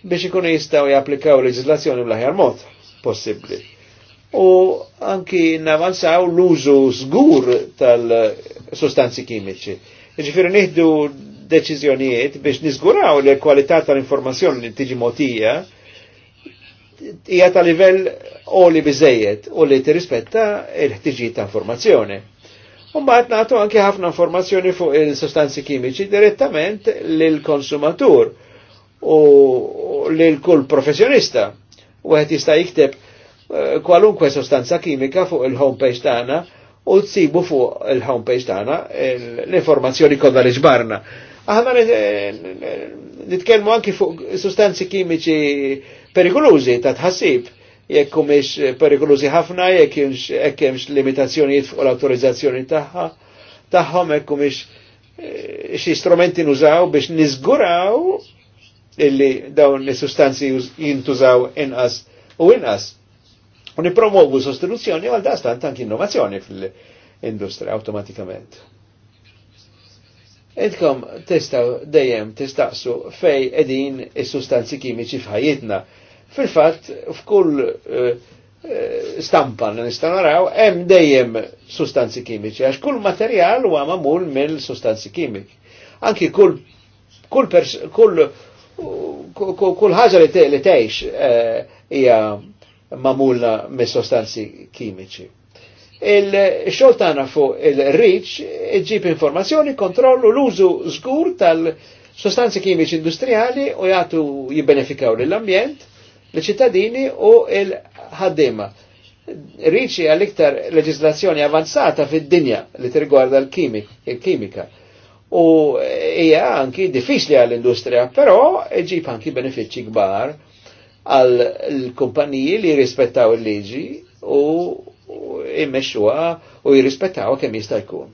S4: biex ikunu jistaw japplikaw leġislazzjoni bl-aħjar mod possibbli. U anki navanzaw l-użu zgur tal-sostanzi kimiċi. Ġifir nieħdu deċiżjonijiet biex niżguraw li l-kwalità tal-informazzjoni li tiġi motija hija ta' livell oli biżejjed u li tirrispetta l-ħtiġijiet ta' informazzjoni. Umbaħt nagħtu anke ħafna informazzjoni fuq il-sostanzi kimiċi direttament lill-konsumatur u lil kull professjonista. U għet jista' jikteb eh, kwalunkwe sostanza kimika fuq il-homepage tana u tsibu fuq il-homepage tagħna l-informazzjoni kodda li ġbarna. Aħna nitkellmu anki fuq sostanzi kimiċi perikolużi ta' tħassib jekk humiex perikolużi ħafna, jekk hemmx limitazzjonijiet fuq l autorizzazzjoni tagħha tagħhom hekk humiex eh, xi strumenti nużaw biex niżguraw illi dawn li sustanzi jintużaw inqas u inqas. U nipromogu sostituzzjoni għal dastan tank innovazzjoni fil industria automatikament. Edkom testaw dejjem testaqsu fej edin il sustanzi kimiċi fħajitna. Fil-fatt f'kull eh, stampa li nista' naraw hemm dejjem sustanzi kimiċi għax kull materjal huwa magħmul mill-sustanzi kimiċi. Anki kull kull, kull kull ħaġa li tgħix eh, hija mamulla mis sostanzi kimiċi. Il-xogħol tagħna fuq il-riċ iġib informazzjoni, kontrollu l-użu żgur tal-sostanzi kimiċi industrijali u jagħtu jibbenefikaw lill-ambjent, l-ċittadini u l-ħaddiema. Riċi għal-iktar leġislazzjoni avanzata fid-dinja li tirgwarda l-kimika u hija anki diffiċli għall-industrija, però ġib anki benefiċċji kbar għall-kumpaniji li jirrispettaw il-liġi u immexxuha u jirrispettaw kemm jista' jkun.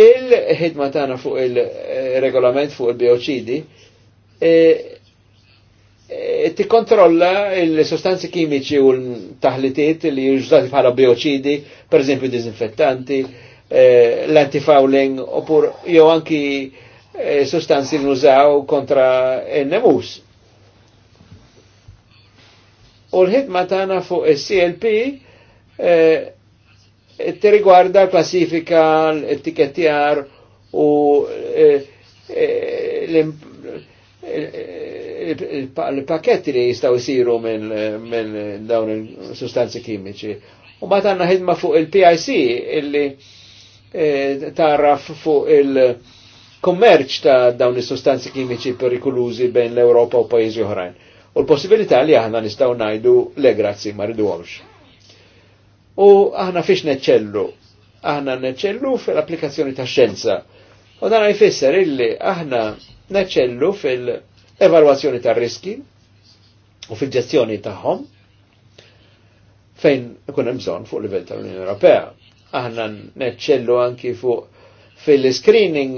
S4: Il-ħidma tagħna fuq il-regolament fuq il-bioċidi eh, Eh, ti kontrolla il-sostanzi kimiċi u l-taħlitiet li jużati bħala bioċidi, per eżempju dizinfettanti, eh, l-antifouling, oppur jew anki eh, sostanzi nużaw kontra n-nemus. U l-ħidma tagħna fuq is-CLP eh, ti rigwarda klassifika, l etikettijar u eh, eh, l il-paketti li jistaw jisiru minn dawn il-sustanzi kimiċi. U bat għanna ħidma fuq il-PIC illi eh, tarraf fuq il-kommerċ ta' dawn il-sustanzi kimiċi perikolużi bejn l-Europa u pajizi oħrajn. U l-possibilità li aħna nistaw najdu le grazzi ma ridu U aħna fiex neċellu? Aħna neċellu fil-applikazzjoni ta' xenza. U dan jfisser illi aħna neċellu fil- evalwazzjoni ta' riski u fil-ġestjoni tagħhom fejn ikun hemm bżonn fuq livell tal-Unjoni Ewropea. Aħna neċċellu anki fuq fil-screening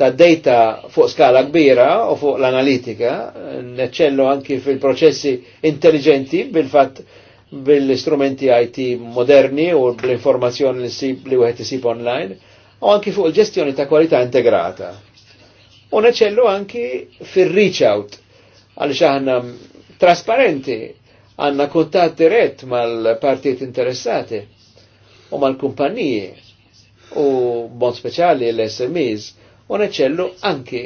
S4: ta' data fuq skala kbira u fuq l-analitika, neċċellu anki fil-proċessi intelligenti bil-fatt bil-istrumenti IT moderni u bl-informazzjoni li wieħed isib online, u anki fuq il-ġestjoni ta' kwalità integrata u neċellu anki fil-reach out għalix aħna trasparenti għanna kuntat dirett mal-partijiet interessati u mal-kumpaniji u bon speċali l-SMEs u neċellu anki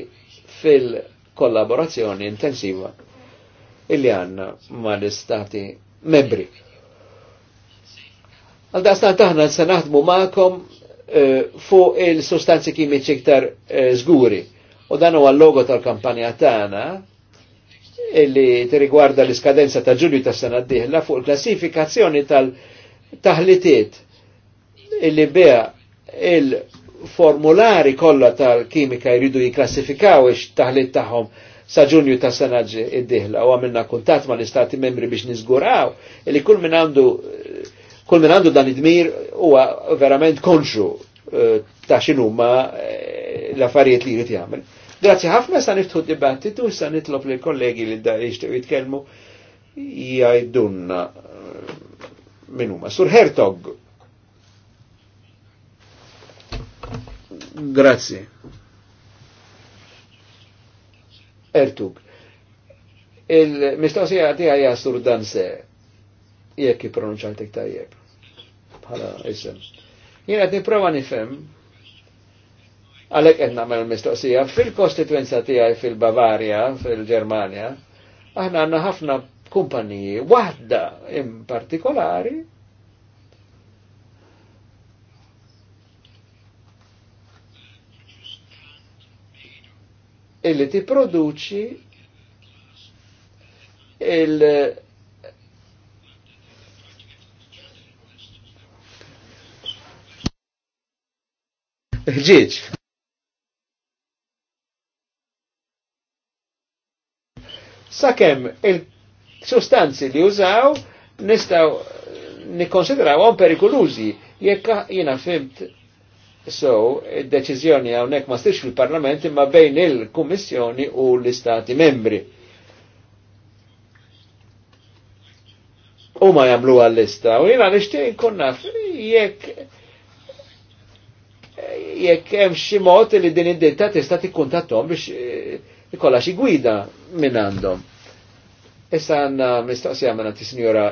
S4: fil-kollaborazzjoni intensiva illi għanna mal-istati membri. Għal-dasna taħna s-sanaħdmu maħkom eh, fuq il sustanzi kimiċi iktar eh, zguri U dan huwa l-logo tal-kampanja tagħna illi tirigwarda l-iskadenza ta' Ġulju ta' sena d-dieħla fuq il-klassifikazzjoni tal-taħlitiet illi beha il-formulari kollha tal-kimika jridu jiklassifikaw ix taħlit tagħhom sa ġunju ta' sena id dihla u għamilna kuntat ma' l-istati membri biex nizguraw illi kull min għandu kull min għandu dan id-dmir huwa verament konxu eh, ta' xinuma l-affarijiet li jrid jagħmel. Grazzi ħafna sa niftħu dibattitu u sa nitlob lil kollegi li da jixtieq jitkellmu jgħidunna eh, minn huma. Sur Hertog. Grazzi. Ertug. Il-mistoqsija tiegħi hija sur dan se jekk ippronunċjaltek tajjeb bħala isem. Jiena qed nipprova nifhem Għalek għedna għamil mistoqsija, fil-kostituenza tijaj fil-Bavaria, fil-Germania, aħna għanna ħafna kumpaniji, wahda in partikolari, illi ti produċi il ġiġ sakemm il-sustanzi li użaw nistaw nikkonsidrawhom perikolużi jekk jiena fimt so id-deċiżjoni hawnhekk ma stix fil-Parlament imma bejn il-Kummissjoni u l-Istati membri. U ma jamlu għall-lista, u jina nishtiq nkun naf jekk jekk hemm xi mod li din id-ditta tista' tikkuntattom biex eh, ikolla xi gwida minn għandhom. Issa għandna mistoqsija minn t sinjora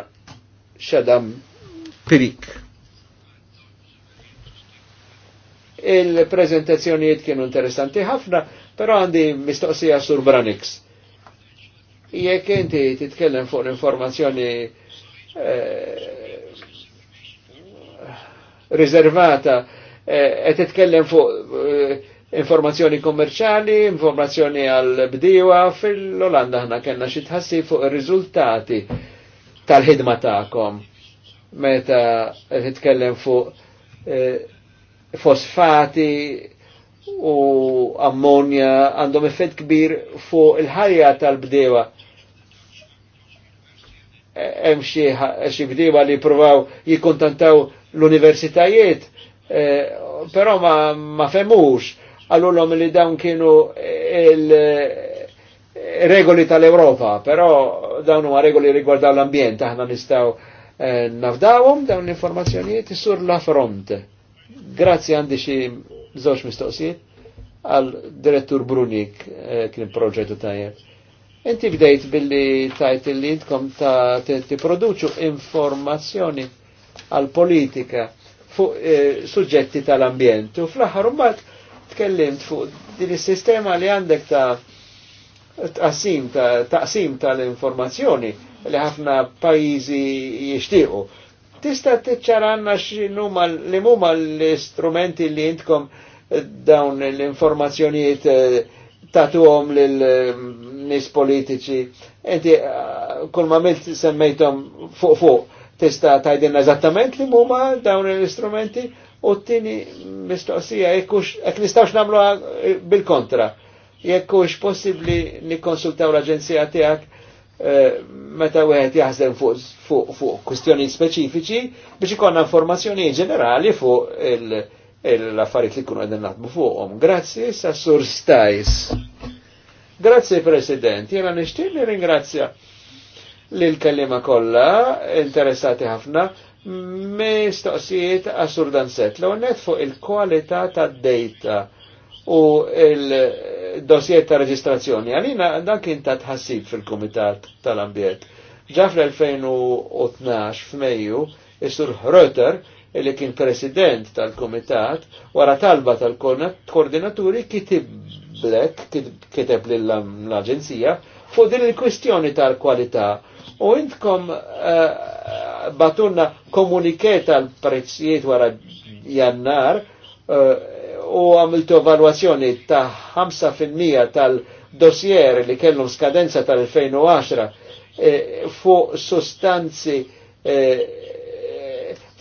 S4: Xadam Pirik. Il-prezentazzjonijiet kienu interessanti ħafna, però għandi mistoqsija sur Branix. Jekk inti titkellem fuq l-informazzjoni eh, riservata, qed eh, e titkellem fuq eh, informazzjoni kommerċali, informazzjoni għal bdiwa fil-Olanda ħna kena xi tħassi fuq ir-riżultati tal-ħidma tagħkom. Meta titkellem fuq eh, fosfati u ammonja għandhom effett kbir fuq il-ħajja tal-bdewa. Eh, hemm xi bdiewa li provaw jikkontantaw l-universitajiet, eh, però ma, ma femux għallulhom li dawn kienu il-regoli tal-Europa, però dawn huma regoli riguardaw l-ambjent, aħna nistaw eh, nafdawhom dawn l-informazzjonijiet sur la front. Grazzi għandi xi żewġ mistoqsijiet għal direttur Brunik eh, kien proġettu tajjeb. Inti bdejt billi tajt il jintkom ta' ti produċu informazzjoni għal politika fuq eh, suġġetti tal-ambjent u fl-aħħar tkellimt fuq din is-sistema li għandek ta' taqsim taqsim tal-informazzjoni li ħafna pajjiżi jixtiequ. Tista' tiċċaranna x'inhuma li huma l-istrumenti li intkom eh, dawn l-informazzjonijiet eh, tatuhom lil eh, nis politiċi. Enti kull ma milt semmejtom fuq fuq tista' tajdinna eżattament li huma dawn l-istrumenti U t-tini mistoqsija, jek nistawx namlu eh, bil-kontra, jekkux possibli nikonsultaw l-Aġenzija tijak eh, meta wieħed jaħdem fuq fuq kustjoni kwistjoni speċifiċi biex ikonna informazzjoni ġenerali fuq l-affarijiet li kunu għedin naħdmu fuqhom. Grazzi sa Sur Stajs. Grazzi President, nishtin nixtieq ringrazzja l kellima kollha interessati ħafna mistoqsijiet assurdan set. Law net fuq il-kwalità tad-data u il-dossier ta' reġistrazzjoni. Għalina dan kien ta' tħassib fil-Kumitat tal-Ambjent. Ġa fl-2012 f'Mejju, is-Sur Röter, illi kien president tal-Kumitat, wara talba tal-koordinaturi kitiblet, kiteb l-Aġenzija, fuq din il-kwistjoni tal-kwalità U intkom uh, batunna komuniketa l-prezzijiet wara jannar eh, u għamiltu evaluazzjoni ta' 5% tal-dossier li kellum skadenza tal-2010 eh, fu sostanzi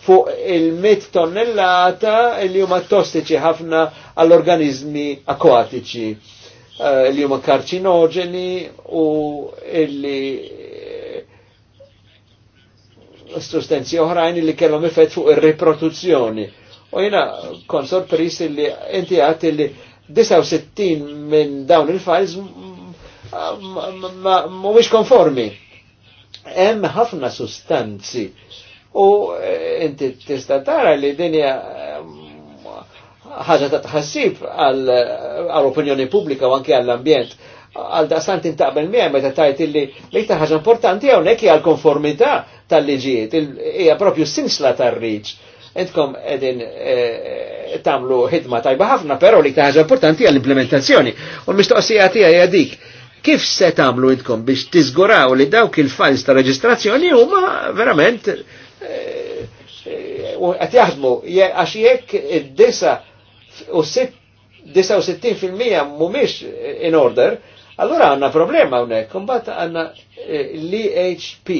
S4: fu il met tonnellata li huma tostiċi ħafna għall-organizmi akwatiċi Il li huma karċinogeni u li sostanzi oħrajn li kellhom effett fuq ir-riproduzzjoni. U jiena kon sorpris li inti għat li 69 minn dawn il-files mhuwiex konformi. Hemm ħafna sustanzi u eh, inti tista' tara li dinja eh, ħaġa ta' tħassib għall eh, opinjoni pubblika u anke għall-ambjent għal da sant intaqbel miegħek meta tajt illi l-iktar ħaġa importanti hawnhekk hija l-konformità tal-liġijiet, hija propju sinsla tar-riċ. Entkom edin eh, tagħmlu tamlu ħidma tajba ħafna, però li ħaġa importanti hija l-implementazzjoni. U l-mistoqsija tiegħi hija dik. Kif se tagħmlu intkom biex tiżguraw li dawk il-files ta' reġistrazzjoni huma verament eh, eh, qed jaħdmu għax jekk id-disa u 69% mhumiex in order, Allora għanna problema unek, kumbat għanna l-EHP,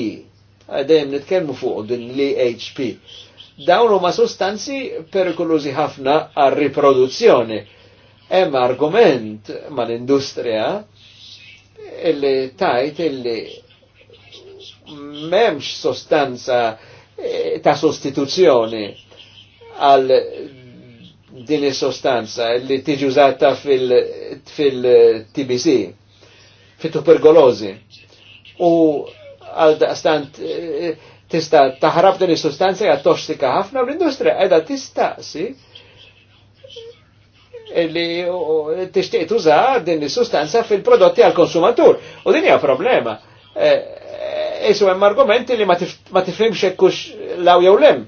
S4: għadajem nitkelmu fuq din l-EHP. Dawn huma sostanzi perikolużi ħafna għal riproduzzjoni. Hemm argument mal-industrija illi tajt illi memx sostanza eh, ta' sostituzzjoni għal din sostanza li tiġi użata fil-TBC. Fil fit-tuberkulozi. U għal daqstant eh, tista taħrab din is-sustanza hija tossika ħafna u l-industrija qiegħda tistaqsi li tixtieq tuża din is-sustanza fil-prodotti għal konsumatur. U din hija problema. Eh, isu hemm argumenti li ma tifhimx hekkux law jew lem.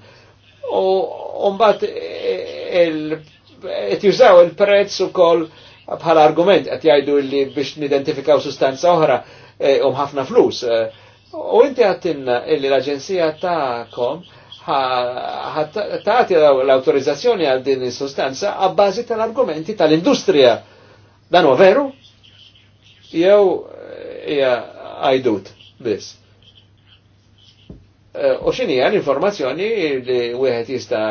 S4: U mbagħad eh, il-jużaw il-prezz ukoll koll bħala argument qed jgħidu li biex nidentifikaw sustanza oħra um ħafna flus. Eh, u inti għattinna illi l-Aġenzija ta'kom ta'ti l-autorizzazzjoni għal din is-sustanza għabbażi tal-argumenti tal-industrija. Dan huwa veru? Jew eh, hija għajdut biss. U xini l-informazzjoni li wieħed jista'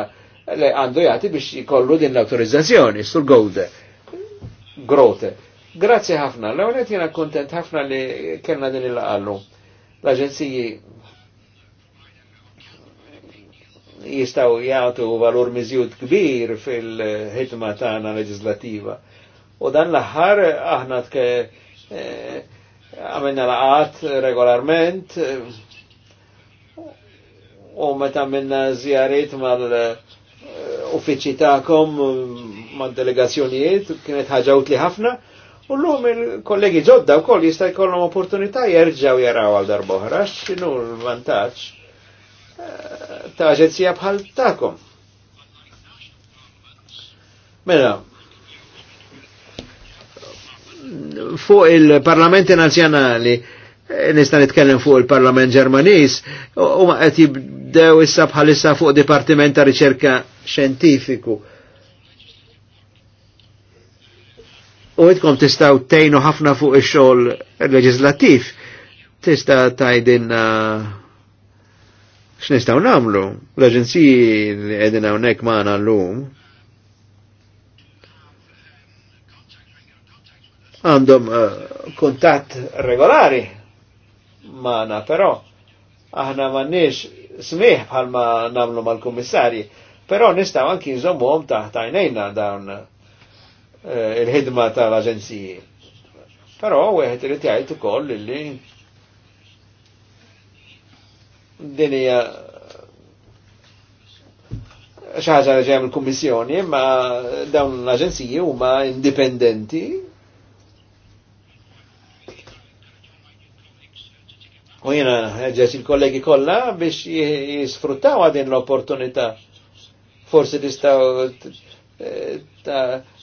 S4: għandu jagħti biex jkollu din l-autorizzazzjoni sul gowde. Grote. Grazzi ħafna, l għonet jena kontent ħafna li kellna din il-għallu. L-aġenziji jistaw jgħatu valur miżjud kbir fil-ħidma tagħna leġislativa. U dan l-aħħar aħna tke eh, għamilna laqat regolarment eh, u meta minna zjarit mal-uffiċi eh, ta'kom ma' delegazzjonijiet, kienet ħaġa utli ħafna, u l-lum il-kollegi ġodda u koll jista' jkollhom opportunità jerġaw jaraw għal darboħra, x'inhu l-vantaġġ eh, ta' ġezzija bħal takom. Mela, fuq il-parlamenti nazjonali, eh, nista' nitkellem fuq il-Parlament Ġermaniż, huma qed jibdew issa bħalissa fuq Dipartiment ta' Riċerka Xjentifiku. u idkom tistaw tejnu ħafna fuq ix-xogħol leġislattiv. Tista' tajdinna x'nistgħu nagħmlu. L-aġenziji li qegħdin hawnhekk magħna llum għandhom eh, kuntatt regolari magħna, però aħna m'għandniex smih bħalma nagħmlu mal-kummissarji, però nistgħu anki nżommuhom taħt għajnejna dawn Eh, il-ħidma tal-aġenziji. Però wieħed irid jgħid ukoll u koll li dinija xaħġa li ġem il kummissjoni ma dawn l-aġenziji u ma indipendenti U jena ġes il-kollegi kolla biex jisfruttaw għadin l-opportunità. Forsi tistaw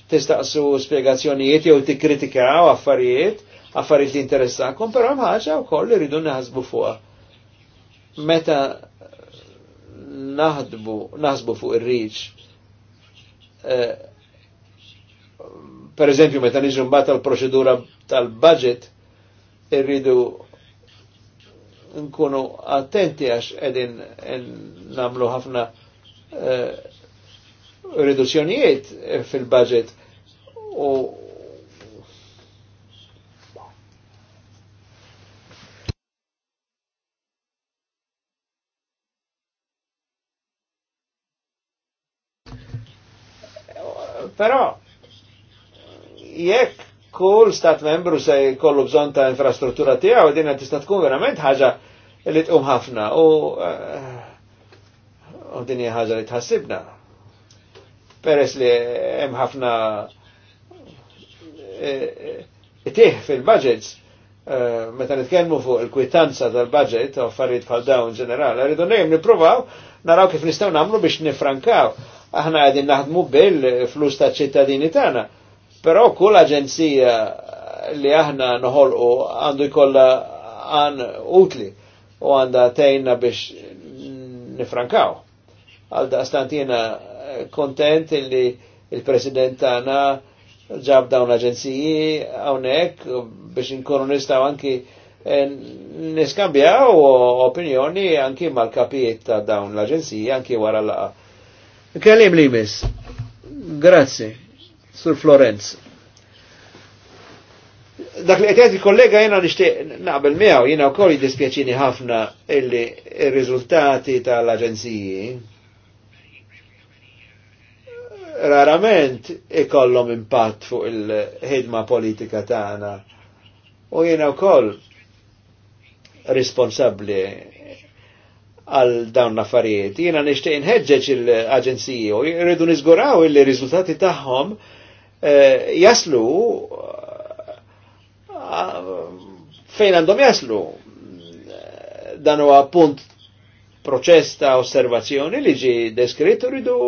S4: tistaqsu spiegazzjonijiet jew tikkritikaw affarijiet, affarijiet li interessakom, però ħaġa wkoll irridu naħsbu fuqha. Meta naħdbu, naħsbu fuq ir-riċ, eh, per eżempju, meta niġu mbagħad tal-proċedura tal-budget, irridu nkunu attenti għax qegħdin nagħmlu ħafna eh, reduzzjonijiet eh, fil-budget u Però, jekk kull stat membru se kollu bżon ta' infrastruttura tiegħu din qed tista' tkun verament ħaġa li tqum ħafna u eh, din hija ħaġa li tħassibna peres li hemm ħafna eh, eh, tih fil-budgets, eh, meta nitkellmu fuq il-kwitanza tal-budget u affarijiet bħal dawn ġenerali, rridu nejjem nippruvaw naraw kif nistgħu nagħmlu biex nifrankaw. Aħna qegħdin naħdmu bil-flus taċ-ċittadini tagħna. Però kull aġenzija li aħna noħolqu għandu jkollha għan utli u għanda tejna biex nifrankaw. Għal daqstant jiena kontent illi il-president għana ġab dawn l-aġenziji hawnhekk biex nkunu nistaw anki eh, niskambjaw opinjoni anki mal-kapijiet ta' dawn l-aġenziji anki wara laqa. Kellim li mis. Grazzi. Sur Florenz. Dak li għetajt il-kollega jena nishti naqbel miaw, jena wkoll jiddispjaċini ħafna illi il rizultati tal-aġenziji rarament ikollhom impatt fuq il-ħidma politika tagħna. U jiena wkoll responsabbli għal dawn l-affarijiet. Jiena nixtieq inħeġġeġ il-aġenziji u jridu niżguraw il riżultati tagħhom eh, jaslu eh, fejn għandhom jaslu. Dan huwa punt proċesta ta' osservazzjoni li ġi deskritt u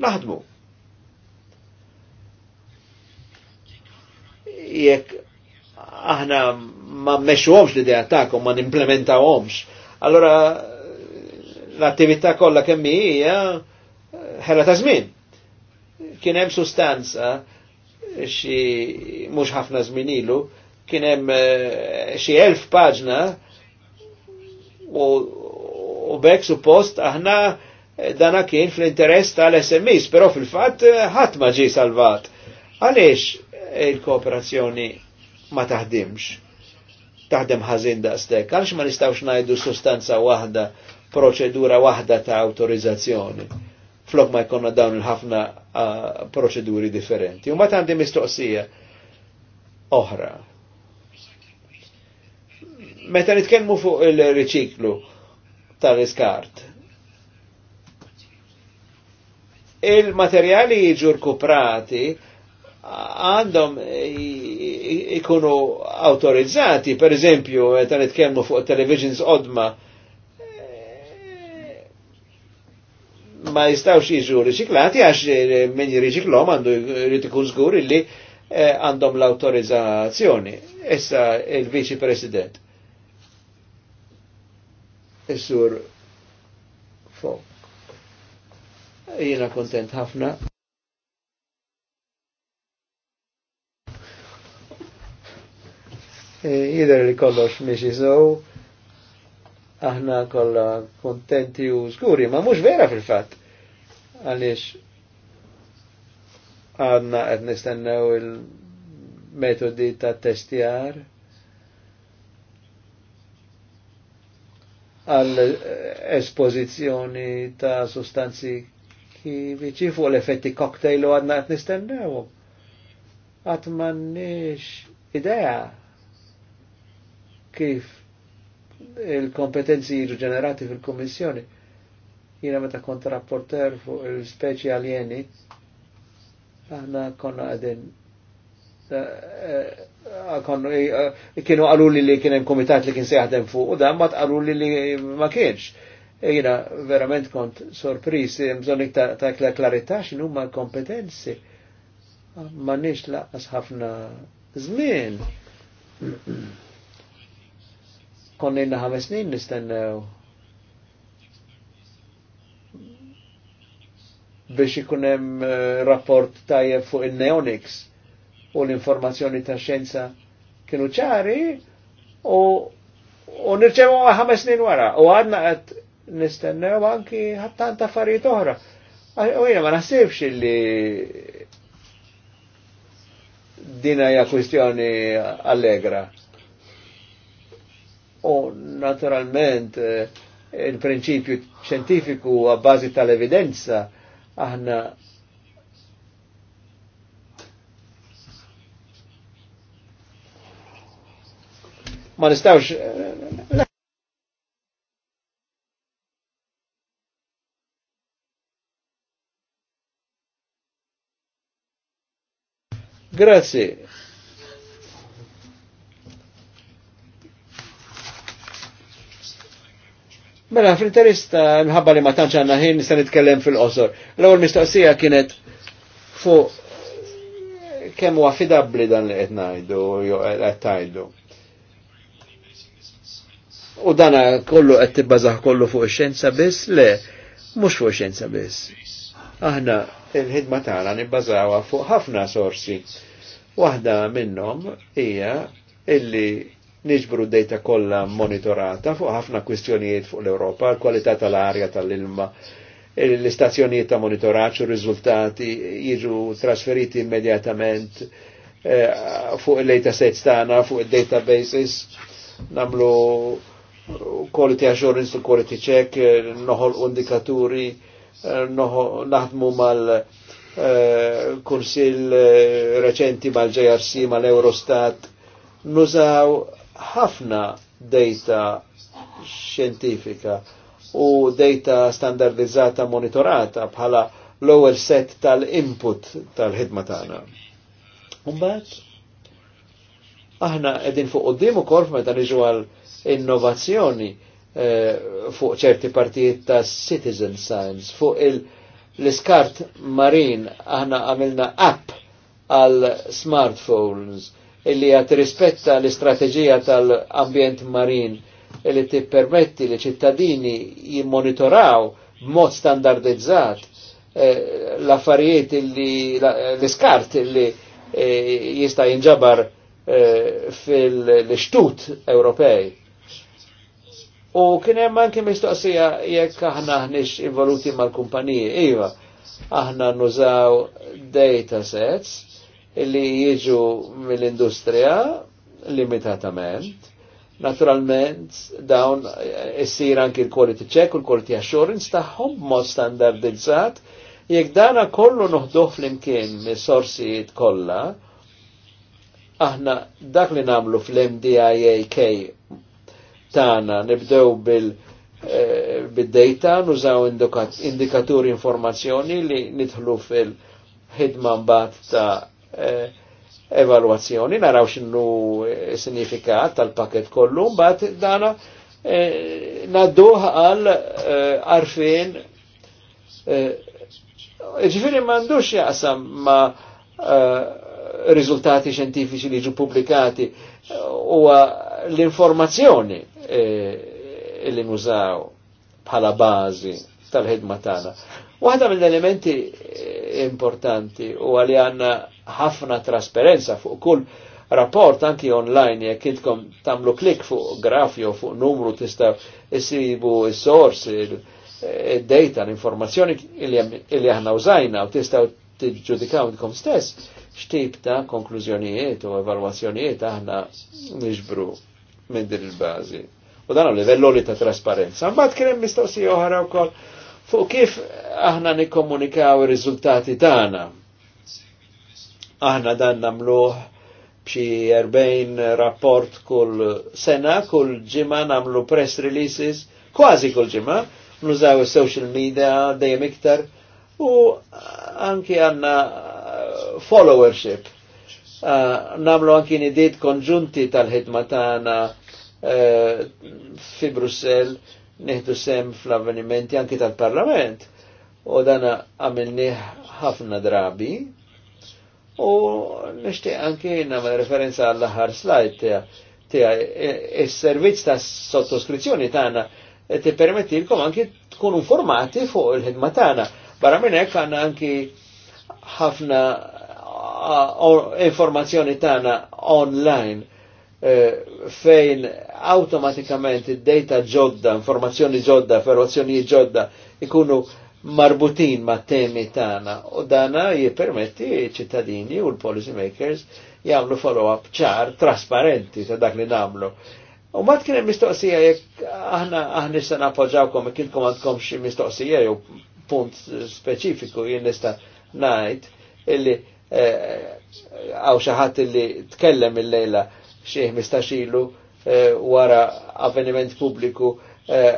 S4: naħdmu. jekk aħna ma mmexuhomx l-idea tagħkom, ma nimplementawhomx. Allora l-attività kollha kemm hija eh, ħela ta' żmien. Kien hemm sustanza eh, xi mhux ħafna żmien ilu, kien hemm eh, xi elf paġna u bekk suppost aħna dana kien fl-interess tal-SMIs, però fil-fatt ħadd ma ġie salvat. Għaliex il-kooperazzjoni ma taħdimx. Taħdem ħażin daqstek, għalx ma nistawx najdu sustanza waħda, proċedura waħda ta' autorizzazzjoni. Flok ma jkonna dawn il-ħafna proċeduri differenti. U ma tandi mistoqsija oħra. Meta nitkellmu fuq il-riċiklu tal-iskart, il-materjali jiġu rkuprati għandhom ikunu autorizzati, per eżempju, ta' nitkellmu fuq televisions odma, eh, ma jistawx jiġu riċiklati għax eh, minn jiriċiklom għandu jrid ikun żgur illi eh, għandhom l-autorizzazzjoni. Issa il-Viċi President. Issur sur Fok. Jiena kontent ħafna Eh, jider li kollox miex jizow, aħna kolla kontenti u zguri, ma mux vera fil-fat, għalix għadna għed nistennew il-metodi ta' testjar, għal espozizjoni ta' sostanzi kimiċi fuq l-effetti cocktail u għadna għed nistennew. Għatman nix idea kif il-kompetenzi jiġu ġenerati fil-Kommissjoni. Jiena meta kont rapporter fuq il-speċi alieni, aħna konna għadin eh, eh, eh, kienu għalu li li kien komitat li kien se jaħdem fuq u da' mat tqalu li li ma kienx. Ejna, verament kont sorpris, bżonn ta' klarità x'inhu ma kompetenzi. Ma nix la' asħafna zmin. Konna jilna ħames snin nistennew biex ikun hemm eh, rapport tajjeb fuq il-neonics u l-informazzjoni ta' xjenza kienu ċari u, u nirċevu ħames snin wara u għadna qed nistennew anki ħattan ta' farijiet oħra. U jiena ma naħsibx li dina hija kwistjoni allegra. U naturalment eh, il-prinċipju ċentifiku a bazi tal-evidenza aħna ma nistawx eh, Grazie. Mela, fl-interess ta' mħabba li ma tantx għandna ħin nista' nitkellem fil-qosor. L-ewwel mistoqsija kienet fuq kemm huwa fidabbli dan li qed ngħidu jew qed tgħidu. U dan kollu qed tibbażaħ kollu fuq ix-xjenza biss? Le, mhux fuq ix-xjenza biss. Aħna il-ħidma tagħna nibbażawha fuq ħafna sorsi. Waħda minnhom hija illi niġbru d-dejta kolla monitorata fuq ħafna kwistjonijiet fuq l-Europa, l-kwalità tal-arja tal-ilma, l-istazzjonijiet ta' monitoraċ r riżultati jiġu trasferiti immedjatament eh, fuq il-data sets tagħna, fuq il-databases, namlu quality assurance u quality check, noħol indikaturi, eh, naħdmu mal eh, kunsil reċenti mal-JRC, mal-Eurostat, nużaw ħafna data xjentifika u data standardizzata monitorata bħala l-ewwel set tal-input tal-ħidma tagħna. Mbagħad aħna qegħdin fuq quddiem ukoll meta niġu għal innovazzjoni eh, fuq ċerti partijiet ta' citizen science, fuq l-iskart marin aħna għamilna app għal smartphones illi għat rispetta l-istrateġija tal-ambjent marin illi ti permetti li ċittadini jimmonitoraw mod standardizzat eh, l-affarijiet illi l-iskart illi eh, jista jinġabar eh, fil-xtut Ewropej. U kienem anke mistoqsija jekk aħna ħnix involuti mal-kumpaniji, iva, aħna nużaw data sets, li jiġu mill-industrija limitatament. Naturalment, dawn jessir eh, anki l-quality check u l-quality assurance tagħhom mod standardizzat. Jekk dana kollu noħduh flimkien mis-sorsijiet kollha, aħna dak li namlu fl-MDIAK tana nibdew bil- eh, bid-data, nużaw indikaturi informazzjoni li nidħlu fil-ħidma mbagħad ta' Eh, evalwazzjoni, naraw xinnu sinifikat tal paket kollu, bat dana eh, nadduħ għal eh, arfin ġifiri mandux jaqsam ma rizultati xentifiċi li ġu publikati u l-informazzjoni li nużaw bħala bazi tal-ħidma tagħna. Waħda mill-elementi importanti u għalli għanna ħafna trasparenza fuq kull rapport anki online jekk intkom tamlu klik fuq grafju fuq numru tista' issibu is-source id-data l-informazzjoni illi aħna użajna u tistgħu tiġġudikaw intkom stess x'tip ta' konklużjonijiet u evalwazzjonijiet aħna niġbru minn din il-bażi. U dan livello li ta' trasparenza. Mbagħad kien hemm mistoqsija oħra wkoll fuq kif aħna nikkomunikaw ir-riżultati tagħna Aħna dan namluħ bċi 40 rapport kull sena, kull ġima namlu press releases, kważi kull ġima, nużaw social media dejjem iktar u anki għanna uh, followership. Uh, namlu anki nidiet konġunti tal-ħidma tagħna uh, fi Brussel neħdu sem fl-avvenimenti anki tal-Parlament. U dana għamilni ħafna drabi U nishtiq anki jenna ma referenza għall-ħar tija, tija, e, il servizz ta' sottoskrizzjoni tagħna e, ti permetti l-kom anki tkun informati fuq il-ħidma tagħna. Barra minnek għanna anki ħafna informazzjoni tagħna online e, fejn automatikament id-data ġodda, informazzjoni ġodda, ferrozzjoni ġodda ikunu marbutin ma' temi tagħna u dana jippermetti ċittadini u l-policy makers jagħmlu follow-up ċar, trasparenti ta' dak li nagħmlu. U mat kienem mistoqsija jekk aħna aħna se nappoġġawkom jekk ilkom għandkom xi mistoqsija jew punt speċifiku jien nista' ngħid illi eh, għaw xi ħadd illi tkellem illejla xi mistaxilu eh, wara avveniment pubbliku eh,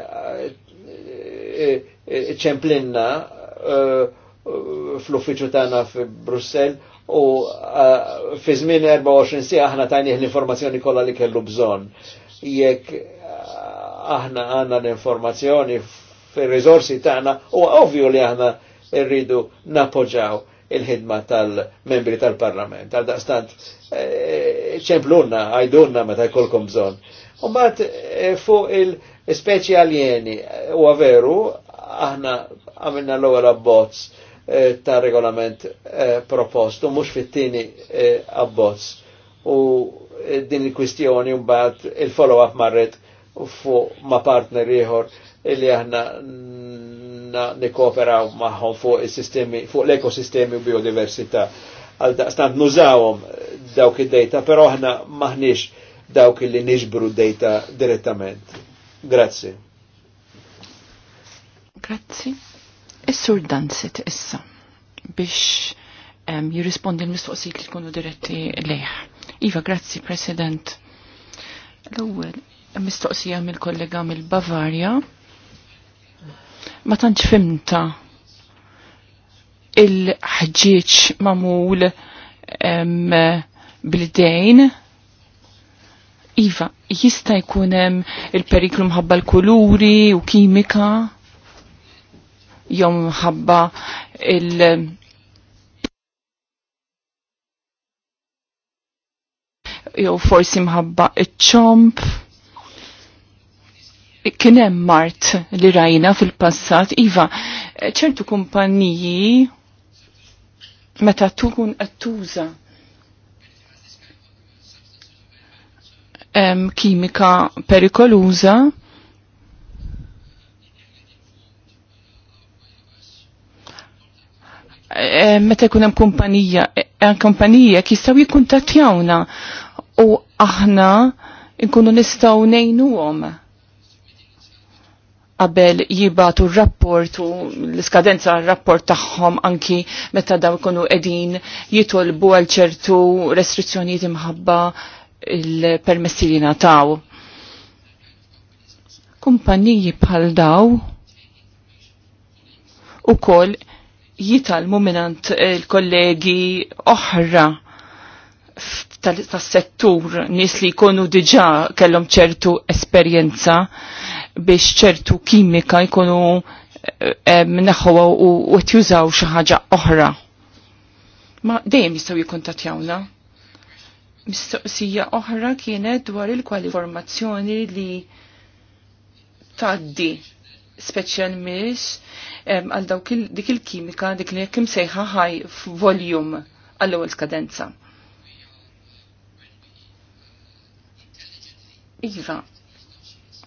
S4: ċemplinna eh, fl-uffiċu tagħna fi Brussell u eh, fi żmien 24 sija aħna tajnih l-informazzjoni kollha li kellu bżonn. Jekk eh, aħna għandna l-informazzjoni fir-riżorsi tagħna u ovvju li aħna rridu napoġġaw il-ħidma tal-membri tal-parlament. Għal-daqstant ċemplunna, għajdunna meta bżon. bżonn. Umbat fuq il-speċi u għaveru, aħna għamilna l-ewwel abbozz eh, ta' regolament eh, propost u mhux fit-tieni eh, abbozz. U eh, din il-kwistjoni mbagħad il-follow-up marret fuq ma' partner ieħor illi aħna nikkooperaw magħhom fuq is-sistemi fuq l-ekosistemi u biodiversità. Għal daqstant nużawhom dawk id-dejta, però aħna maħniex dawk li niġbru d-dejta direttament. Grazie.
S3: Grazzi. Is-sur Dansit issa biex um, jirrispondi l-mistoqsijiet li tkunu diretti lejh. Iva, grazzi, President. L-ewwel mistoqsija mill-kollega mill-Bavarja. Ma tantx fimta il-ħġieġ mamul um, bl-dejn. Iva, jista' jkun hemm il-periklu mħabba l-kuluri u kimika jom ħabba il- jew forsi mħabba iċ-ċomp. Kienem mart li rajna fil-passat, Iva, ċertu kumpaniji meta tukun attuza kimika perikoluża Eh, meta jkun hemm kumpanija, eh, kumpanija jistgħu jikkuntattjawna u aħna nkunu nistgħu ngħinuhom qabel jibatu r-rapport u l-iskadenza r-rapport tagħhom anki meta daw ikunu qegħdin jitolbu għal ċertu restrizzjonijiet imħabba il-permessi li nataw. Kumpaniji bħal daw u koll jitalmu muminant il-kollegi oħra tas-settur nis li jkunu diġa kellhom ċertu esperjenza biex ċertu kimika jkunu eh, naħħuha u tjużaw xi ħaġa oħra. Ma dejjem jistgħu jikkuntattjawna. Mistoqsija oħra kienet dwar il kwali formazzjoni li taddi specialment għal dawk dik il-kimika dik li jekk sejħa ħaj voljum għall-ewwel skadenza. Iva,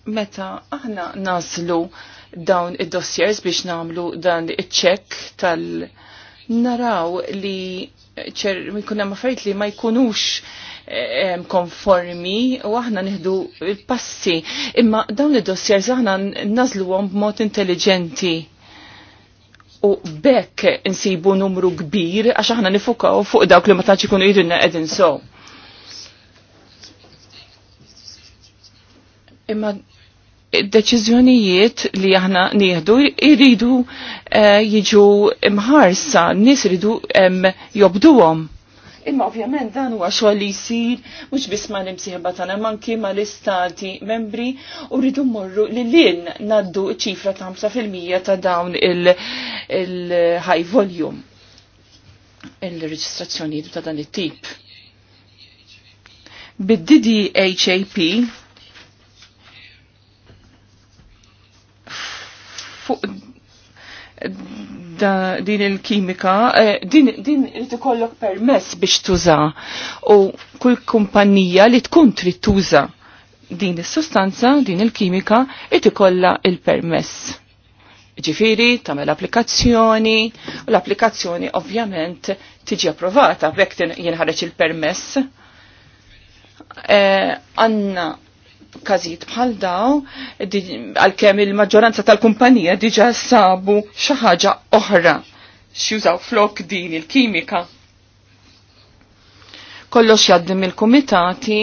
S3: meta aħna nażlu dawn id-dossiers biex namlu dan iċ-ċek tal- naraw li ċer minkunna affarijiet li ma jkunux konformi u aħna nieħdu passi. Imma dawn id dossiers aħna nażluhom b'mod intelligenti. U bekk insibu numru kbir għax aħna nifukaw fuq dawk li ma tantx ikunu jidinna qegħdin so. Imma deċiżjonijiet li aħna nieħdu jridu eh, jiġu imħarsa, nies iridu jobduhom Imma ovvjament dan huwa xogħol li jsir mhux biss ma' nimsieħba tagħna manki ma' l-istati membri u rridu mmorru lil lin naddu ċifra ta' 5% ta' dawn il-high volume il-reġistrazzjoni ta' dan it-tip. bid HAP fuq din il-kimika, eh, din, din tikollok permess biex tuża u kull kumpanija li tkun trid tuża din is sustanza din il-kimika, it ikolla il-permess. Ġifiri, tamel applikazzjoni, u l-applikazzjoni ovvjament tiġi approvata, bekk jenħareċ il-permess. Eh, għanna kazit bħal daw, għalkemm il-maġġoranza tal-kumpanija diġa sabu xi ħaġa oħra xjużaw flok din il-kimika. Kollox jaddim il-kumitati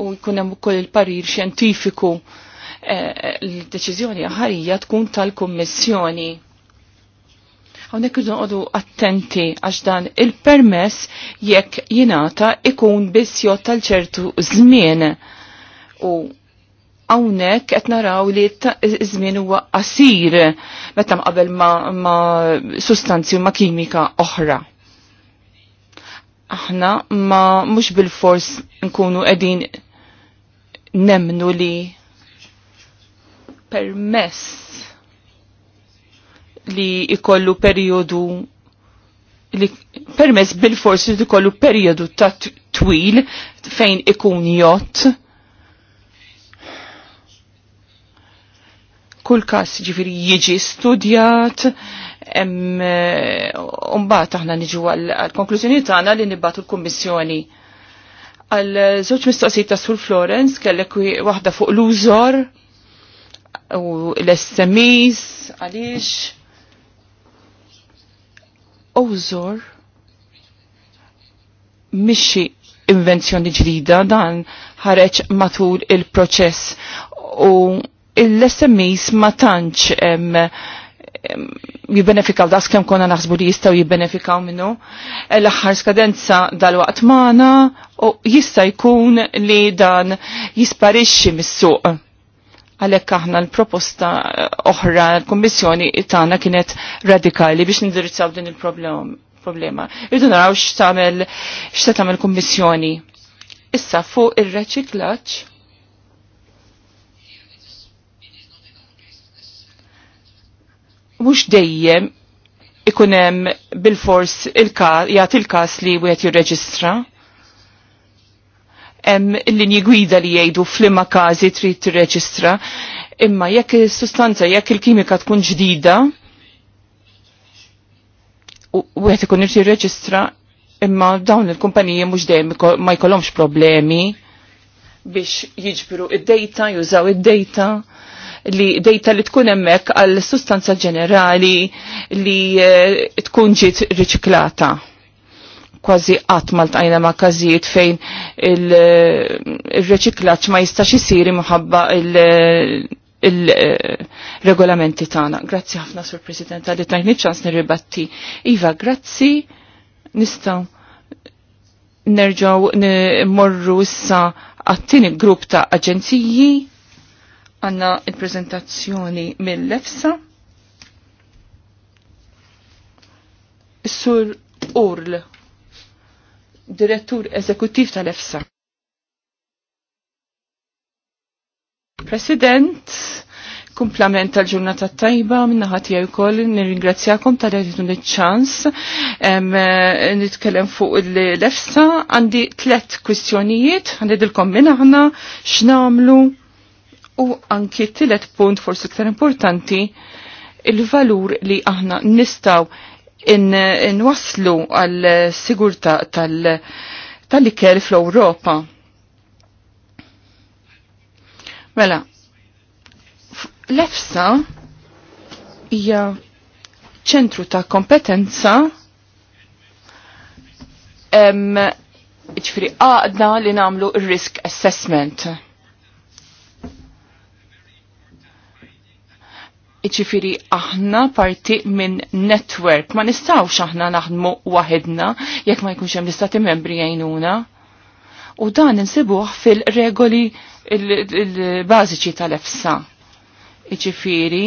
S3: u jkun hemm ukoll il-parir xjentifiku eh, l-deċiżjoni ħarija tkun tal-Kummissjoni. Hawnhekk irdu attenti għax dan il-permess jekk jingħata ikun biss tal-ċertu żmien U hawnhekk qed naraw li iż-żmien huwa qasir meta mqabel ma', ma sustanzi u ma' kimika oħra. Aħna ma mhux bil-fors nkunu qegħdin nemnu li permess li ikollu periodu li permess bil fors li ikollu periodu ta' twil fejn ikun jott kull kas ġifiri jiġi studjat, eh, umbat aħna niġu għal-konklużjoni tagħna li nibbatu l-Kummissjoni. Għal żewġ mistoqsijiet ta' Sur Florence kellek waħda fuq l-użor u l-SMEs għaliex. Użor mixi invenzjoni ġdida dan ħareġ matul il-proċess u l-SMEs ma tantx jibbenefikaw das kem konna naħsbu li jistaw jibbenefikaw minnu. L-axħar skadenza dal-waqt maħna u jista jkun li dan jisparixxi mis-suq. Għalek aħna l-proposta eh, oħra l-Kommissjoni tagħna kienet radikali biex nindirizzaw din il-problema. Irdu naraw x x'ta tagħmel Kummissjoni. Issa fuq ir-reċiklaġġ mhux dejjem ikun hemm bil-fors il-każ jagħti il-każ li wieħed jirreġistra. Hemm linji gwida li jgħidu f'liema każi trid tirreġistra, imma jekk is-sustanza jekk il-kimika tkun ġdida, wieħed ikun irid jirreġistra, imma dawn il-kumpaniji mhux dejjem ma jkollhomx problemi biex jiġbru id-data, jużaw id-data li dejta li tkun hemmhekk għal sustanza ġenerali li eh, tkun ġiet riċiklata. Kważi qatt ma ma' każijiet fejn il-riċiklaġġ eh, ma jistax isir muħabba il-regolamenti eh, tagħna. Grazzi ħafna sur President għaddi tajni ċans nirribatti. Iva, grazzi nistgħu nerġaw morru issa għattini grupp ta' aġenziji Għanna il-prezentazzjoni mill-lefsa. Sur Url, direttur eżekutiv tal-EFSA. President, kumplament tal-ġurnata tajba minnaħa tiegħi nir nirringrazzjakom tal ċans nitkellem fuq l-EFSA għandi tlet kwistjonijiet għandidilkom minn aħna x'namlu U anki tillet punt forsi iktar importanti, il-valur li aħna nistaw inwaslu in għal sigurta tal-ikel tal fl-Europa. Mela, l-EFSA hija ċentru ta' kompetenza ċifri għadna li namlu risk assessment Iċifiri aħna parti minn network, ma nistawx aħna naħdmu waħedna jekk ma jkunx hemm l-istati membri jgħinuna. U dan insibuh fil-regoli il-bażiċi tal-EFSA. Iċifiri,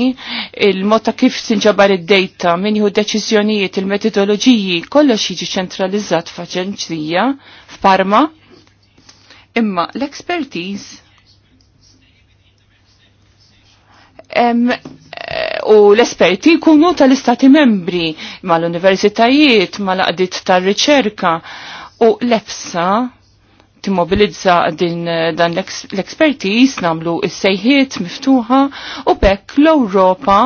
S3: il-mod ta' kif sinġabar id-dejta minn jieħu deċiżjonijiet il-metodoloġiji kollox jiġi ċentralizzat f'aġenzija f'Parma imma l-expertise u l-esperti jkunu tal-istati membri mal-universitajiet, mal-qdiet tal-riċerka u l-EFSA timmobilizza din dan l eksperti namlu is-sejħiet miftuħa u bekk l-Ewropa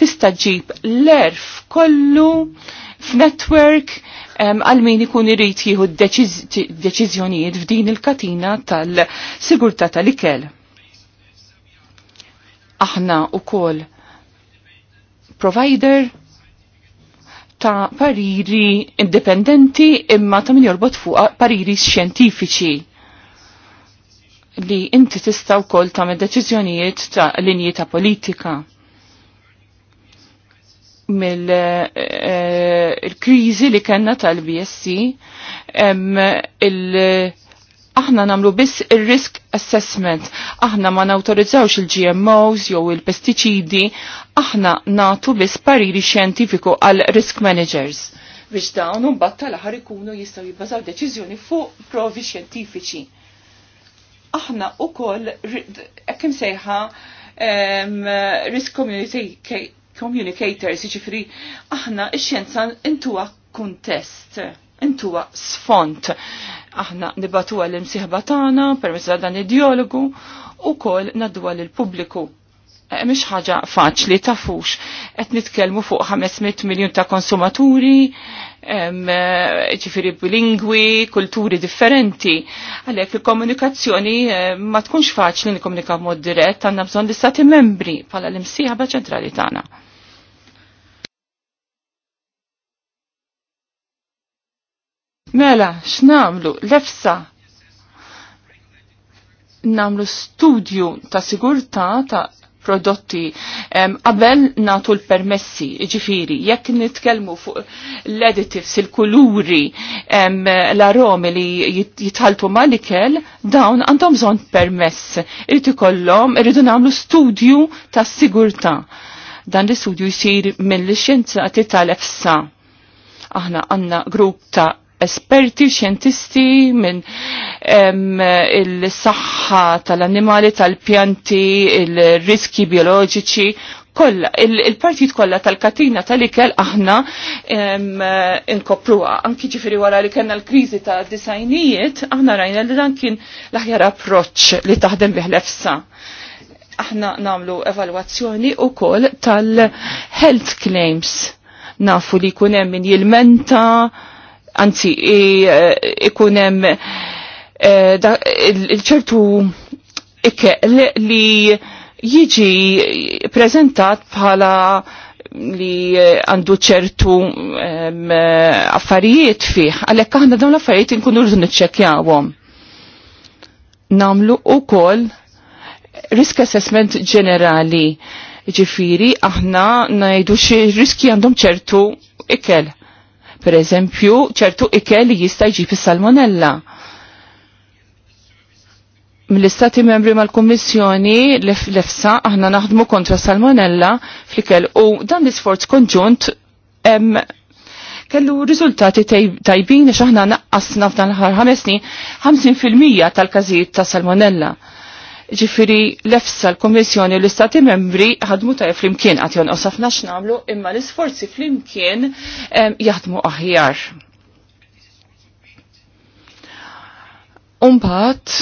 S3: tista' ġib l-erf kollu f'network għal min ikun irid jieħu deċiżjonijiet f'din il-katina tal-sigurtà tal-ikel. Aħna u koll provider ta' pariri indipendenti imma ta' min jorbot fuq pariri xjentifiċi li inti tista' wkoll tagħmel deċiżjonijiet ta' linji ta' politika mill-kriżi eh, eh, li kellna tal-BSC il- aħna namlu biss il-risk assessment, aħna ma nautorizzawx il-GMOs jew il-pesticidi, aħna natu biss pariri xjentifiku għal risk managers biex dawn u batta laħar ikunu jistaw jibbażaw deċiżjoni fuq provi xjentifiċi. Aħna u koll, ekkim sejħa, um, risk communicators, iġifri, aħna ix-xjenza intuwa kuntest, intuwa sfont aħna nibatu għal imsiħba tagħna permezz ta' dan ideologu, u kol naddu għal il-pubbliku. Eh, mhix ħaġa faċli tafux qed nitkellmu fuq 500 miljun ta' konsumaturi, eh, ġifiri bilingwi, kulturi differenti. Għalhekk il-komunikazzjoni eh, ma tkunx faċli nikkomunika mod dirett għandna bżonn l-istati membri bħala l-imsieħba ċentrali tagħna. Mela, x'namlu? Lefsa namlu studju ta' sigurta ta' prodotti qabel natu l-permessi, ġifiri, jekk nitkelmu fuq l-additives, il-kuluri, l-aromi li jitħaltu malikel, dawn għandhom zon permess. Irridu kollom, irridu namlu studju ta' sigurta. Dan l-studju jisir mill-xjenza tal-efsa. Aħna għanna grupp ta' esperti, xjentisti minn il-saħħa tal-annimali, tal-pjanti, il-riski bioloġiċi, kolla, il-partit kolla tal-katina tal-ikel aħna inkopruwa. Anki ġifiri wara li kena l-krizi ta' disajnijiet, aħna rajna li dan kien l-aħjar approċ li taħdem biħlefsa. Aħna namlu evalwazzjoni u tal-health claims. Nafu li kunem min jilmenta, anzi eh, ikun hemm eh, ċertu ikke li jiġi prezentat bħala li għandu ċertu affarijiet fih, għalhekk aħna dawn l-affarijiet inkunu rżun niċċekkjawhom. Namlu kol risk assessment ġenerali ġifiri aħna najdu xi riski għandhom ċertu ikel Per eżempju, ċertu ikel li jista' jġib is-salmonella. Mill-istati membri mal-Kummissjoni l-EFSA aħna naħdmu kontra salmonella fl-ikel u dan l-isforz konġunt kellu riżultati tajbin xaħna naqqasna f'dan l-ħar ħames snin 50% tal-każijiet ta' salmonella ġifiri l-efsa l-Komissjoni l-Istati membri ħadmu ta' flimkien għat jon osafna x'namlu imma l-isforzi flimkien jaħdmu aħjar. Umbat,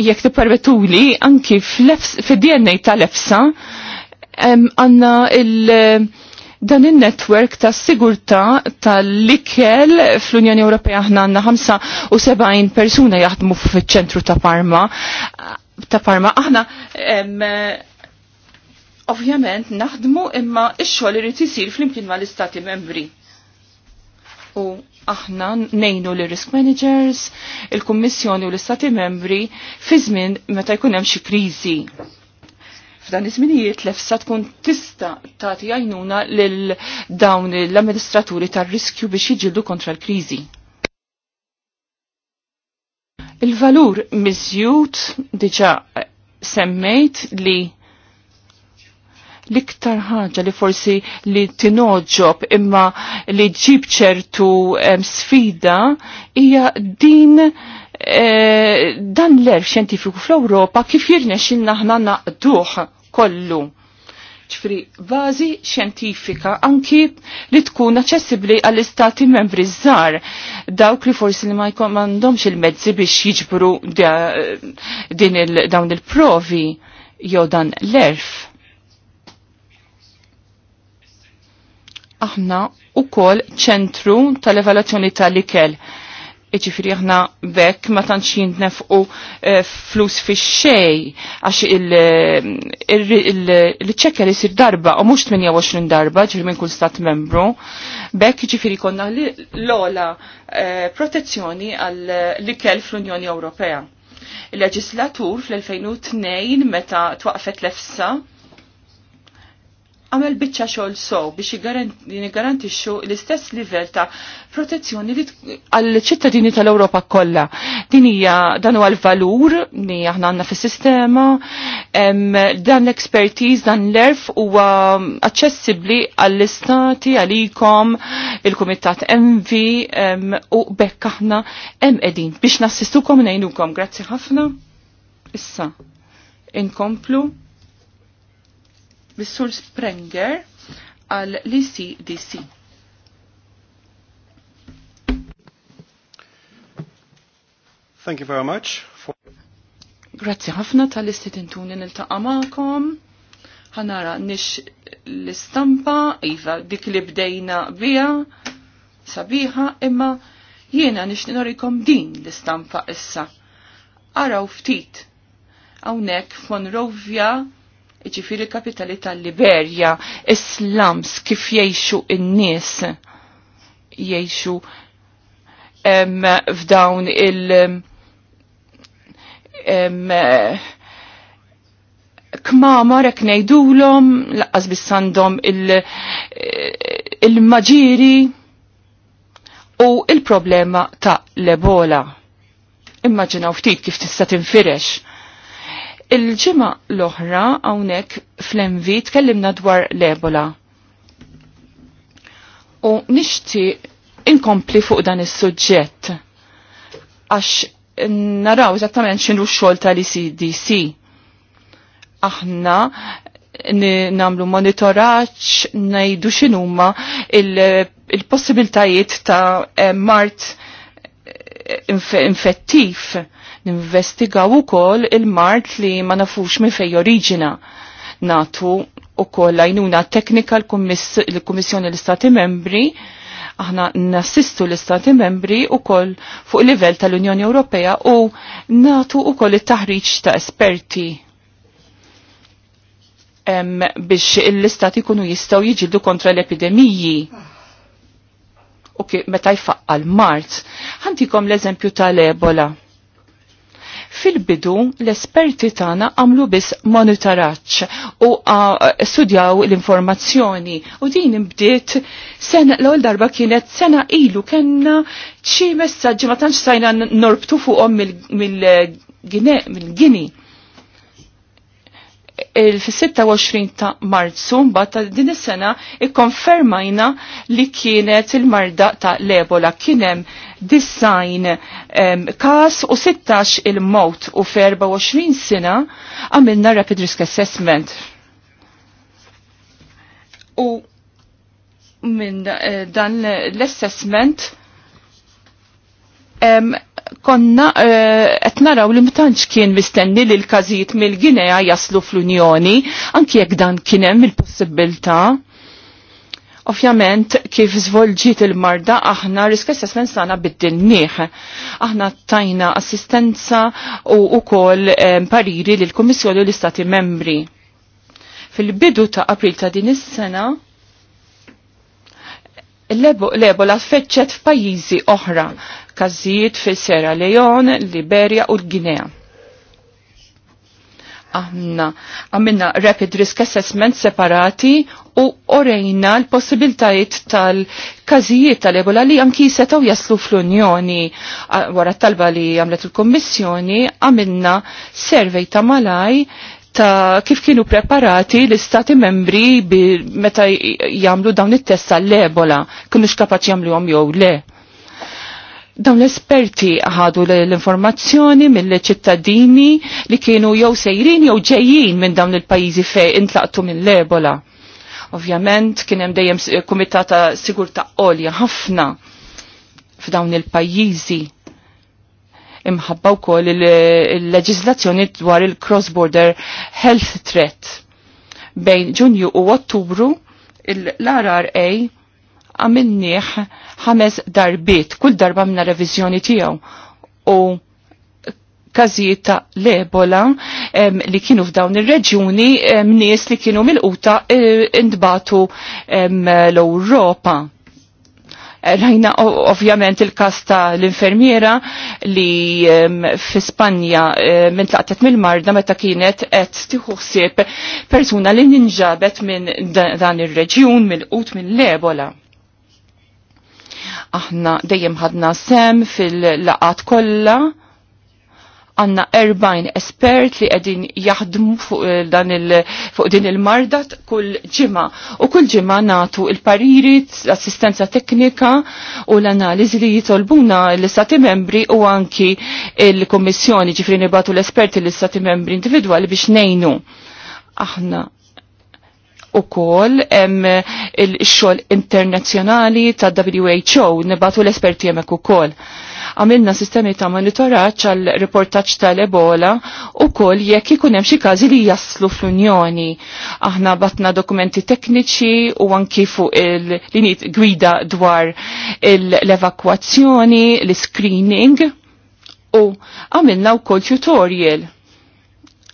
S3: jek ti permetuli, anki fil-DNA tal-EFSA, għanna il- dan il-network ta' sigurta tal-likel fl-Unjoni Ewropea ħna għanna 75 persuna jaħdmu fil-ċentru ta' Parma ta' Parma. Aħna ovvjament naħdmu imma ix-xogħol irid isir flimkien mal-istati membri. U aħna nejnu l risk managers, il-Kummissjoni u l-Istati membri fi żmien meta jkun hemm xi kriżi. F'dan iż-żminijiet l-EFSA tkun tista' tagħti għajnuna lil dawn l-amministraturi tar-riskju biex jiġildu kontra l-kriżi. Il-valur mizjut diġa semmejt li l-iktar ħaġa li forsi li tinoġob imma li ġib ċertu sfida hija din e, dan l erf xjentifiku fl-Ewropa kif jirnexxilna aħna naqduh kollu ċfri bażi xjentifika anki li tkun aċċessibbli għall-istati membri żgħar dawk li forsi li ma jkomandhomx il-mezzi biex jiġbru din il dawn il-provi jew dan l-erf. Aħna ukoll ċentru tal-evaluazzjoni tal-ikel. tal evaluazzjoni tal ikel Iġifiri aħna vekk ma tantx jintnefqu eh, flus fi xej għax il eh, ċekker li sir darba u mux 28 darba ġir minn kull stat membru. Bekk iġifiri konna l-ola eh, protezzjoni għall-ikel fl-Unjoni Ewropea. Il-leġislatur fl-2002 meta twaqfet l-EFSA għamel biċċa xogħol sow biex jgarantixxu l-istess livell ta' protezzjoni għall-ċittadini tal-Ewropa kollha. Din hija dan huwa l-valur li aħna għandna fis-sistema, dan l-expertise, dan l-erf huwa aċċessibbli għall-istati, għalikom, il-Kumitat Envi u bekk aħna hemm qegħdin biex nassistukom ngħinukom. Grazzi ħafna. Issa, inkomplu bis-Sur Sprenger għal l-ICDC. Thank you very much. For... Grazzi ħafna tal-istitintuni nil-taqqa maħkom. Ħanara nix l-istampa, iva dik li bdejna bija, sabiħa, imma jiena nix norikom din l-istampa issa. Araw ftit, għawnek Rovja, ġifiri kapitali tal-Liberja, islams kif jiexu in-nies jiexu f'dawn il- em, kmama rek nejdulom, laqqas bissandom il-maġiri u il-problema ta' l-ebola. Immaġinaw ftit kif tista' tinfirex Il-ġimgħa l-oħra hawnhekk fl-envi tkellimna dwar l-Ebola. U nixtieq inkompli fuq dan is-suġġett għax naraw eżattament x'inhu x-xogħol tal-ICDC. Aħna namlu monitoraċ, najdu xinumma il-possibiltajiet il ta' eh, mart eh, inf infettiv Ninvestigaw ukoll il-mart li ma nafux minn fej oriġina. Natu ukoll għajnuna teknika l-Kummissjoni l-Istati Membri aħna nassistu l-Istati membri u fuq fuq livell tal-Unjoni Ewropea u natu u it-taħriġ ta' esperti biex l-Istati kunu jistaw jiġildu kontra l-epidemiji. U okay, meta jfaqqal mart, ħantikom l-eżempju tal-Ebola Fil-bidu l-esperti tagħna għamlu biss monitoraġġ u studjaw l-informazzjoni u din imbdiet sena l-ewwel darba kienet sena ilu kellna xi messaġġi ma tantx sajna norbtu fuqhom mill-Gini. Mil fis-26 ta' Marzu mbagħad ta' din is-sena ikkonfermajna li kienet il-marda ta' l-Ebola kien hemm design um, kas u 16 il-mot u fi 24 sena għamilna rapid risk assessment. U minn eh, dan l-assessment um, konna eh, qed naraw li mtantx kien mistenni li l-każijiet mill-Ginea jaslu fl-Unjoni, anki jekk dan kien hemm il-possibilità. Ovvjament, kif zvolġiet il-marda, aħna risk assessment sana bid-dinniħ. Aħna tajna assistenza u ukoll eh, pariri lil kummissjoni u l-Istati membri. Fil-bidu ta' april ta' din is-sena, l-ebola feċċet f'pajjiżi oħra każijiet fi Sierra Leone, Liberia u l-Ginea. Aħna għamilna rapid risk assessment separati u orejna l-possibiltajiet tal-każijiet tal-ebola li anki setgħu jaslu fl-Unjoni. Wara talba li għamlet il-Kommissjoni għamilna servej ta' malaj ta' kif kienu preparati l-istati membri meta jamlu dawn it-test tal-ebola, kienu xkapaċi jamlu jew le dawn l-esperti ħadu l-informazzjoni mill-ċittadini li kienu jew sejrin jew ġejjin minn dawn il-pajjiżi fej intlaqtu mill-ebola. Ovvjament kien hemm dejjem Kumitata ta' sigurtà għolja ħafna f'dawn il-pajjiżi imħabba wkoll il-leġiżlazzjoni dwar il-cross border health threat bejn Ġunju u Ottubru l-RRA għamilniħ ħames darbiet, kull darba minna revizjoni tijaw. U kazijiet ta' l-ebola li kienu f'dawn ir-reġjuni nies li kienu mil quta e, indbatu l-Ewropa. Rajna ovvjament il-kas ta' l-infermiera li fi Spanja e, mintlaqtet mill-marda meta kienet qed tiħuħsieb persuna li ninġabet minn dan ir-reġjun mill-qut mill-ebola. Aħna dejjem ħadna sem fil-laqat kollha għanna 40 espert li għedin jaħdmu fuq, eh, dan il, fuq din il mardat kull ġima. U kull ġima natu il-pariri, l-assistenza teknika u l-analizi li jitolbuna l-istati membri u anki il-kommissjoni ġifri nibatu l-esperti l-istati membri individuali biex nejnu. Aħna u kol il-xol internazjonali ta' WHO nibatu l-esperti jemek u kol. Għamilna sistemi ta' monitoraċ għal reportaċ tal-Ebola u kol jekk ikun hemm xi każi li jaslu fl-Unjoni. Aħna batna dokumenti tekniċi u anki fuq il-linit gwida dwar l-evakwazzjoni, l-screening u għamilna u kol tutorial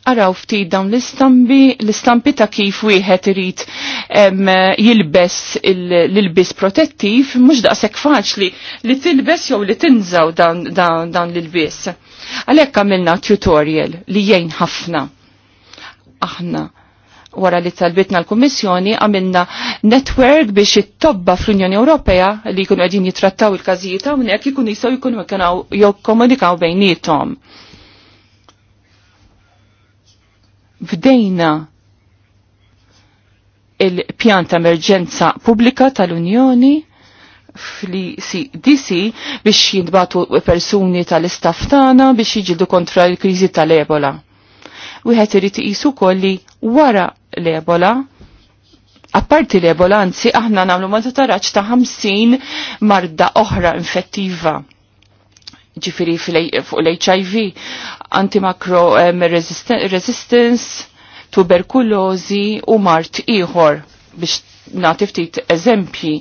S3: Araw ftit dawn l-istambi, l-istampi ta' kif wieħed irid jilbes l-ilbis protettiv, mhux daqshekk faċli li tilbes jew li tinżaw dan l-ilbis. Għalhekk għamilna tutorial li jgħin ħafna. Aħna wara li talbitna l kummissjoni għamilna network biex it-tobba fl-Unjoni Ewropea li jkunu għedin jitrattaw il każijiet hawnhekk jkunu jistgħu jkunu jkunu jokkomunikaw bejnietom. bdejna il-pjan ta' emerġenza pubblika tal-Unjoni fl-CDC biex jindbatu persuni tal-istaff tagħna biex jiġildu kontra l-kriżi tal-Ebola. Wieħed irid iqisu kolli wara l-Ebola Apparti l-Ebola, anzi, aħna nagħmlu ma tataraċ ta' 50 marda oħra infettiva ġifiri fuq l-HIV, Antimakro um, resistance, tuberkulozi u mart iħor biex nagħti ftit eżempji.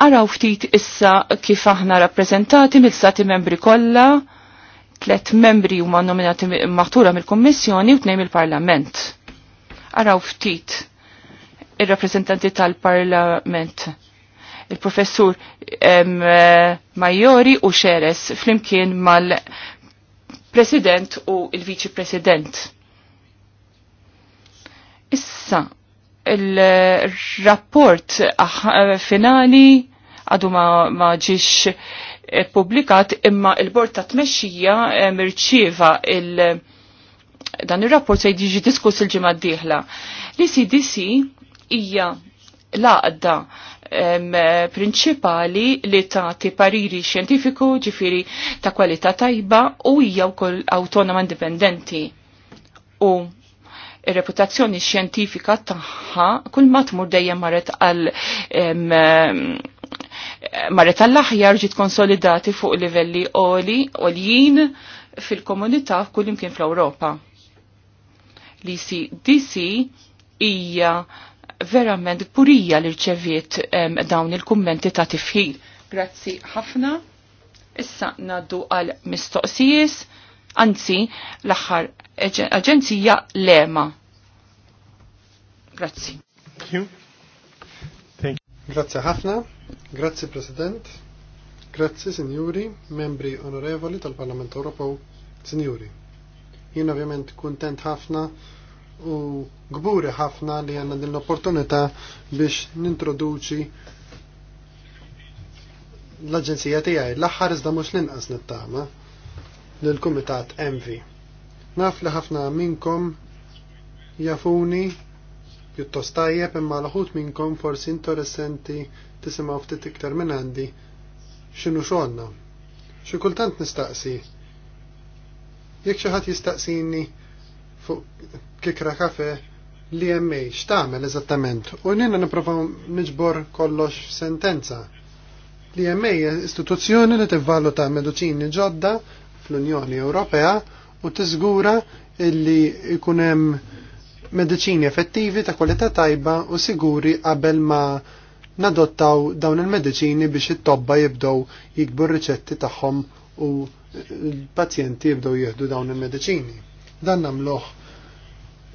S3: Araw ftit issa kif aħna rappreżentati mill sati membri kollha, tlet membri huma nominati maħtura mill-Kummissjoni u tnejn mill-Parlament. Araw ftit ir-rappreżentanti tal-Parlament il-professur eh, Majori u Xeres flimkien mal- president u il-viċi president. Issa, il-rapport ah, finali għadu ma, ma ġiex eh, publikat imma il-bord ta' tmexxija eh, mirċieva il- dan il-rapport se jiġi diskuss il-ġimgħa d-dieħla. L-ICDC hija laqda Eh, prinċipali li tagħti pariri xjentifiku ġifiri ta' kwalità tajba u hija wkoll awtonoma indipendenti. U reputazzjoni xjentifika tagħha kull ma tmur dejjem marret għal marret għall-aħjar ġiet konsolidati fuq livelli oli, oljin fil-komunità kull imkien fl-Ewropa. L-ICDC hija verament purija li rċeviet dawn il-kummenti ta' tifħil. Grazzi ħafna. Issa naddu għal mistoqsijis, anzi l-axar aġenzija Lema. Grazzi.
S1: Grazzi ħafna, grazzi President, grazzi Sinjuri, membri onorevoli tal-Parlament Ewropew, Sinjuri. Jien ovvjament kuntent ħafna u gburi ħafna li għanna din l-opportunità biex nintroduċi l-Aġenzija tiegħi l-aħħar iżda mhux l-inqas nittama lill-Kumitat MV. Naf li ħafna minnkom jafuni pjuttost tajjeb imma l-ħut minnkom forsi interessanti tisimgħu ftit iktar minn għandi x'inhu xogħolna. Xi kultant nistaqsi jekk xi ħadd jistaqsini fuq kikra kafe li jemmej, xtamel eżattament. U nina niprofaw nġbor kollox sentenza. Li jemmej istituzzjoni li tivvaluta medicini ġodda fl-Unjoni Ewropea u tiżgura illi ikunem medicini effettivi ta' kwalità tajba u siguri qabel ma nadottaw dawn il-medicini biex it-tobba jibdow jikbu r-riċetti tagħhom u l-pazjenti jibdow jieħdu dawn il-medicini. Dan namluħ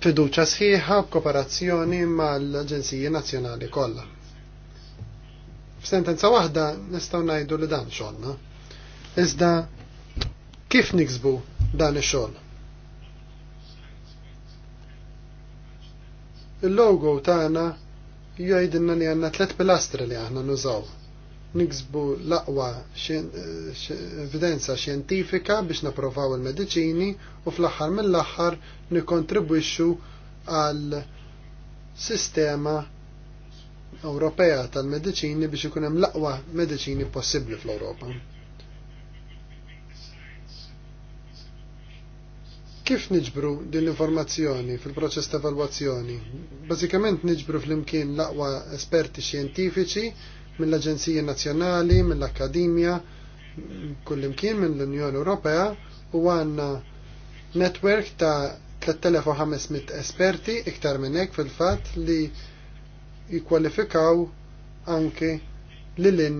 S1: fiduċa sħiħa b'kooperazzjoni mal-Aġenziji Nazzjonali kollha. F'sentenza waħda nistgħu ngħidu li dan xogħolna. Iżda kif niksbu dan ix-xogħol? Il-logo tagħna jgħidilna li għandna tliet pilastri li aħna nużaw niksbu l-aqwa eh, evidenza xjentifika biex naprofaw il-medicini u fl-axar mill-axar nikontribwixxu għal sistema Ewropea tal-medicini biex ikun hemm l-aqwa medicini possibbli fl-Ewropa. Kif niġbru din l-informazzjoni fil-proċess ta' evalwazzjoni? Bażikament niġbru fl-imkien l-aqwa esperti xjentifiċi mill aġenzija Nazzjonali, mill-Akkademja, kullimkien mill-Unjoni Ewropea u għanna netwerk ta' 3500 esperti iktar minn hekk fil-fatt li jikkwalifikaw anke lilin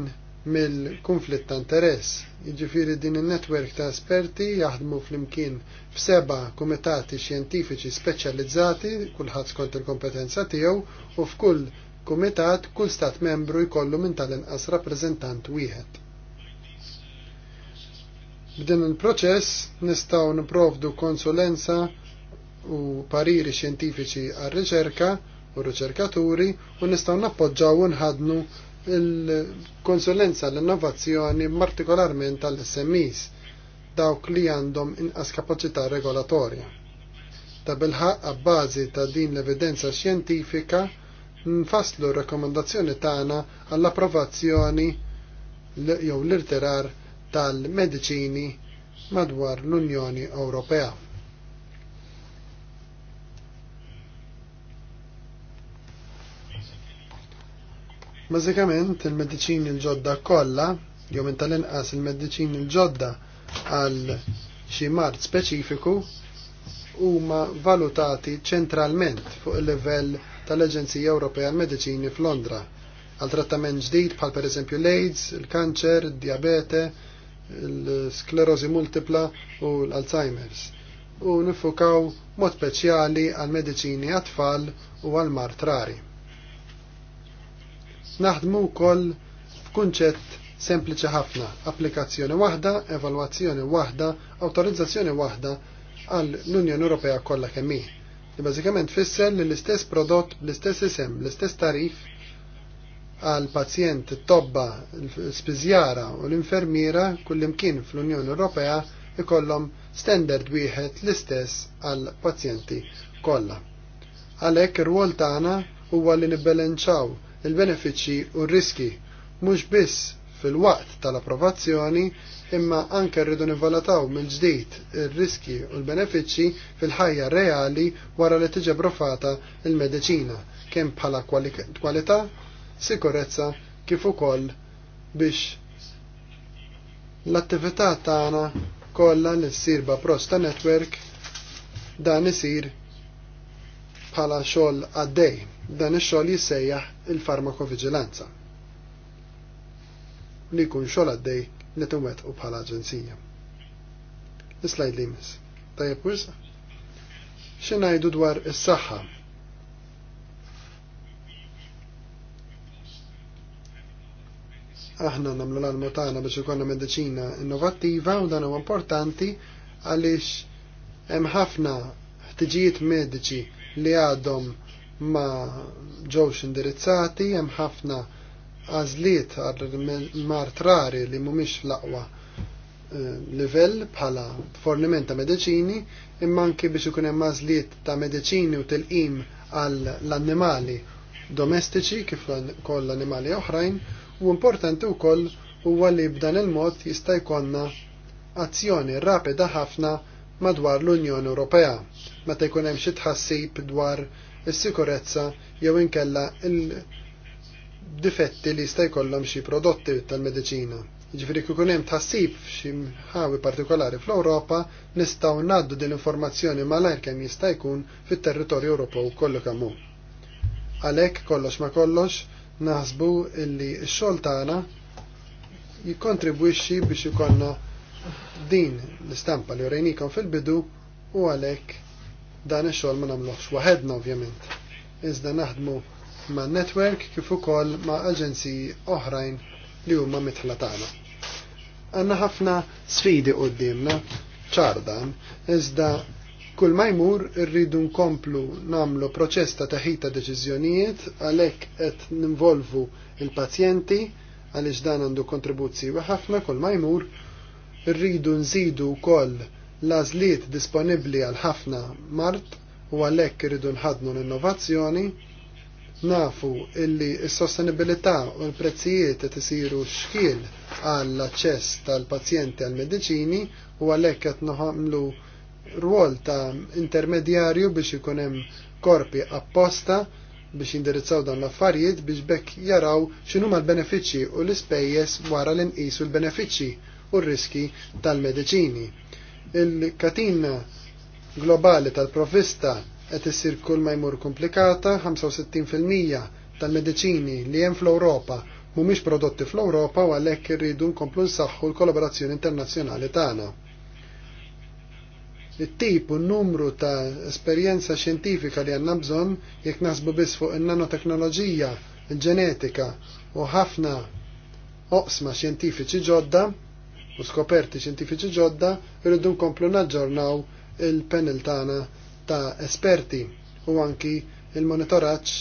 S1: mill-konflitt ta' interess. Jiġifieri din in-netwerk ta' esperti jaħdmu flimkien f'seba' kumitati xjentifiċi speċjalizzati, kulħadd skont il-kompetenza tiegħu, u f'kull kumitat kull stat membru jkollu minn tal-inqas rappreżentant wieħed. B'din il-proċess nistgħu niprovdu konsulenza u pariri xjentifiċi għar-riċerka u riċerkaturi u nistgħu nappoġġaw u nħadnu il-konsulenza l-innovazzjoni partikolarment tal-SMEs dawk li għandhom inqas kapaċità regolatorja. Ta' bilħaq għabbażi ta' din l-evidenza xjentifika nfasslu r-rakkomandazzjoni tagħna għall-approvazzjoni jew l-irtirar tal-mediċini madwar l-Unjoni Ewropea. Bażikament il-mediċini l-ġodda kollha, jew minn tal-inqas il-mediċini l-ġodda għal xi mart speċifiku huma valutati ċentralment fuq il-livell tal-Aġenzija Ewropea mediċini f'Londra għal trattament ġdid bħal pereżempju l-AIDS, il-kanċer, il-diabete, l sklerozi multipla u l-Alzheimer's u nifukaw mod speċjali għal-mediċini għat-tfal u għal-mart rari. Naħdmu wkoll f'kunċett sempliċi ħafna, applikazzjoni waħda, evalwazzjoni waħda, autorizzazzjoni waħda għall unjoni Ewropea kollha kemm li bażikament fisser li l-istess prodott, l-istess isem, l-istess tarif għal pazjent tobba l-spizjara u l-infermiera kullimkien fl-Unjoni Ewropea ikollhom standard wieħed l-istess għal pazjenti kollha. Għalhekk ir-rwol tagħna huwa li nibbelenċaw il-benefiċċji u r-riski mhux biss fil-waqt tal-approvazzjoni imma anke rridu nivvalataw mill ġdid ir-riski u l-benefiċċji fil-ħajja reali wara li tiġi brofata il-mediċina kemm bħala kwalità, sikurezza kif ukoll biex l-attività tagħna kollha li ssir prosta network dan isir bħala xogħol għaddej. Dan ix-xogħol jissejjaħ il-farmakovigilanza. Li jkun xogħol għaddej netumet u bħala ġenzija. Islajd li mis. Tajab wisa? Xinajdu dwar is-saħħa aħna namlu l-almu biex ikollna medicina innovattiva u dan huwa importanti għaliex hemm ħafna ħtiġijiet mediċi li għadhom ma ġewx indirizzati, hemm ħafna għażliet għal martrari li mhumiex laqwa aqwa eh, livell bħala fornimenta ta' mediċini imma anke biex ikun hemm għażliet ta' medicini u tilqim għal l-annimali domestiċi kif koll l-annimali oħrajn u importanti wkoll huwa li b'dan il-mod jista' jkollna azzjoni rapida ħafna madwar l-Unjoni Ewropea meta jkun hemm xi tħassib dwar is-sikurezza jew inkella il- difetti li jista' jkollhom xi prodotti tal-mediċina. Ġifieri kif ikun hemm tħassib f'xi ħawi partikolari fl-Ewropa, nistgħu ngħaddu din l-informazzjoni malajr kemm jista' jkun fit-territorju Ewropew kollu kemm hu. Għalhekk kollox ma kollox naħsbu illi x-xogħol tagħna jikkontribwixxi biex ikollna din l-istampa li rejnikom fil-bidu u għalhekk dan ix-xogħol ma nagħmluhx waħedna ovvjament. Iżda naħdmu ma' network kif ukoll ma' aġenziji oħrajn li huma mitħla tagħna. Għandna ħafna sfidi qudiemna ċardan, iżda kull ma jmur irridu nkomplu namlu proċess ta' taħita deċiżjonijiet għalhekk qed ninvolvu il-pazjenti għaliex dan għandu kontribuzzi ħafna kull ma jmur irridu nżidu wkoll l-għażliet disponibbli għal ħafna mart u għalhekk irridu nħadnu l-innovazzjoni Nafu illi s-sostenibilità u l-prezzijiet qed isiru xkiel għall-aċċess tal-pazjenti għall-mediċini u għalhekk qed noħamlu rwol ta' intermedjarju biex ikun hemm korpi apposta biex jindirizzaw dan l-affarijiet biex bekk jaraw x'inhu l-benefiċċji u l-ispejjeż wara li nqisu l-benefiċċji u r-riski tal-mediċini. Il-katina globali tal-provista qed issir kull ma jmur komplikata, 65% tal-mediċini li hemm fl-Ewropa mhumiex prodotti fl-Ewropa u għalhekk irridu nkomplu nsaħħu l-kollaborazzjoni internazzjonali tagħna. It-tip u n-numru ta' esperjenza xjentifika li għandna bżonn jekk naħsbu biss fuq in-nanoteknoloġija, il-ġenetika u ħafna oqsma xjentifiċi ġodda u skoperti xjentifiċi ġodda irridu nkomplu naġġornaw il-panel tagħna ta' esperti u anki il-monitoraġġ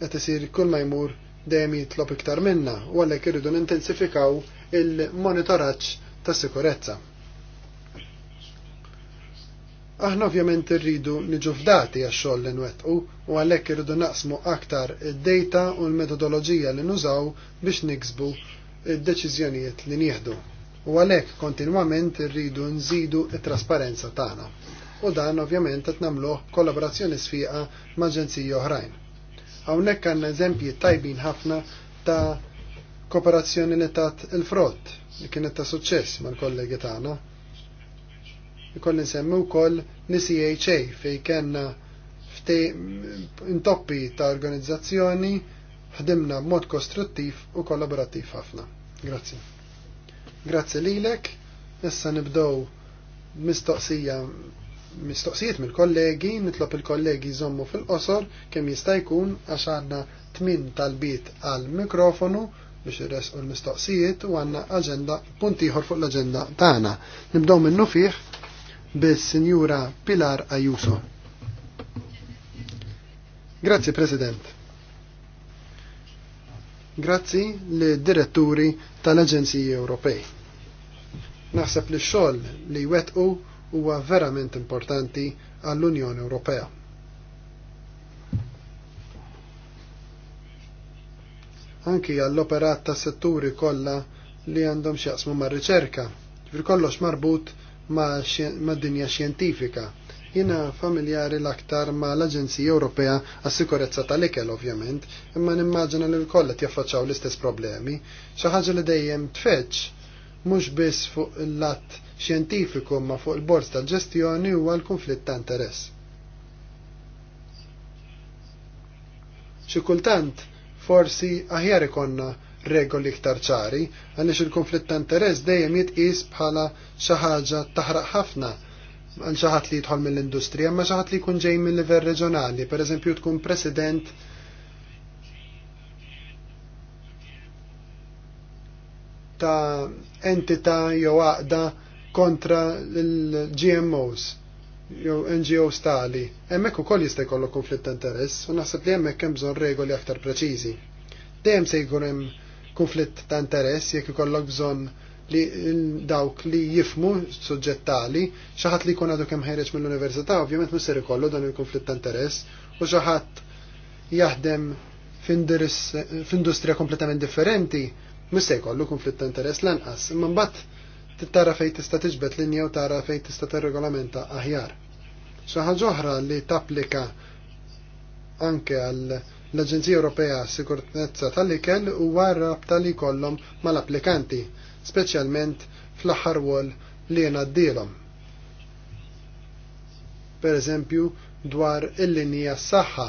S1: qed isir kull ma jmur dejjem jitlob iktar minna u għalhekk irridu nintensifikaw il-monitoraġġ ta' sikurezza. Aħna ovvjament irridu niġu f'dati għax-xogħol li nwettqu u għalhekk irridu naqsmu aktar id-data u l-metodoloġija li nużaw biex niksbu id-deċiżjonijiet li nieħdu. U għalhekk kontinwament irridu nżidu t trasparenza tagħna u dan ovvjament qed nagħmluh kollaborazzjoni sfiqa ma' aġenziji oħrajn. Hawnhekk għandna eżempji tajbin ħafna ta' kooperazzjoni li tat il-frott li kienet ta' suċċess mal-kollegi tagħna. Ikolli nsemmi wkoll NCHA cha fej kellna intoppi ta' organizzazzjoni ħdimna b'mod kostruttiv u kollaborattiv ħafna. Grazzi. Grazzi lilek, issa nibdow mistoqsija mistoqsijiet mill-kollegi, nitlob il-kollegi jżommu fil-qosor kemm jista' jkun għax għandna tmin talbiet għal mikrofonu biex irresqu l-mistoqsijiet u għandna aġenda punt ieħor fuq l-aġenda tagħna. Nibdew minnu fih bis-Sinjura Pilar Ayuso. Grazzi President. Grazzi li diretturi tal-Aġenziji Ewropej. Naħseb li x-xogħol li wetqu huwa verament importanti għall-Unjoni Ewropea. Anki għall-operat ta' setturi kollha li għandhom x'jaqsmu ma' riċerka, ġifri kollox marbut ma', ma dinja xjentifika. Jina familjari l-aktar ma' l-Aġenzija Ewropea għas-Sikurezza tal-Ikel ovvjament, imma nimmaġina li l kollet jaffaċċaw l-istess problemi, xi ħaġa li dejjem tfeċ mhux biss fuq il-lat xjentifiku ma fuq il-bors tal-ġestjoni huwa l-konflitt ta' interess. Xi kultant forsi aħjar ikonna regoli iktar ċari, għaliex il-konflitt ta' interess dejjem jitqis bħala xi ħaġa taħraq ħafna għal xi ħadd li jidħol mill-industrija, ma xi ħadd li jkun ġej mill-livell reġjonali, pereżempju tkun president ta' entita' jew għaqda kontra l-GMOs jew NGOs tali. Hemmhekk ukoll jista' jkollok konflitt ta' interess u naħseb li hemmhekk hemm bżonn regoli aktar preċiżi. Dejjem se jkun hemm konflitt ta' interess jekk ikollok bżonn li dawk li jifmu xi xaħat li jkun għadu kemm ħereġ mill-università, ovvjament musser ikollu dan il-konflitt ta' interess, u xaħat jaħdem f'industrija kompletament differenti, musser jkollu konflitt ta' interess lanqas. Imma mbagħad tara fejn tista' tiġbed linja u tara fejn tista' tirregolamenta aħjar. Xi ħaġa oħra li tapplika anke għal l-Aġenzija Ewropea Sikurtezza tal-Ikel huwa rabta li kollhom mal-applikanti, speċjalment fl-aħħar wol li jnaddilhom. Per eżempju, dwar il-linja s-saħħa,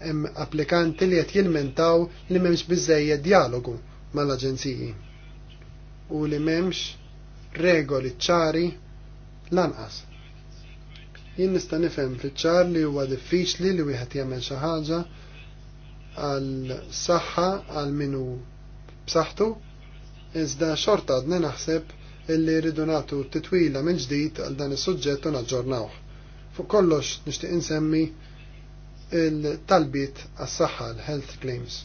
S1: hemm applikanti li qed jilmentaw li m'hemmx biżejjed dialogu mal-aġenziji u li m'hemmx regoli ċari lanqas. Jien nista' nifhem fiċ-ċar li huwa diffiċli li wieħed jagħmel xi ħaġa għal saħħa għal minu b'saħħtu, iżda xorta għadna naħseb illi rridu nagħtu titwila minn ġdid għal dan is-suġġett u naġġornawh. Fuq kollox nixtieq insemmi il-talbiet għas-saħħa l-health claims.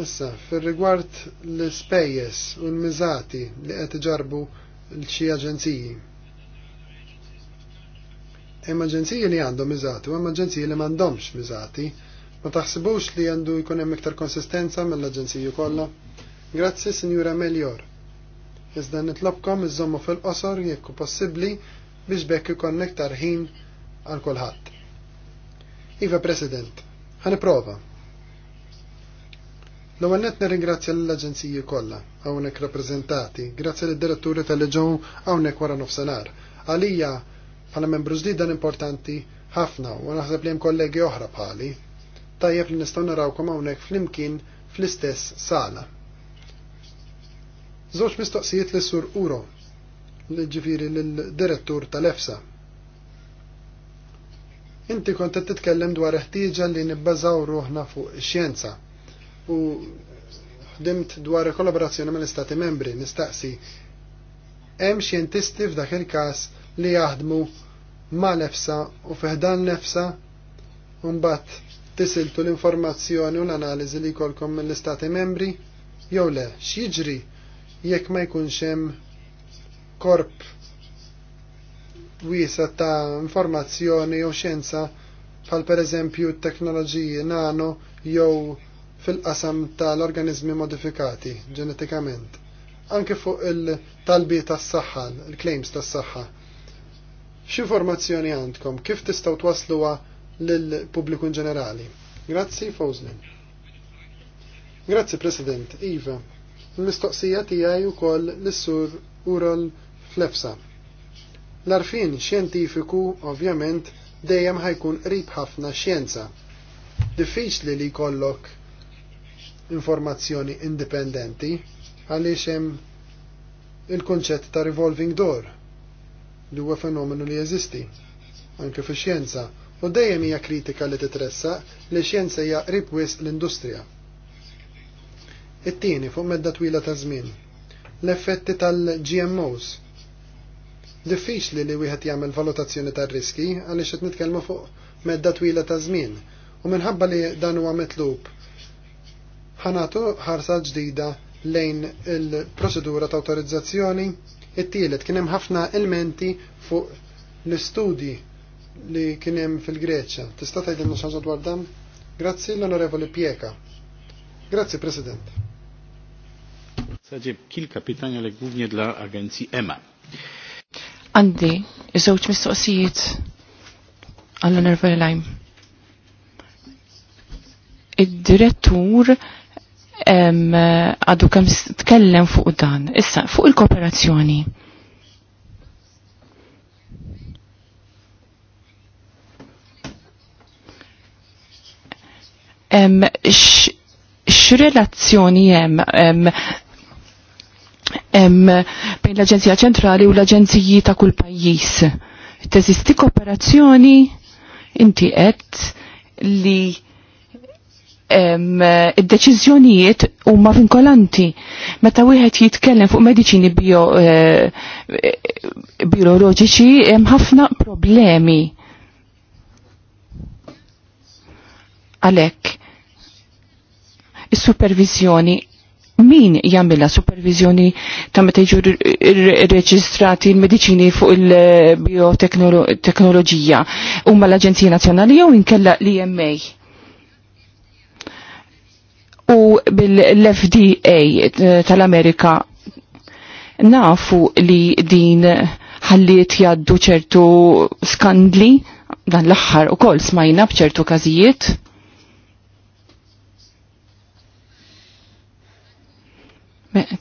S1: Issa, fil-rigward l-spejjes u l-mizati li qed ġarbu l-xi aġenziji. Hemm aġenziji li għandhom miżati u hemm aġenziji li m'għandhomx miżati. Ma taħsibux li għandu jkun hemm iktar konsistenza mill-aġenziji kollha? Grazzi, Sinjura Melior. Iżda nitlobkom iżommu fil-qosor jekk possibbli biex bekk ikon iktar ħin għal kulħadd. Iva President, ħaniprova. prova L-ewwel net nirringrazzja l-aġenziji kollha hawnhekk rappreżentati, grazzi l diretturi tal-Leġun hawnhekk wara nofsinhar. Għalija bħala membru żdid dan importanti ħafna u naħseb li hemm kollegi oħra bħali. Tajjeb li nistgħu narawkom hawnhekk flimkien fl-istess sala. Żewġ mistoqsijiet li sur Uro, ġifieri lill-direttur tal-EFSA. Inti kont titkellem dwar ħtieġa li nibbażaw ruħna fuq ix-xjenza u ħdimt dwar kollaborazzjoni mill-Istati membri nistaqsi hemm xjentisti f'dak il-każ li jaħdmu ma' nefsa u fiħdan nefsa mbagħad tisiltu l-informazzjoni u l-analiżi li jkollkom mill-Istati membri jew le x'jiġri jekk ma jkunx hemm korp wiesa ta' informazzjoni jew xjenza bħal pereżempju t teknoloġiji nano jew fil-qasam tal-organizmi modifikati ġenetikament, anke fuq il-talbi tas-saħħa, il-claims tas-saħħa. X'informazzjoni għandkom? Kif tistgħu twasluha lill-pubbliku ġenerali? Grazzi, Fawzlin. Grazzi, President. Iva, l-mistoqsija tiegħi wkoll lis-sur Urol Flefsa. L-arfin xjentifiku ovvjament dejjem ħajkun qrib ħafna xjenza. Diffiċli li jkollok informazzjoni indipendenti għaliex hemm il-kunċett ta' revolving door li huwa fenomenu li jeżisti anke fi xjenza u dejjem hija kritika li titressa li xjenza hija qrib l-industrija. It-tieni fuq medda twila ta' żmien. L-effetti tal-GMOs. Diffiċli li wieħed jagħmel valutazzjoni tar-riski għaliex qed nitkellmu fuq medda twila ta' żmien u minħabba li dan huwa mitlub ħanatu ħarsa ġdida lejn il-proċedura ta' autorizzazzjoni. It-tielet kien hemm ħafna elementi fuq l-istudji li kien hemm fil-Greċja. Tista' tgħidilna xi ħaġa dwar dan? Grazzi l-Onorevoli Pieka. Grazzi President.
S4: Saġib kilka pitanja li
S3: głównie dla Agenzji EMA. Għandi, iżewġ mistoqsijiet għall-Onorevoli Lajm. Id-direttur għadu kem tkellem fuq dan. Issa, fuq il-kooperazzjoni. X-relazzjoni jem bejn l-Aġenzija ċentrali u l-Aġenziji ta' kull pajjiż. Teżisti kooperazzjoni inti qed li id-deċiżjonijiet huma vinkolanti. Meta wieħed jitkellem fuq mediċini bio eh, eh, bioloġiċi hemm ħafna problemi. Għalhekk is-supervizjoni min jagħmilha supervizjoni ta' meta jiġu reġistrati l-mediċini fuq il-bioteknoloġija huma l-Aġenzija Nazzjonali jew inkella l-EMA? u bil-FDA tal-Amerika nafu li din ħalliet jaddu ċertu skandli dan l-axħar u kol smajna bċertu kazijiet.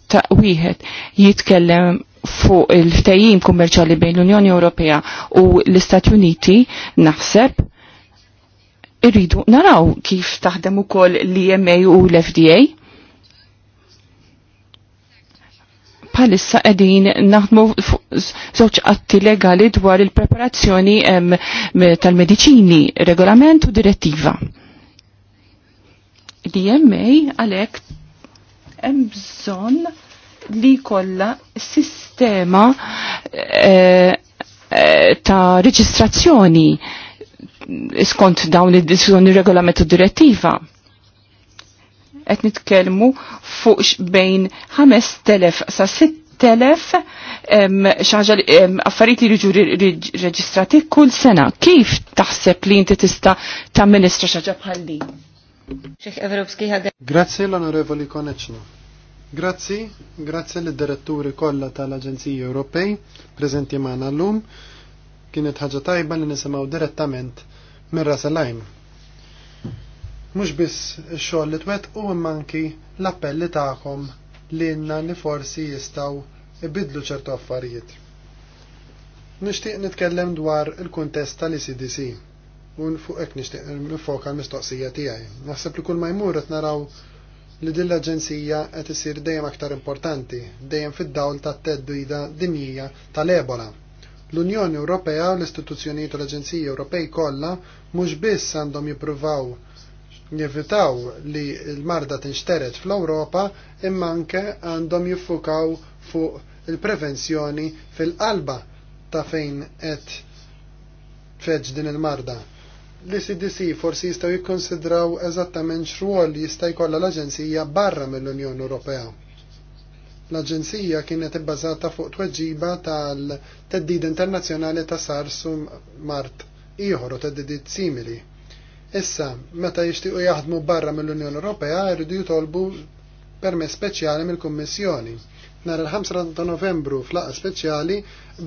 S3: Ta' wieħed jitkellem fuq il-ftajim kummerċali bejn l-Unjoni Ewropea u l-Istati Uniti naħseb irridu naraw kif taħdem ukoll l-EMA u l-FDA. Palissa qegħdin naħdmu żewġ atti legali dwar il-preparazzjoni tal-mediċini, regolament u direttiva. L-EMA għalhekk hemm bżonn li kollha sistema eh, eh, ta' reġistrazzjoni iskont dawn id-disjoni regolamentu direttiva. Qed nitkellmu fuq bejn 5,000 sa 6,000 xaġa affarijiet li ġuri reġistrati kull sena. Kif taħseb li inti tista' ministra xaġa bħal din?
S1: Grazzi l-Onorevoli Koneċna. Grazzi, grazie l-diretturi kollha tal-Aġenziji Ewropej preżenti l-lum, Kienet ħaġa tajba li nisimgħu direttament mirra salajm. Mux biss xoll li twet u manki l-appelli ta'kom li inna li forsi jistaw ibidlu ċertu affarijiet. Nishtiq nitkellem dwar il-kuntest tal-ICDC u fuq ek nishtiq nifoka l-mistoqsija tijaj. Naħseb li kull majmur et naraw li din l-Aġenzija qed isir dejjem aktar importanti, dejjem fid-dawl tat-teddida dinjija tal-Ebola L-Unjoni Ewropea u l-istituzzjonijiet u l-Aġenziji Ewropej kollha mhux biss għandhom jippruvaw jevitaw li l-marda tinxteret fl-Ewropa imma anke għandhom jiffukaw fuq il-prevenzjoni fil-qalba ta' fejn qed tfeġġ din il-marda. L-ICDC forsi jistgħu jikkonsidraw eżattament x'rwol jista' jkollha l-Aġenzija barra mill-Unjoni Ewropea L-Aġenzija kienet ibbażata fuq tweġiba tal-teddid internazzjonali ta' sarsu Mart ieħor u teddid simili. Issa, meta jixtiequ jaħdmu barra mill-Unjoni Ewropea jridu jitolbu permess speċjali mill-Kummissjoni. Nar il-5 ta' novembru flaqa speċjali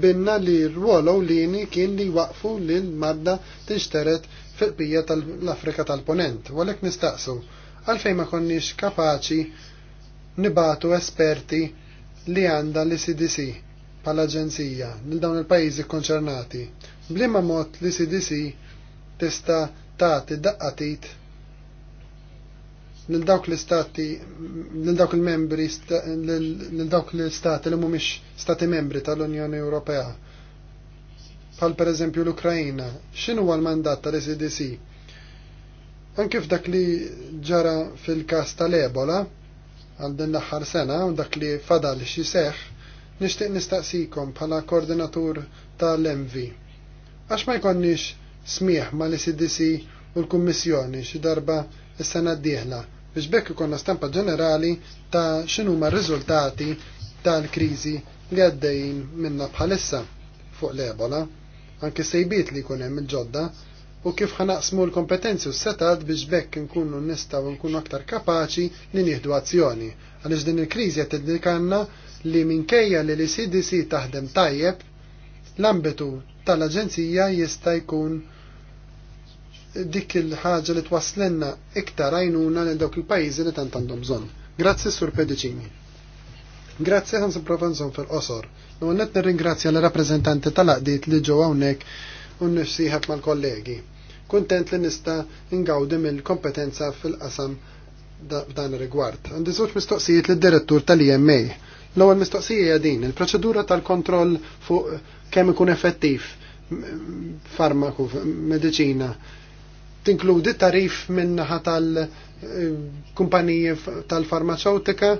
S1: binna li r lini kien li waqfu li l-madda tinxteret fil-bija tal-Afrika tal-Ponent. Walek nistaqsu, għalfej ma konniex kapaċi nibatu esperti li għanda l-CDC pal aġenzija lil dawn il-pajjiżi konċernati. Blima mod li CDC tista tagħti daqqatit lil dawk l-istati lil dawk il-membri lil dawk l-istati li mhumiex stati membri tal-Unjoni Ewropea. Pal pereżempju l ukrajina x'inhu l-mandat tal-CDC? Anke f'dak li ġara fil-każ tal-Ebola, għal din l-aħħar sena u dak li fadal xi seħ, nixtieq nistaqsikom bħala koordinatur tal-MV. Għax ma jkonniex smieħ ma l-CDC u l-Kummissjoni xi darba s-sena d-dieħla biex bekk ikonna stampa ġenerali ta' xinu ma' riżultati tal-kriżi li għaddejjin minna bħalissa fuq l-Ebola, anke sejbiet li jkun hemm il-ġodda u kif ħanaqsmu l-kompetenzi u s-setat biex bekk nkunu nistaw nkunu aktar kapaċi li nieħdu azzjoni. Għaliex din il-kriżi qed tiddikanna li minkejja li l-CDC taħdem tajjeb, l-ambitu tal-Aġenzija jista' jkun dik il-ħaġa li twaslenna iktar għajnuna lil dawk il-pajjiżi li tant għandhom bżonn. Grazzi Sur Pedicini. Grazzi ħan nżomm fil-qosor. U għannet nirringrazzja l rappresentanti tal-għaqdiet li ġew hawnhekk u nnifsiħat mal-kollegi. Kontent li nista ingawdi mill-kompetenza fil-qasam f'dan rigward. Għandi zoċ mistoqsijiet lid-direttur tal-IMA. L-ewwel mistoqsija din, il-proċedura tal-kontroll fuq kemm ikun effettiv farmaku, medicina, tinkludi tarif minn tal-kumpaniji tal-farmaceutika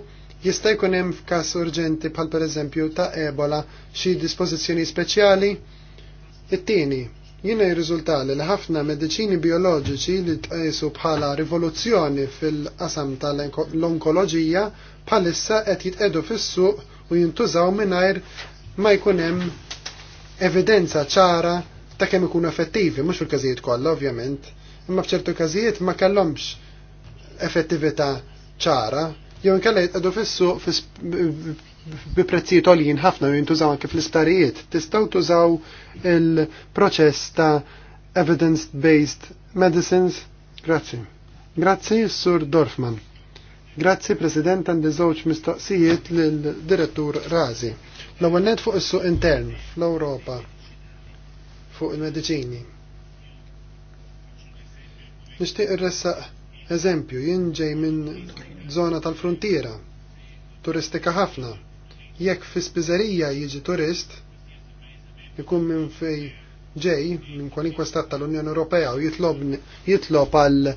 S1: jista' jkun hemm f'każ urġenti bħal pereżempju ta' Ebola xi dispożizzjoni speċjali. It-tieni, Jiena jirriżultali li ħafna mediċini bioloġiċi li tqajsu bħala rivoluzzjoni fil-qasam tal-onkoloġija bħalissa qed jitqedu fis-suq u jintużaw mingħajr ma jkun hemm evidenza ċara ta' kemm ikunu effettivi, mhux fil-każijiet kollha ovvjament, imma f'ċertu każijiet ma kellhomx effettività ċara, jew inkella jitqedu fis-suq bi prezzijiet għoljin ħafna u jintużaw anke fl-istarijiet. Tistaw tużaw il-proċess ta' evidence-based medicines. Grazzi. Grazzi, Sur Dorfman. Grazzi, President, għandi żewġ mistoqsijiet l-direttur Razi. L-ewwel net fuq is-suq intern fl-Ewropa fuq il-mediċini. Nixtieq irressaq eżempju jien ġej minn zona tal-frontiera, turistika ħafna jekk fi spiżerija jiġi turist ikun minn fej ġej minn kwalinkwa stat tal-Unjoni Ewropea u jitlob jitlob għal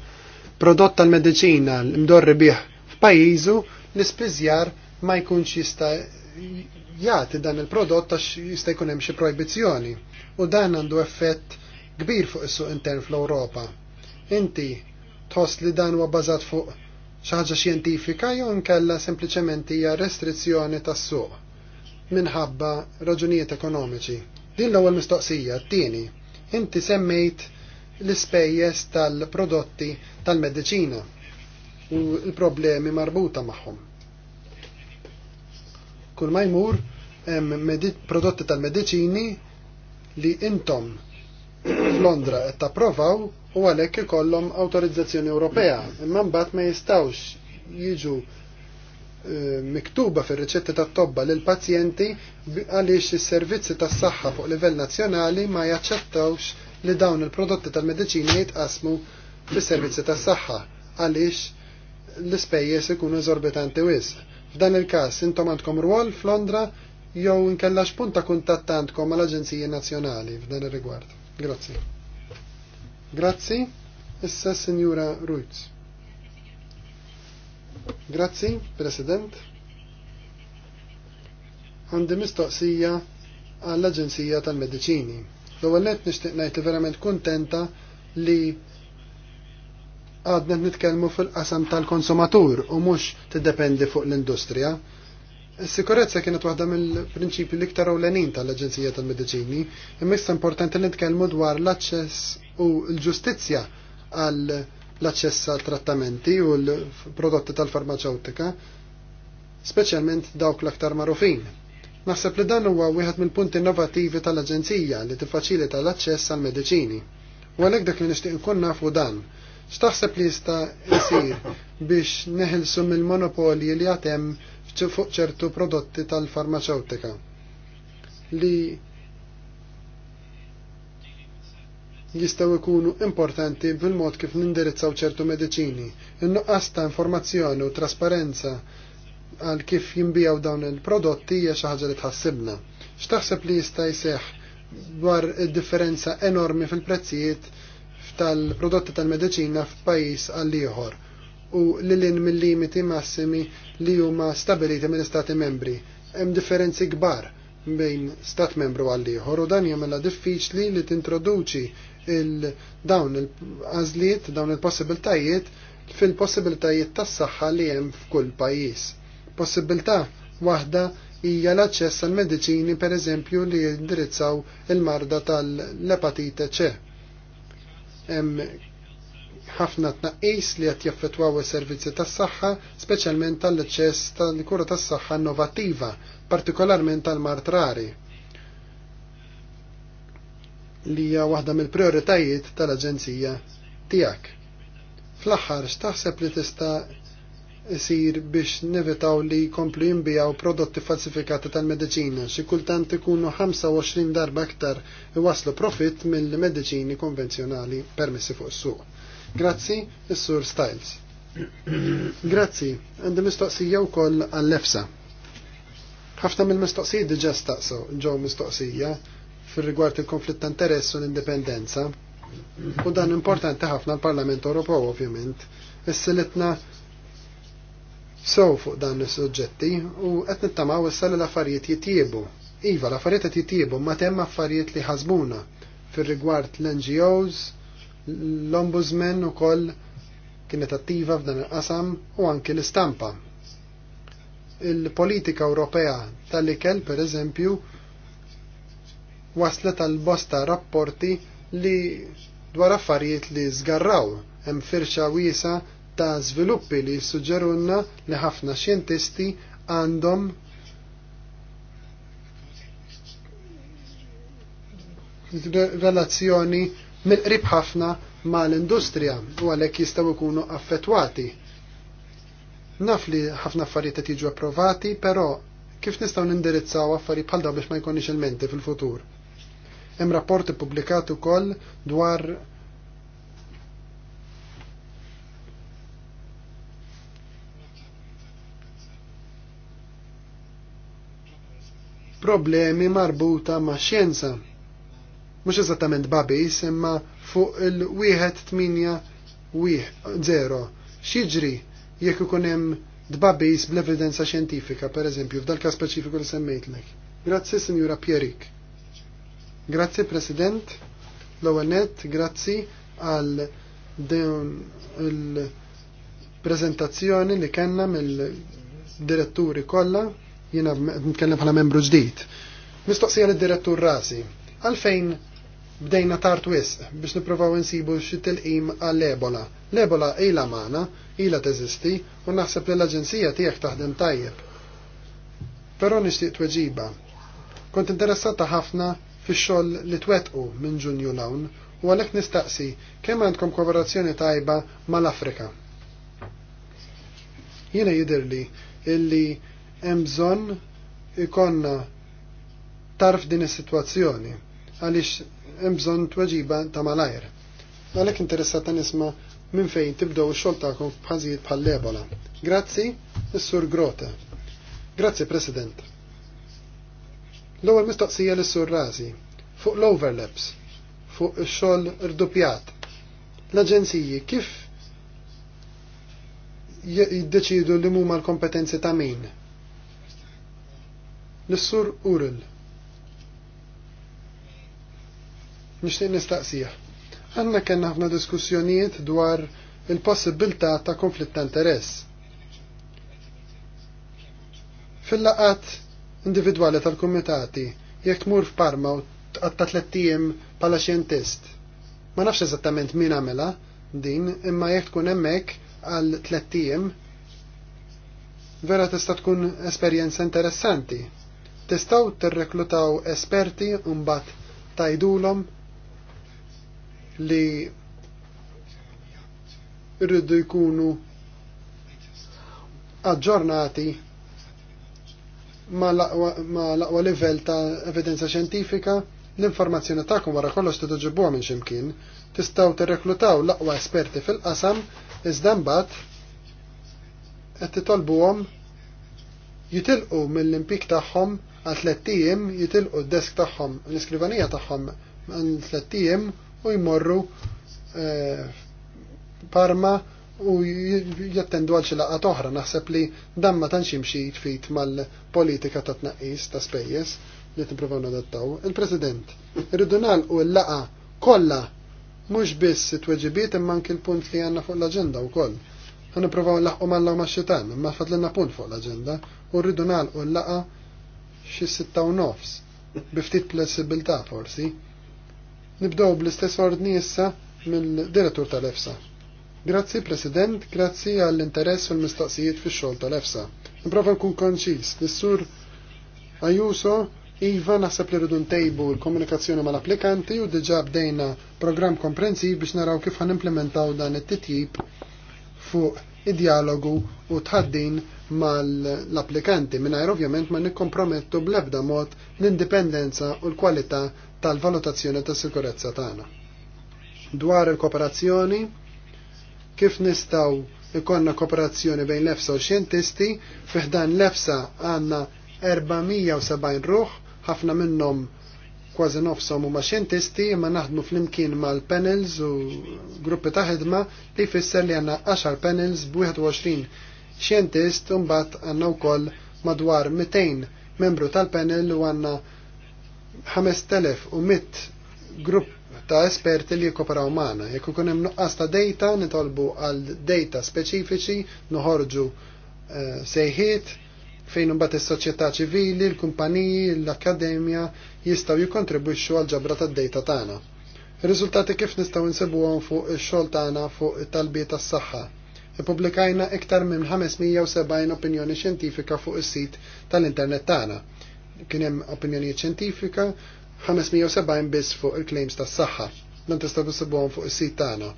S1: prodott tal-medicina l-imdorri bih f'pajjiżu l-ispiżjar ma jkunx jista' jagħti dan il-prodott għax jista' jkun hemm xi projbizzjoni u dan għandu effett kbir fuq is-suq intern fl-Ewropa. Inti tħoss li dan huwa bażat fuq ħaġa xjentifika jew nkella sempliċement hija restrizzjoni tas-suq minħabba raġunijiet ekonomiċi. Din l-ewwel mistoqsija, t-tieni, inti semmejt l-ispejjeż tal-prodotti tal-mediċina u l-problemi marbuta magħhom. Kull ma jmur hemm prodotti tal-mediċini li intom Londra qed tapprovaw u għalhekk ikollhom awtorizzazzjoni Ewropea, imma mbagħad ma jistawx jiġu eh, miktuba fir riċetti tat tobba lil pazjenti għaliex is-servizzi tas-saħħa fuq livell nazzjonali ma jaċċettawx li dawn il-prodotti tal mediċini jitqasmu fis-servizzi tas-saħħa għaliex l-ispejjeż ikunu eżorbitanti wisq. F'dan il-każ intom għandkom rwol f'Londra jew inkella punta ta' kuntatt mal-Aġenziji Nazzjonali f'dan ir-rigward. Grazzi. Grazzi, issa Signora Ruiz. Grazzi, President. Għandi mistoqsija għall-Aġenzija tal-Mediċini. L-ewwel qed nixtieq li verament kuntenta li għadna nitkellmu fil-qasam tal-konsumatur u mhux tiddependi fuq l-industrija. Is-sikurezza kienet waħda mill-prinċipji l-iktar ewlenin tal-Aġenzija tal-Mediċini, imma issa importanti li nitkelmu dwar l-aċċess u l-ġustizzja għal l-aċċess għal trattamenti u l-prodotti tal-farmaceutika, speċjalment dawk l-aktar marufin. Naħseb li dan huwa wieħed mill-punti innovattivi tal-Aġenzija li tiffaċilita l-aċċess għal mediċini. U għalhekk dak li nixtieq nkun nafu dan. X'taħseb li jista' jsir biex neħilsu mill-monopolji li għatem fuq ċertu prodotti tal-farmaceutika li jistgħu jkunu importanti fil-mod kif nindirizzaw ċertu mediċini. In-nuqqas ta' informazzjoni u trasparenza għal kif jimbijaw dawn il-prodotti hija xi ħaġa li tħassibna. X'taħseb li jista' jseħħ dwar differenza enormi fil-prezzijiet tal-prodotti tal-mediċina f'pajjiż għal ieħor u lilin mill-limiti massimi li huma stabiliti mill-Istati membri. Hemm differenzi kbar bejn stat membru għal ieħor u dan jagħmilha diffiċli li tintroduċi dawn il-għażliet, dawn il-possibiltajiet fil-possibiltajiet tas-saħħa li hemm f'kull pajjiż. Possibilità waħda hija l-aċċess għal mediċini pereżempju li jindirizzaw il-marda tal-epatite ċe. Hemm ħafna tnaqqis li qed jaffettwaw is-servizzi tas-saħħa, speċjalment tal-aċċess tal-kura tas-saħħa innovattiva, partikolarment tal-mart rari li hija waħda mill-prioritajiet tal-Aġenzija tiegħek. Fl-aħħar x'taħseb li tista' isir biex nevitaw li jkomplu jinbijaw prodotti falsifikati tal-medicina, xi kultant ikunu 25 darba aktar iwaslu profit mill-medicini konvenzjonali permessi fuq is-suq. Grazzi, is-Sur Styles. Grazzi, għandi mistoqsija wkoll għall-EFSA. Ħafna mill-mistoqsijiet diġà staqsew ġew mistoqsija, fil-rigward il-konflitt ta' interess u l-indipendenza. U dan importanti ħafna l-Parlament Ewropew ovvjament. Is-silitna sew fuq dan is-suġġetti u qed nittamaw issa li l-affarijiet jitjiebu. Iva, l-affarijiet qed jitjiebu ma temm affarijiet li ħasbuna fir-rigward l-NGOs, l-Ombudsman ukoll kienet attiva f'dan il-qasam u anki l-istampa. Il-politika Ewropea tal-ikel, per eżempju, waslet għal bosta rapporti li dwar affarijiet li zgarraw hemm firxa wiesa ta' sviluppi li suġġerunna li ħafna xjentisti għandhom relazzjoni mill-qrib ħafna mal-industrija u għalhekk jistgħu jkunu affettwati. Naf li ħafna affarijiet qed jiġu approvati, però kif nistgħu nindirizzaw affarijiet bħal dawn biex ma jkunx il-menti fil-futur? Hemm rapport ippubblikat ukoll dwar problemi marbuta ma' xjenza. Mhux eżattament babis, imma fuq il 1 8 zero. X'jiġri jekk ikun hemm dbabis bl-evidenza xjentifika, pereżempju, f'dal każ speċifiku li semmejtlek. Grazzi, Sinjura Pierik. Grazzi President, l-ewwel grazzi għal dewn il-prezentazzjoni li kellna mill-diretturi kollha jiena nitkellem bħala membru ġdijt. Mistoqsija lid-direttur rasi. Għalfejn bdejna tart wisq biex nipprovaw insibu xi tilqim għall-ebola. L-ebola ila magħna, ila teżisti u naħseb li l-aġenzija tiegħek taħdem tajjeb. Però nixtieq tweġiba. Kont interessata ħafna fix-xogħol li twettqu minn Ġunju lawn u għalhekk nistaqsi kemm għandkom kooperazzjoni tajba mal-Afrika. Jiena jidirli illi hemm bżonn ikonna tarf din is-sitwazzjoni għaliex hemm bżonn tweġiba ta' malajr. Għalhekk interessata nisma' minn fejn tibdew ix-xogħol tagħkom f'ħażijiet bħall-ebola. Grazzi, is-Sur Grote. Grazzi President. L-ewwel mistoqsija lis-sur Rasi, fuq l-overlaps, fuq ix-xogħol irdupjat. L-aġenziji kif jiddeċidu li huma l-kompetenzi ta' min? L-sur Uril. Nixtieq nistaqsija. Għandna kellna ħafna diskussjonijiet dwar il-possibilità ta' konflitt ta' interess. Fil-laqat individwali tal-kumitati jekk tmur f'Parma u tqatta tlettijiem bħala xjentist. Ma nafx eżattament min għamela din, imma jekk tkun hemmhekk għal tlettijiem vera tista' tkun esperjenza interessanti. Tistgħu tirreklutaw esperti u mbagħad tajdulhom li rridu jkunu aġġornati ma l-aqwa livell ta' evidenza xjentifika, l-informazzjoni tagħkom wara kollox titġibuha minn ximkien, tistgħu tirreklutaw l-aqwa esperti fil-qasam iżda mbagħad qed titolbuhom jitilqu mill-impik tagħhom għal tlettijiem jitilqu d-desk tagħhom, l-iskrivanija tagħhom għal tlettijiem u jmorru eh, Parma u jattendu għal xi laqgħat oħra naħseb li dan ma tantx jimxi jitfit mal-politika ta' tnaqqis ta' spejjeż li tippruvaw nadattaw. Il-President, irridu nagħlqu l-laqa kollha mhux biss it-tweġibiet imma anke l-punt li għandna fuq l-aġenda wkoll. Ħa nippruvaw nlaħqu mal-law max-xitan, imma fadlilna punt fuq l-aġenda u rridu nagħlqu l-laqa xi sitta u nofs biftit flessibilità forsi. Nibdew bl-istess ordni issa mill-direttur tal-EFSA. Grazzi President, grazzi għall-interess u l-mistaqsijiet fi xol tal-EFSA. Nprofa nkun konċis, l-sur Ajuso, Iva naħseb li rridu ntejbu l-komunikazzjoni mal-applikanti u diġa bdejna program komprensiv biex naraw kif għan implementaw dan it-titjib fuq id-dialogu u tħaddin mal-applikanti mingħajr ovvjament ma nikkompromettu bl-ebda mod l-indipendenza u l-kwalità tal-valutazzjoni tas sikurezza tagħna. Dwar il-kooperazzjoni, kif nistaw ikonna kooperazzjoni bejn lefsa u xjentisti, fiħdan lefsa għanna 470 ruħ, ħafna minnom kważi nofsom huma xjentisti imma naħdmu flimkien mal-panels u gruppi ta' ħidma li jfisser li għandna 10 panels b'21 xjentist u mbagħad għandna wkoll madwar 200 membru tal-panel u għandna 5100 grupp ta' esperti li jkoperaw magħna. Jekk ikun hemm nuqqas ta' data nitolbu għal data speċifiċi nuħorġu uh, eh, sejħiet fejn imbagħad is-soċjetà ċivili, l-kumpaniji, l-akkademja jistgħu jikkontribwixxu għal ġabra tad-data tagħna. Ir-riżultati kif nistgħu nsibuhom fuq ix-xogħol tagħna fuq it-talbiet tas-saħħa. Ippubblikajna iktar minn 570 opinjoni xjentifika fuq is-sit tal-internet tagħna. Kien hemm opinjonijiet xjentifika 570 biss fuq il-claims tas-saħħa. Dan tista' tissibuhom fuq is-sit tagħna.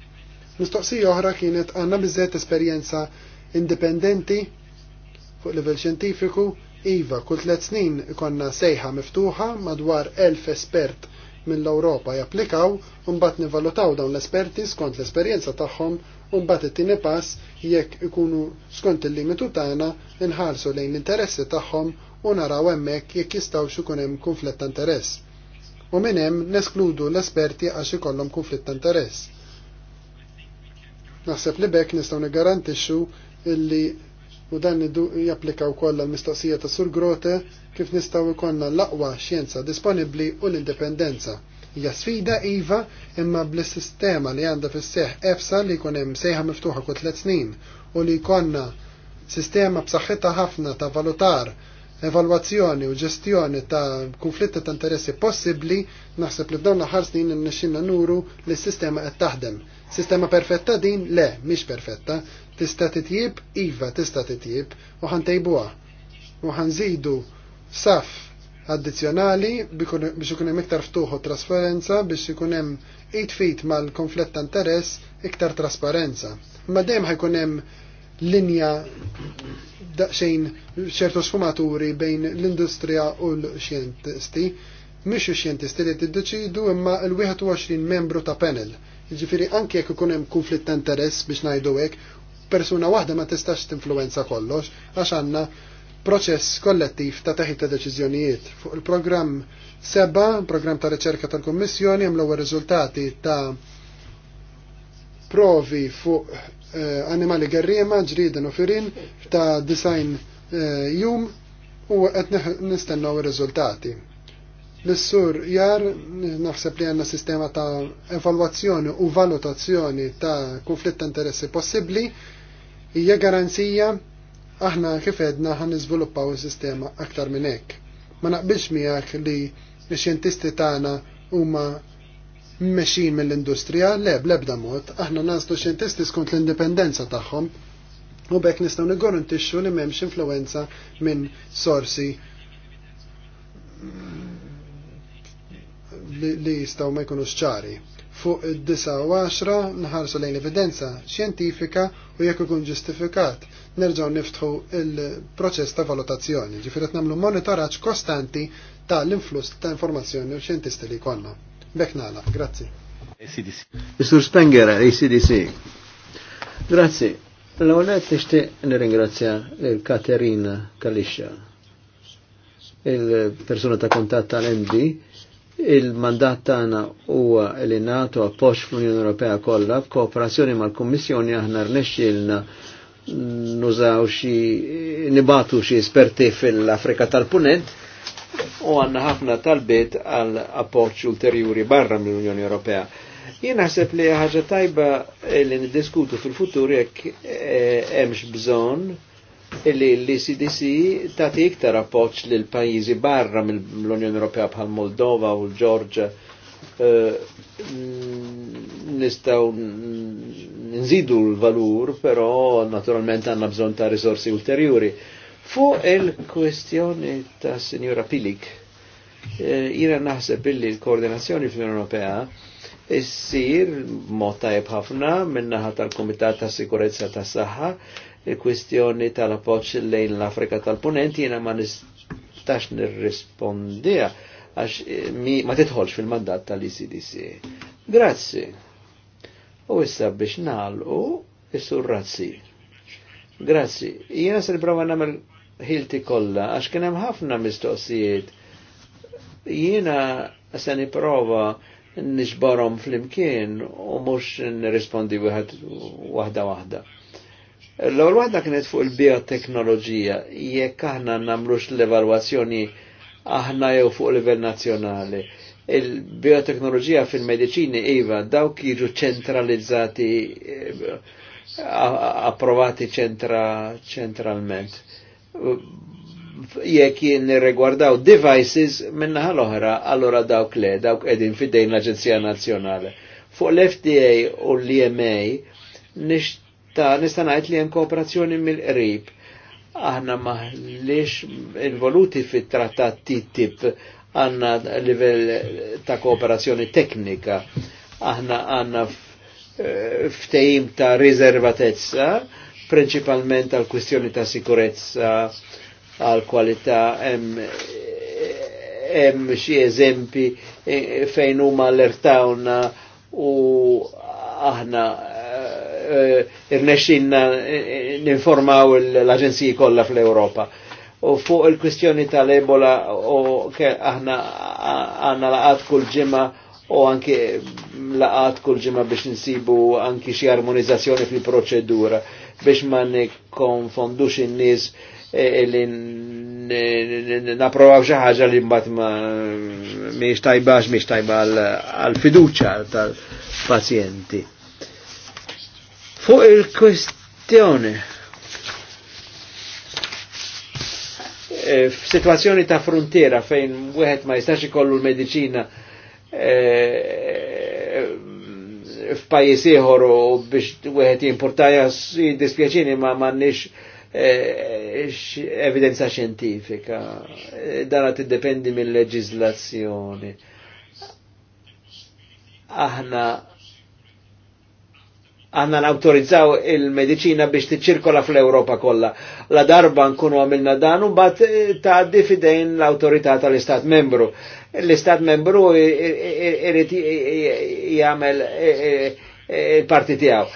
S1: Mistoqsija oħra kienet għandna biżżejjed esperjenza indipendenti fuq livell xjentifiku Iva, kull tliet snin ikonna sejħa miftuħa madwar elf espert mill-Ewropa japplikaw u mbagħad nivalutaw dawn l-esperti skont l-esperjenza tagħhom u mbagħad it-tieni pass jekk ikunu skont il-limitu tagħna inħarsu lejn l-interessi tagħhom u naraw hemmhekk jekk jistgħu ikun hemm kunflett ta' interess u minn hemm neskludu l-esperti għax ikollhom konflitt ta' interess. Naħseb li bekk nistgħu niggarantixxu illi u dan japplika wkoll l mistoqsija ta' Sur Grote kif nistgħu jkollna l-aqwa xjenza disponibbli u l-indipendenza. Hija sfida iva imma bl-sistema li għandha fis-seħ EFSA li jkun hemm sejħa miftuħa kull tliet snin u li jkollna sistema b'saħħitha ħafna ta' valutar evalwazzjoni u ġestjoni ta' konflitti ta' interessi possibbli, naħseb li f'dawn l-aħħar snin nnexxinna nuru li s-sistema qed taħdem. Sistema perfetta din? Le, mhix perfetta. Tista' titjib? Iva, tista' titjib u ħantejbuha. U ħanżidu saf addizzjonali biex ikun hemm iktar ftuħ u trasparenza biex ikun hemm fit mal-konflett ta' interess iktar trasparenza. Ma dejjem ħajkunem hemm linja daqsejn ċertu sfumaturi bejn l-industrija u l-xjentisti, mhux xjentisti li tiddeċidu imma l-21 membru ta' panel. Jiġifieri anke jekk ikun hemm konflitt ta' interess biex ngħidu hekk, persuna waħda ma tistax tinfluwenza kollox għax għandna proċess kollettiv ta' taħid ta' deċiżjonijiet. Fuq il-programm seba, programm ta' riċerka tal-Kommissjoni hemm l-ewwel riżultati ta' provi fuq Eh, animali gerriema, ġriden u firin ta' design eh, jum u qed nistennaw ir-riżultati. L-sur jar naħseb li għanna sistema ta' evalwazzjoni u valutazzjoni ta' konflitt ta' interessi possibbli hija garanzija aħna kif edna ħan niżviluppaw is-sistema aktar minn hekk. Ma naqbilx miegħek li x-xjentisti tagħna huma mexin mill-industrija, le, blebda mod, aħna nazlu xjentisti skont l-indipendenza tagħhom u bekk nistgħu niggarantixxu li m'hemmx influenza minn sorsi li jistgħu ma jkunux ċari. Fuq id disa u 10 nħarsu lejn evidenza xjentifika u jekk ikun ġustifikat nerġgħu niftħu il-proċess ta' valutazzjoni, ġifieri nagħmlu monitoraġġ kostanti tal-influss ta' informazzjoni u xjentisti li jkollna. Beknana, grazzi. ACDC.
S4: Mr. Spenger, ACDC. Grazzi. L-għonet nishti nirringrazzja il-Katerina Kalisha, il-persona ta' kontatt tal-MD, il-mandat tagħna huwa li nagħtu appoġġ fl-Unjoni Ewropea kollha kooperazzjoni mal-Kummissjoni aħna rnexxielna nużaw xi nibatu xi esperti fil-Afrika tal-Punent u għanna ħafna talbiet għal apporċ ulterjuri barra mill-Unjoni Ewropea. Jien naħseb li ħaġa tajba li niddiskutu fil-futur jek emx eh, bżon li l-CDC tagħti iktar li l-pajizi barra mill-Unjoni Ewropea bħal Moldova u l georgia eh, nistaw nżidu l-valur, pero naturalment għanna bżon ta' risorsi ulterjuri. Fuq il-kwestjoni ta' Signora Pilik, eh, jina naħseb billi l-koordinazzjoni fl-Unjoni Ewropea issir motta tajb ħafna minnaħa tal-Kumitat ta' Sikurezza ta' Saħħa, il-kwistjoni tal-appoċ lejn l-Afrika tal-Punent jiena ma nistax nir-respondija għax eh, ma titħolx fil-mandat tal-ICDC. Grazzi. U issa biex nagħlqu is razzi. Grazzi. Jiena se nipprova namel ħilti kollha għax kien hemm ħafna mistoqsijiet. Jiena se nipprova nixbarhom flimkien u mhux nirrispondi wieħed waħda waħda. L-ewwel waħda kienet fuq il-bioteknoloġija jekk aħna nagħmlux l-evalwazzjoni aħna jew fuq livell nazzjonali. Il-bioteknoloġija fil-mediċini iva dawk jiġu ċentralizzati eh, approvati ċentra ċentralment jekk nirregwardaw devices minnaħa l-oħra, allora dawk le, dawk edin fidejn l-Aġenzija Nazzjonali. Fuq l-FDA u l-EMA nista ngħid li hemm kooperazzjoni mill-qrib. Aħna maħlix involuti fit-trattat TTIP għanna livell ta' kooperazzjoni teknika. Aħna għanna eh, ftejim ta' riservatezza principalment għal kwestjoni ta' sikurezza, għal kwalità, hemm xi eżempi e, fejn huma allertawna u aħna e, e, irnexxinna ninformaw l-aġenziji kollha fl-Ewropa. U fuq il-kwistjoni tal-Ebola u aħna għandna laqat kull ġimgħa u anke laqat kull ġimgħa biex nsibu anke xi armonizzazzjoni fil-proċedura biex ma nikkonfondux in-nies e, e, li naprovaw xi ħaġa li mbagħad ma mhix tajbax mhix tajba għall fiduċja tal-pazjenti. Fuq il-kwestjoni e, f'sitwazzjoni ta' frontiera fejn wieħed ma jistax ikollu l-mediċina f'pajjiż ieħor u biex wieħed jimportaja jiddispjaċini ma m'għandniex eh, evidenza xjentifika. Eh, Dara tiddependi mill-leġiżlazzjoni. Aħna għanna nautorizzaw il-medicina biex t-ċirkola fl-Europa kolla. La darba nkunu għamilna dan u bat eh, ta' diffidejn l-autorità tal-Istat membru. L-Istat membru irrit jgħamil il-parti eh, eh, tijaw.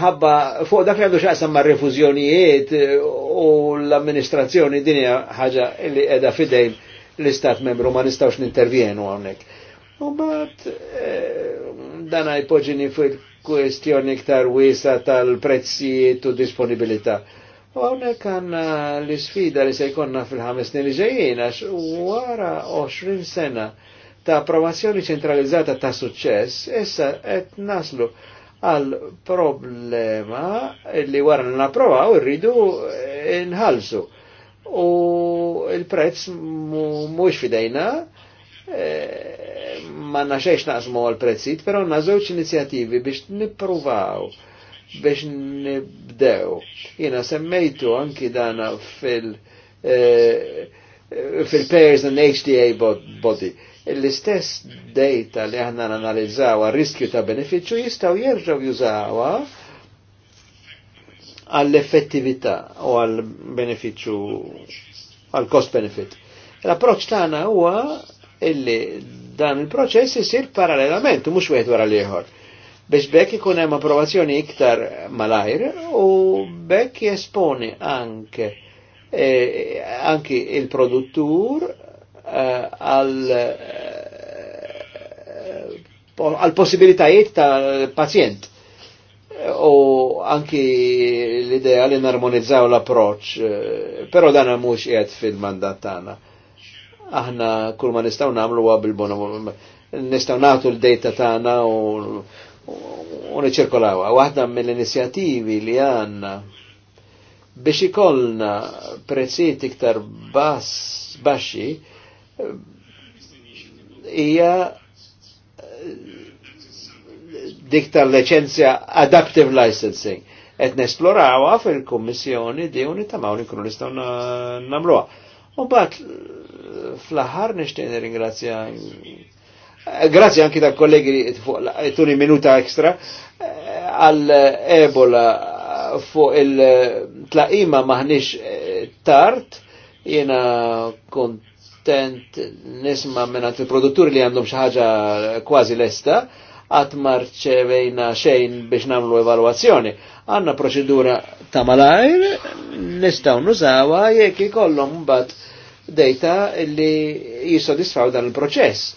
S4: Ħabba fuq dak li għandu xaqsa ma' refuzjonijiet u l-amministrazzjoni dinja ħaġa li edha fidejn l-Istat membru ma nistawx nintervjenu għonek. U bat dana jpoġini fuq kwestjoni iktar wisa tal-prezzijiet u disponibilità. U għonek għanna l-sfida li se jkonna fil-ħames snin li ġejjin, għax wara 20 sena ta' approvazzjoni ċentralizzata ta' suċċess, essa qed naslu għal problema li wara n-approvaw irridu nħalsu. U il-prezz mux fidejna, Eh, ma naxex naqsmu għal-prezzit, pero għanna zewċ inizjativi biex nipruvaw, biex nibdew. Jena semmejtu anki dana fil- eh, fil-pairs and HDA body. L-istess data li aħna analizzaw għal-riskju ta' beneficju jistaw jirġaw jużawa għall-effettività u għal beneficju għal cost benefit. L-approċ tagħna huwa illi dan il-proċess isir parallelament, mhux wieħed wara l-ieħor. Biex bekk ikun hemm approvazzjoni iktar malajr u bekk jesponi anke eh, anki il-produttur e, għal eh, possibilitajiet tal-pazjent u anki l-idea li narmonizzaw l-approċ, e, pero dan mhux qiegħed fil-mandat tagħna aħna kull ma nistaw namlu għab il-bona, nistaw natu l-data tagħna u niċirkolaw. Waħda mill-inizjativi li għanna biex ikollna prezzijiet iktar baxi hija dik tal adaptive licensing. Et nesplorawa fil-kommissjoni di unita ma' kunu nistaw namluwa. U bat fl ħar nishtiqni ringrazzja Grazie anche da kollegi tuni minuta extra. Eh, għal Ebola fuq il-tlaqima maħnix eh, tart jena kontent nisma minna il-produtturi li għandhom xaħġa kważi lesta għat marċevejna xejn biex namlu evaluazzjoni. Għanna proċedura ta' malajr nistaw nużawa jekk ikollhom bat data li jissodisfaw dan il-proċess.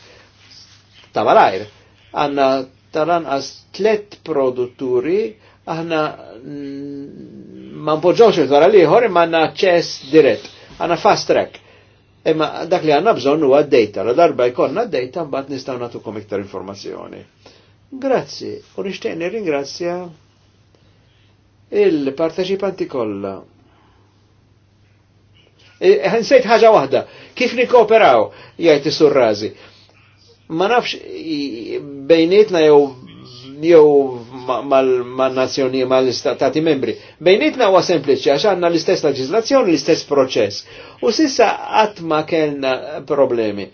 S4: Ta' malajr, għanna talan għas tlet produtturi, aħna ma npoġġawx il-dwar liħor imma għanna ċess dirett, għanna fast track. Imma dak li għanna bżon huwa data, la darba jkollna data mbagħad nistgħu nagħtukom iktar informazzjoni. Grazzi, u nixtieq ringrazzja il-parteċipanti kollha Eh, Nsejt ħaġa waħda, kif nikkooperaw, jgħid is-surrażi. Ma nafx bejnietna jew jew mal-nazzjoni, ma mal-istati membri. Bejnietna huwa sempliċi għax għandna l-istess leġislazzjoni, l-istess proċess. U sissa qatt ma kellna problemi.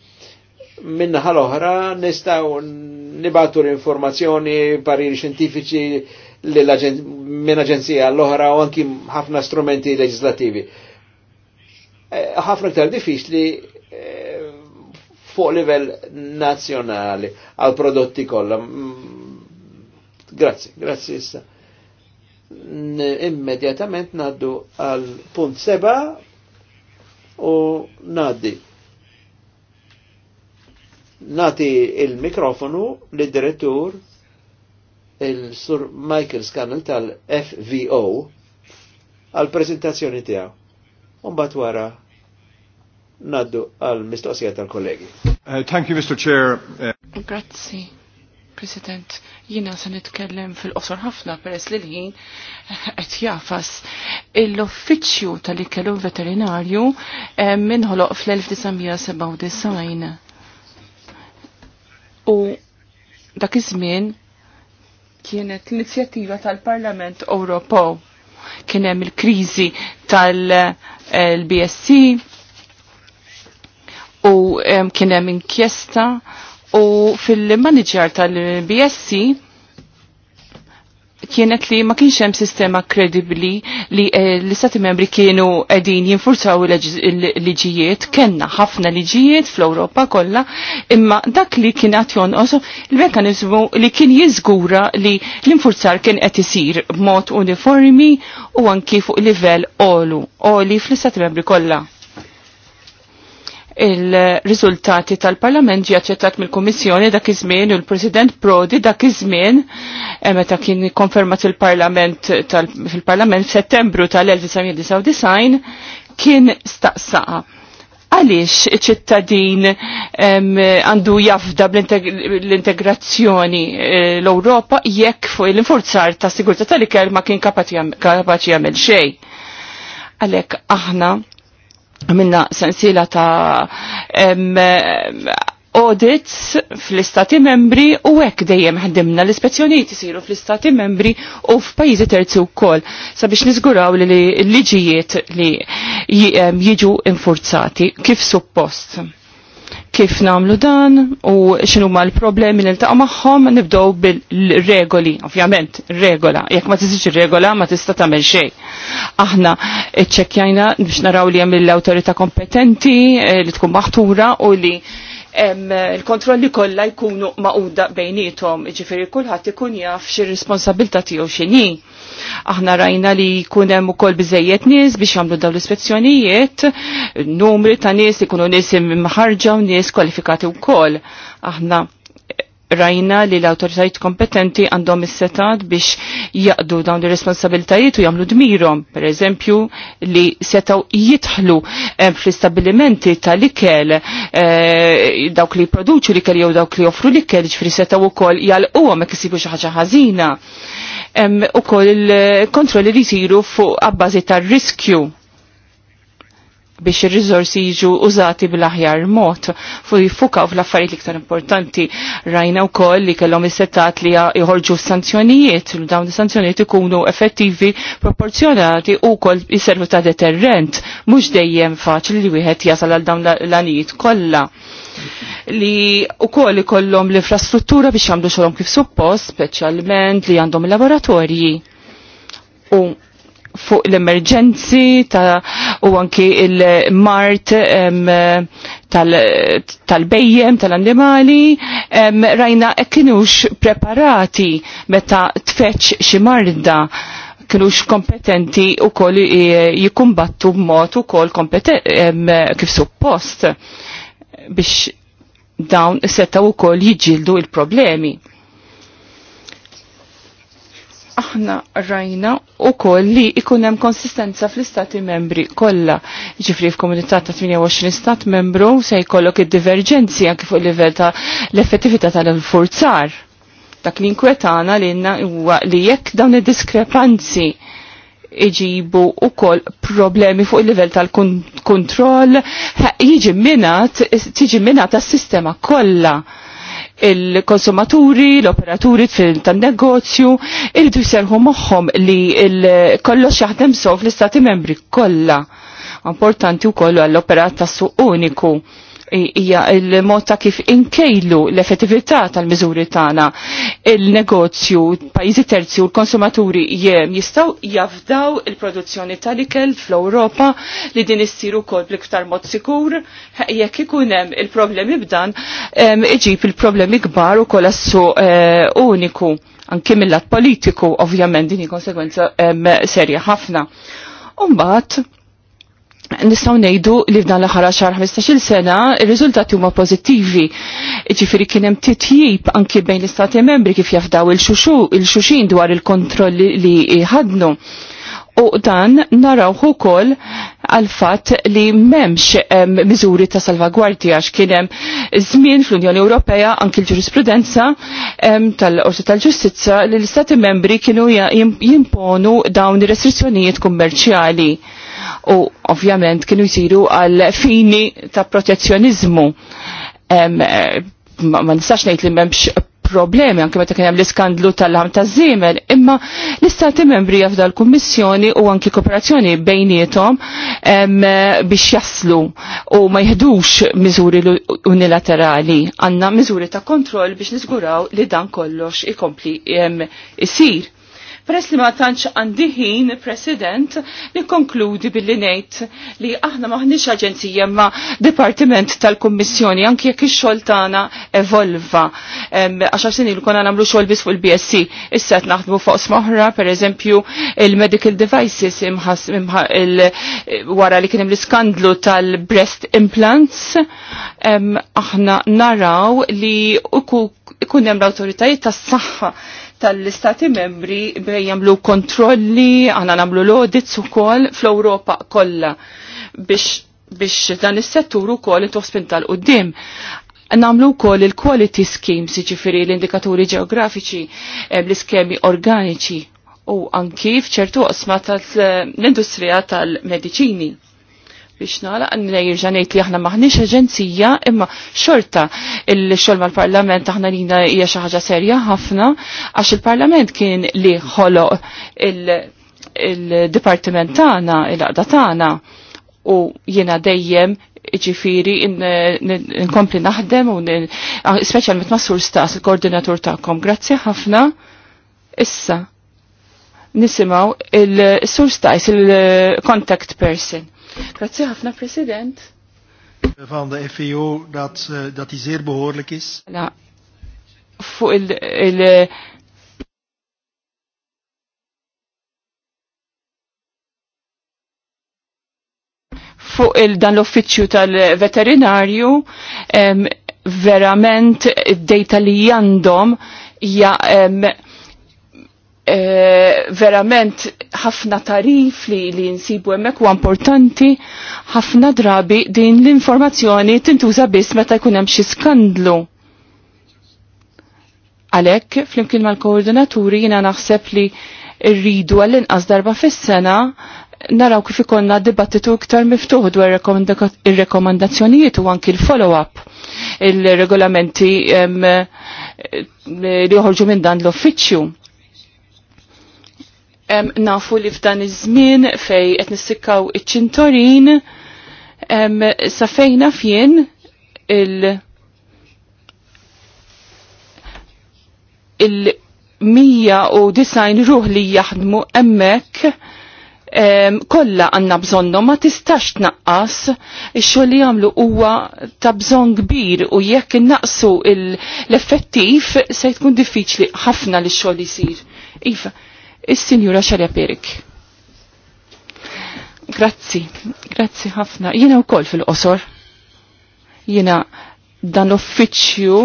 S4: Minna ħal-oħra nistgħu nibatu l-informazzjoni, pariri xjentifiċi minn aġenzija l-oħra u anki ħafna strumenti leġislativi ħafna ktar diffiċli eh, fuq livell nazzjonali għal prodotti kollha. Mm, grazzi, grazzi issa. Immedjatament naddu għal punt seba u naddi. Nati il-mikrofonu l-direttur il-sur Michael Scannell tal-FVO għal prezentazzjoni tiegħu. Umbat wara naddu għal mistoqsija tal-kollegi.
S2: Uh, thank you, Mr. Chair. Uh...
S3: Grazzi, President. Jina se nitkellem fil-qosor ħafna peress li l-ħin qed jafas l-uffiċċju tal ikkelu veterinarju eh, minħoloq fl-1997. U dak iż-żmien kienet l-inizjattiva tal-Parlament Ewropew kien hemm il-kriżi tal-BSC u kien hemm inkjesta u fil-manager tal-BSC kienet li ma kienx hemm sistema kredibli li eh, l-istati membri kienu qegħdin jinfurzaw il-liġijiet, kellna ħafna liġijiet fl-Ewropa kollha, imma dak li kien qed jonqos il-mekkaniżmu li kien jiżgura li l-infurzar kien qed isir b'mod uniformi u anki fuq livell olu, oli fl-istati membri kollha il-riżultati tal-Parlament ġi aċċettat mill-Kummissjoni dak iż-żmien u l-President Prodi dak iż-żmien e, meta kien konfermat il-Parlament fil-Parlament f'Settembru tal-1999 kien staqsaqa. Għaliex iċ-ċittadin għandu jafda l-integrazzjoni e, l-Ewropa jekk fuq l-infurzar ta' sigurtà tal-ikel ma kien kapaċi jagħmel xejn. Għalhekk aħna minna sensila ta' em, audits fl-istati membri u hekk dejjem ħdimna l-ispezzjonijiet isiru fl-istati membri u f'pajjiżi terzi wkoll sabiex niżguraw li l-liġijiet li jiġu infurzati kif suppost kif namlu dan u xinu ma l-problemi nil niltaqa maħħom nibdow bil-regoli, ovvjament, regola. Jek ma tiżiġ regola ma tista tagħmel xej. Aħna ċekjajna biex naraw li hemm l-awtorità kompetenti eh, li tkun maħtura u li il-kontrolli kollha jkunu maquda bejnietom, ġifiri kulħadd ikun jaf xi responsabilità tiegħu x'inhi. Aħna rajna li jkun hemm ukoll biżejjed nies biex jagħmlu dawn l-ispezzjonijiet, numri ta' nies ikunu nies imħarġa u nies kwalifikati wkoll. Aħna rajna li l-autoritajt kompetenti għandhom is-setat biex jaqdu dawn ir-responsabiltajiet u jagħmlu dmirhom, pereżempju li setaw jitħlu eh, fl-istabilimenti tal-ikel e, dawk li jproduċu l-ikel jew dawk li joffru l-ikel ġifri setaw ukoll jalquhom jekk isibu xi ħaġa ħażina. Ukoll il-kontrolli li jsiru fuq abbażi tar-riskju biex ir rizorsi jiġu użati bl-aħjar mod. Fu u fl-affarijiet iktar importanti rajna wkoll li kellhom is-settat li jħorġu sanzjonijiet, u dawn is-sanzjonijiet ikunu effettivi proporzjonati u wkoll jiservu ta' deterrent, mhux dejjem faċli li wieħed jasal għal dawn l-anijiet kollha li u koll kollom l-infrastruttura biex jagħmlu xogħolhom kif suppost, speċjalment li għandhom laboratorji u fuq l-emerġenzi u anki il-mart tal-bejjem, tal-animali, rajna e kienux preparati meta tfeċ xi marda kienux kompetenti u koll jikumbattu b'mod u koll kif suppost biex dawn setta u koll jġildu il-problemi aħna rajna u koll li ikunem konsistenza fl-istati membri kolla. Ġifri f'komunità ta' 28 stat membru se jkollok id-divergenzi anki fuq livell ta' l-effettività tal-forzar. Dak li nkwetana li huwa li jekk dawn id-diskrepanzi iġibu u kol problemi fuq il-level tal-kontroll, jiġi minat, tiġi minat tas sistema kolla il-konsumaturi, l-operaturi tan-negozju, irridu jiserħu moħħom li kollox jaħdem sof l-istati membri kollha. Importanti wkoll għall-operat tas-suq uniku hija il-mod ta' kif inkejlu l-effettività tal-miżuri tagħna. Il-negozju, pajjiżi terzi u l-konsumaturi jistgħu jafdaw il-produzzjoni tal-ikel fl-Ewropa li din issir ukoll bl-iktar mod sikur jekk ikun hemm il-problemi b'dan iġib il-problemi kbar ukoll għas eh, uniku anke mill-lat politiku ovvjament din konsegwenza serja ħafna. Umbat, nistaw nejdu li f'dan l-ħara xar 15 sena il-riżultati huma pozittivi. Ġifiri kien hemm titjib anki bejn l-istati membri kif jafdaw il-xuxin dwar il-kontrolli li ħadnu. U dan naraw ukoll għal fatt li m'hemmx miżuri ta' salvagwardja għax kien hemm żmien fl-Unjoni Ewropea anki l-ġurisprudenza tal-Qorti tal-Ġustizza li l-Istati membri kienu jimponu dawn ir-restrizzjonijiet kummerċjali u ovvjament kienu jisiru għal fini ta' protezzjonizmu. Eh, ma nistax ngħid li m'hemmx problemi anke meta kien hemm l-iskandlu tal-ħam taż-żiemel, imma l-istati membri jafda l-Kummissjoni u anki kooperazzjoni bejnietom biex jaslu u ma jħedux miżuri unilaterali. Għandna miżuri ta' kontroll biex niżguraw li dan kollox ikompli isir Peress li ma tantx għandi ħin, President, li konkludi billi ngħid li aħna maħniex aġenzija ma Dipartiment tal-Kummissjoni anki jekk ix-xogħol tagħna evolva. Għaxar snin ilu nagħmlu xogħol biss fuq il-BSc, issa qed naħdmu fuq smoħra, pereżempju il-medical devices imħas wara li kien hemm l-iskandlu tal-breast implants, aħna naraw li ikun hemm l-awtoritajiet tas-saħħa tal-istati membri bej jamlu kontrolli, għana namlu l-audits u kol fl-Europa kolla biex, biex dan is-settur u kol it-ospin tal-qoddim. Namlu kol il-quality schemes, ġifiri l-indikaturi ġeografiċi, eh, l-iskemi organiċi u anki fċertu osma tal-industrija tal-medicini. tal medicini biex nara għanna jirġanajt li aħna maħniex aġenzija imma xorta il-xol mal-parlament aħna li hija xi ħaġa serja ħafna għax il-parlament kien li ħoloq il-dipartiment tagħna, il-qda tagħna u jiena dejjem ġifiri nkompli naħdem u speċjalment mit sur stas il-koordinatur tagħkom. Grazzi ħafna. Issa nisimaw il-sur stas il-contact person. Grazzi ħafna, President.
S1: Van de FIO dat, eh, dat die zeer behoorlijk is.
S3: La, fuq il, il fuq eh, il-dan l offiċju tal-veterinarju ehm, verament id-dejta li jandom ja ehm, Eh, verament ħafna tarif li li nsibu hemmhekk huwa importanti ħafna drabi din l-informazzjoni tintuża biss meta jkun hemm xi skandlu. Għalhekk flimkien mal-koordinaturi jiena naħseb li rridu għall-inqas darba fis-sena naraw kif ikonna dibattitu iktar miftuħ dwar il-rekomandazzjonijiet u anki l-follow-up il-regolamenti li joħorġu minn dan l-uffiċċju nafu li f'dan iż-żmien fej qed nissikkaw iċ-ċintorin sa fejna fien il- il design ruħ li jaħdmu emmek em, kolla għanna bżonno ma tistax tnaqqas xo xogħol li jagħmlu huwa ta' bżonn kbir u jekk innaqsu l-effettiv se tkun diffiċli ħafna li x-xogħol isir. Iva, is-Sinjura Xarja Perik. Grazzi, grazzi ħafna. Jiena wkoll fil-qosor. Jiena dan uffiċċju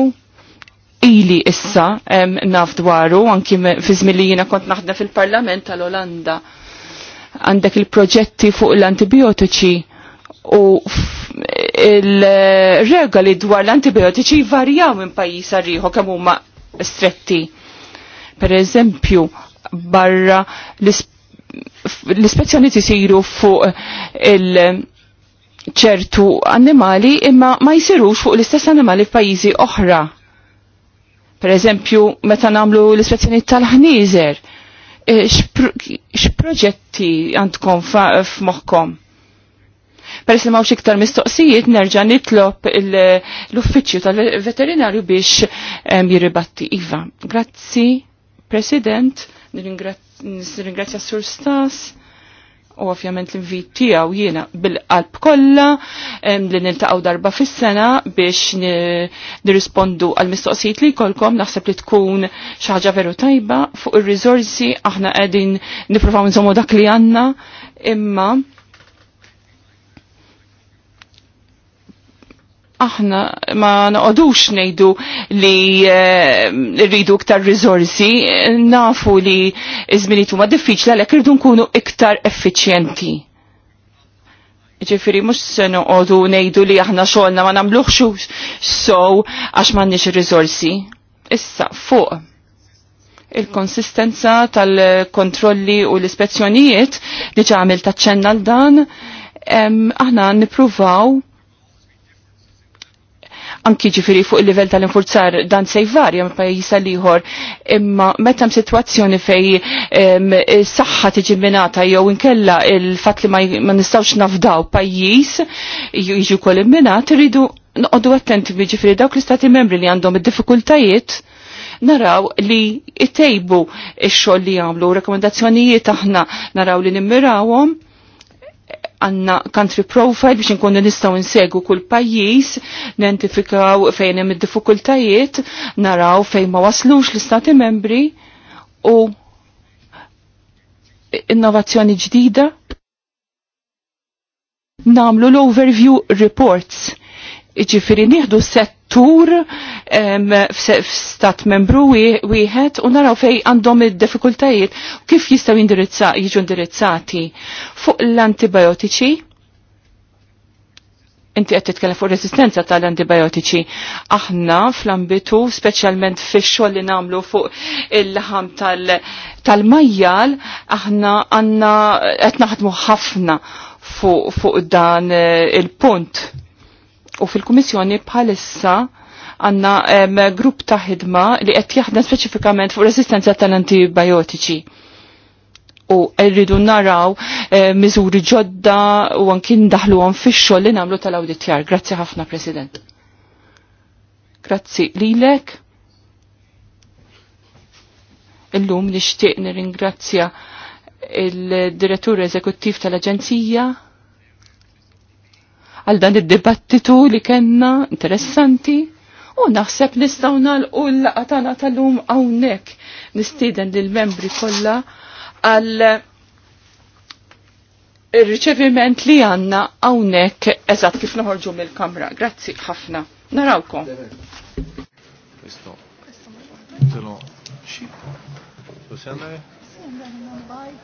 S3: ili issa em, naf dwaru anki fi li jiena kont naħda fil-Parlament tal-Olanda. Għandek il-proġetti fuq l-antibiotiċi u il-regoli dwar l-antibiotiċi varjaw minn pajis arriħu ieħor kemm huma stretti. Per eżempju, barra l-ispezzjoni tisiru fuq il- ċertu annimali imma ma jisirux fuq l-istess annimali f'pajjiżi oħra. Per eżempju, meta namlu l-ispezzjoni tal-ħnieżer, eh, x'proġetti għandkom f'moħħkom? Peress li mawx iktar mistoqsijiet nerġa' nitlob l-uffiċċju tal-veterinarju biex ehm, jirribatti. Iva, grazzi, President. Nirringrazzja Sur Stas u ovvjament l-invit tiegħu jiena bil-qalb kollha li niltaqgħu darba fis-sena biex nirrispondu għal mistoqsijiet li jkollkom naħseb li tkun xi ħaġa veru tajba fuq ir-riżorsi aħna qegħdin nippruvaw nżommu dak li għandna imma aħna ma naqodux nejdu li eh, rridu iktar rizorsi, nafu li iżminiet huma diffiċli għalhekk rridu nkunu iktar effiċjenti. Ġifiri, mux se noqogħdu ngħidu li aħna xogħolna ma nagħmluhx So għax m'għandniex ir rizorsi. Issa fuq il-konsistenza tal-kontrolli u l-ispezzjonijiet li ġamil taċċenna l-dan, aħna nippruvaw anki ġifiri fuq il-level tal-infurzar dan sejvar ma pajis liħor imma metam situazzjoni fej s-saxħa tiġi minata jew inkella il-fat li ma nistawx nafdaw pajis jiġu kol minat rridu noqdu attenti ġifiri dawk l-istati membri li għandhom id-difikultajiet naraw li jtejbu il xogħol li għamlu, rekomendazzjonijiet aħna naraw li nimmirawom għanna country profile biex nkunu nistaw insegu kull pajjiż, nentifikaw fejn hemm id-diffikultajiet, naraw fejn ma waslux l-istati membri u innovazzjoni ġdida. Namlu l-overview reports Iġifiri nieħdu settur f'stat membru wieħed u naraw fej għandhom id-diffikultajiet kif jistgħu jiġu indirizzati fuq l-antibiotiċi inti qed titkellem fuq resistenza tal-antibiotiċi. Aħna fl-ambitu, speċjalment fix-xogħol li nagħmlu fuq il-laħam tal-majjal, aħna għandna qed naħdmu ħafna fuq dan eh, il-punt U fil-Kummissjoni bħalissa għanna grupp ta' ħidma li qed jaħdem speċifikament fuq resistenza tal-antibiotiċi. U rridu naraw eh, miżuri ġodda u anki ndaħlu fix-xogħol li nagħmlu tal-awditjar. Grazzi ħafna, President. Grazzi lilek. Illum nixtieq nirringrazzja il-direttur eżekuttiv tal-Aġenzija għal dan id-dibattitu li kena interessanti u naħseb nistaw nalqu l-laqatana tal-lum għawnek nistiden lill-membri kollha għal il-riċeviment li għanna għawnek eżat kif noħorġu mill-kamra. Grazzi ħafna. Narawkom. Questo.
S2: Questo. Questo. Questo. Questo.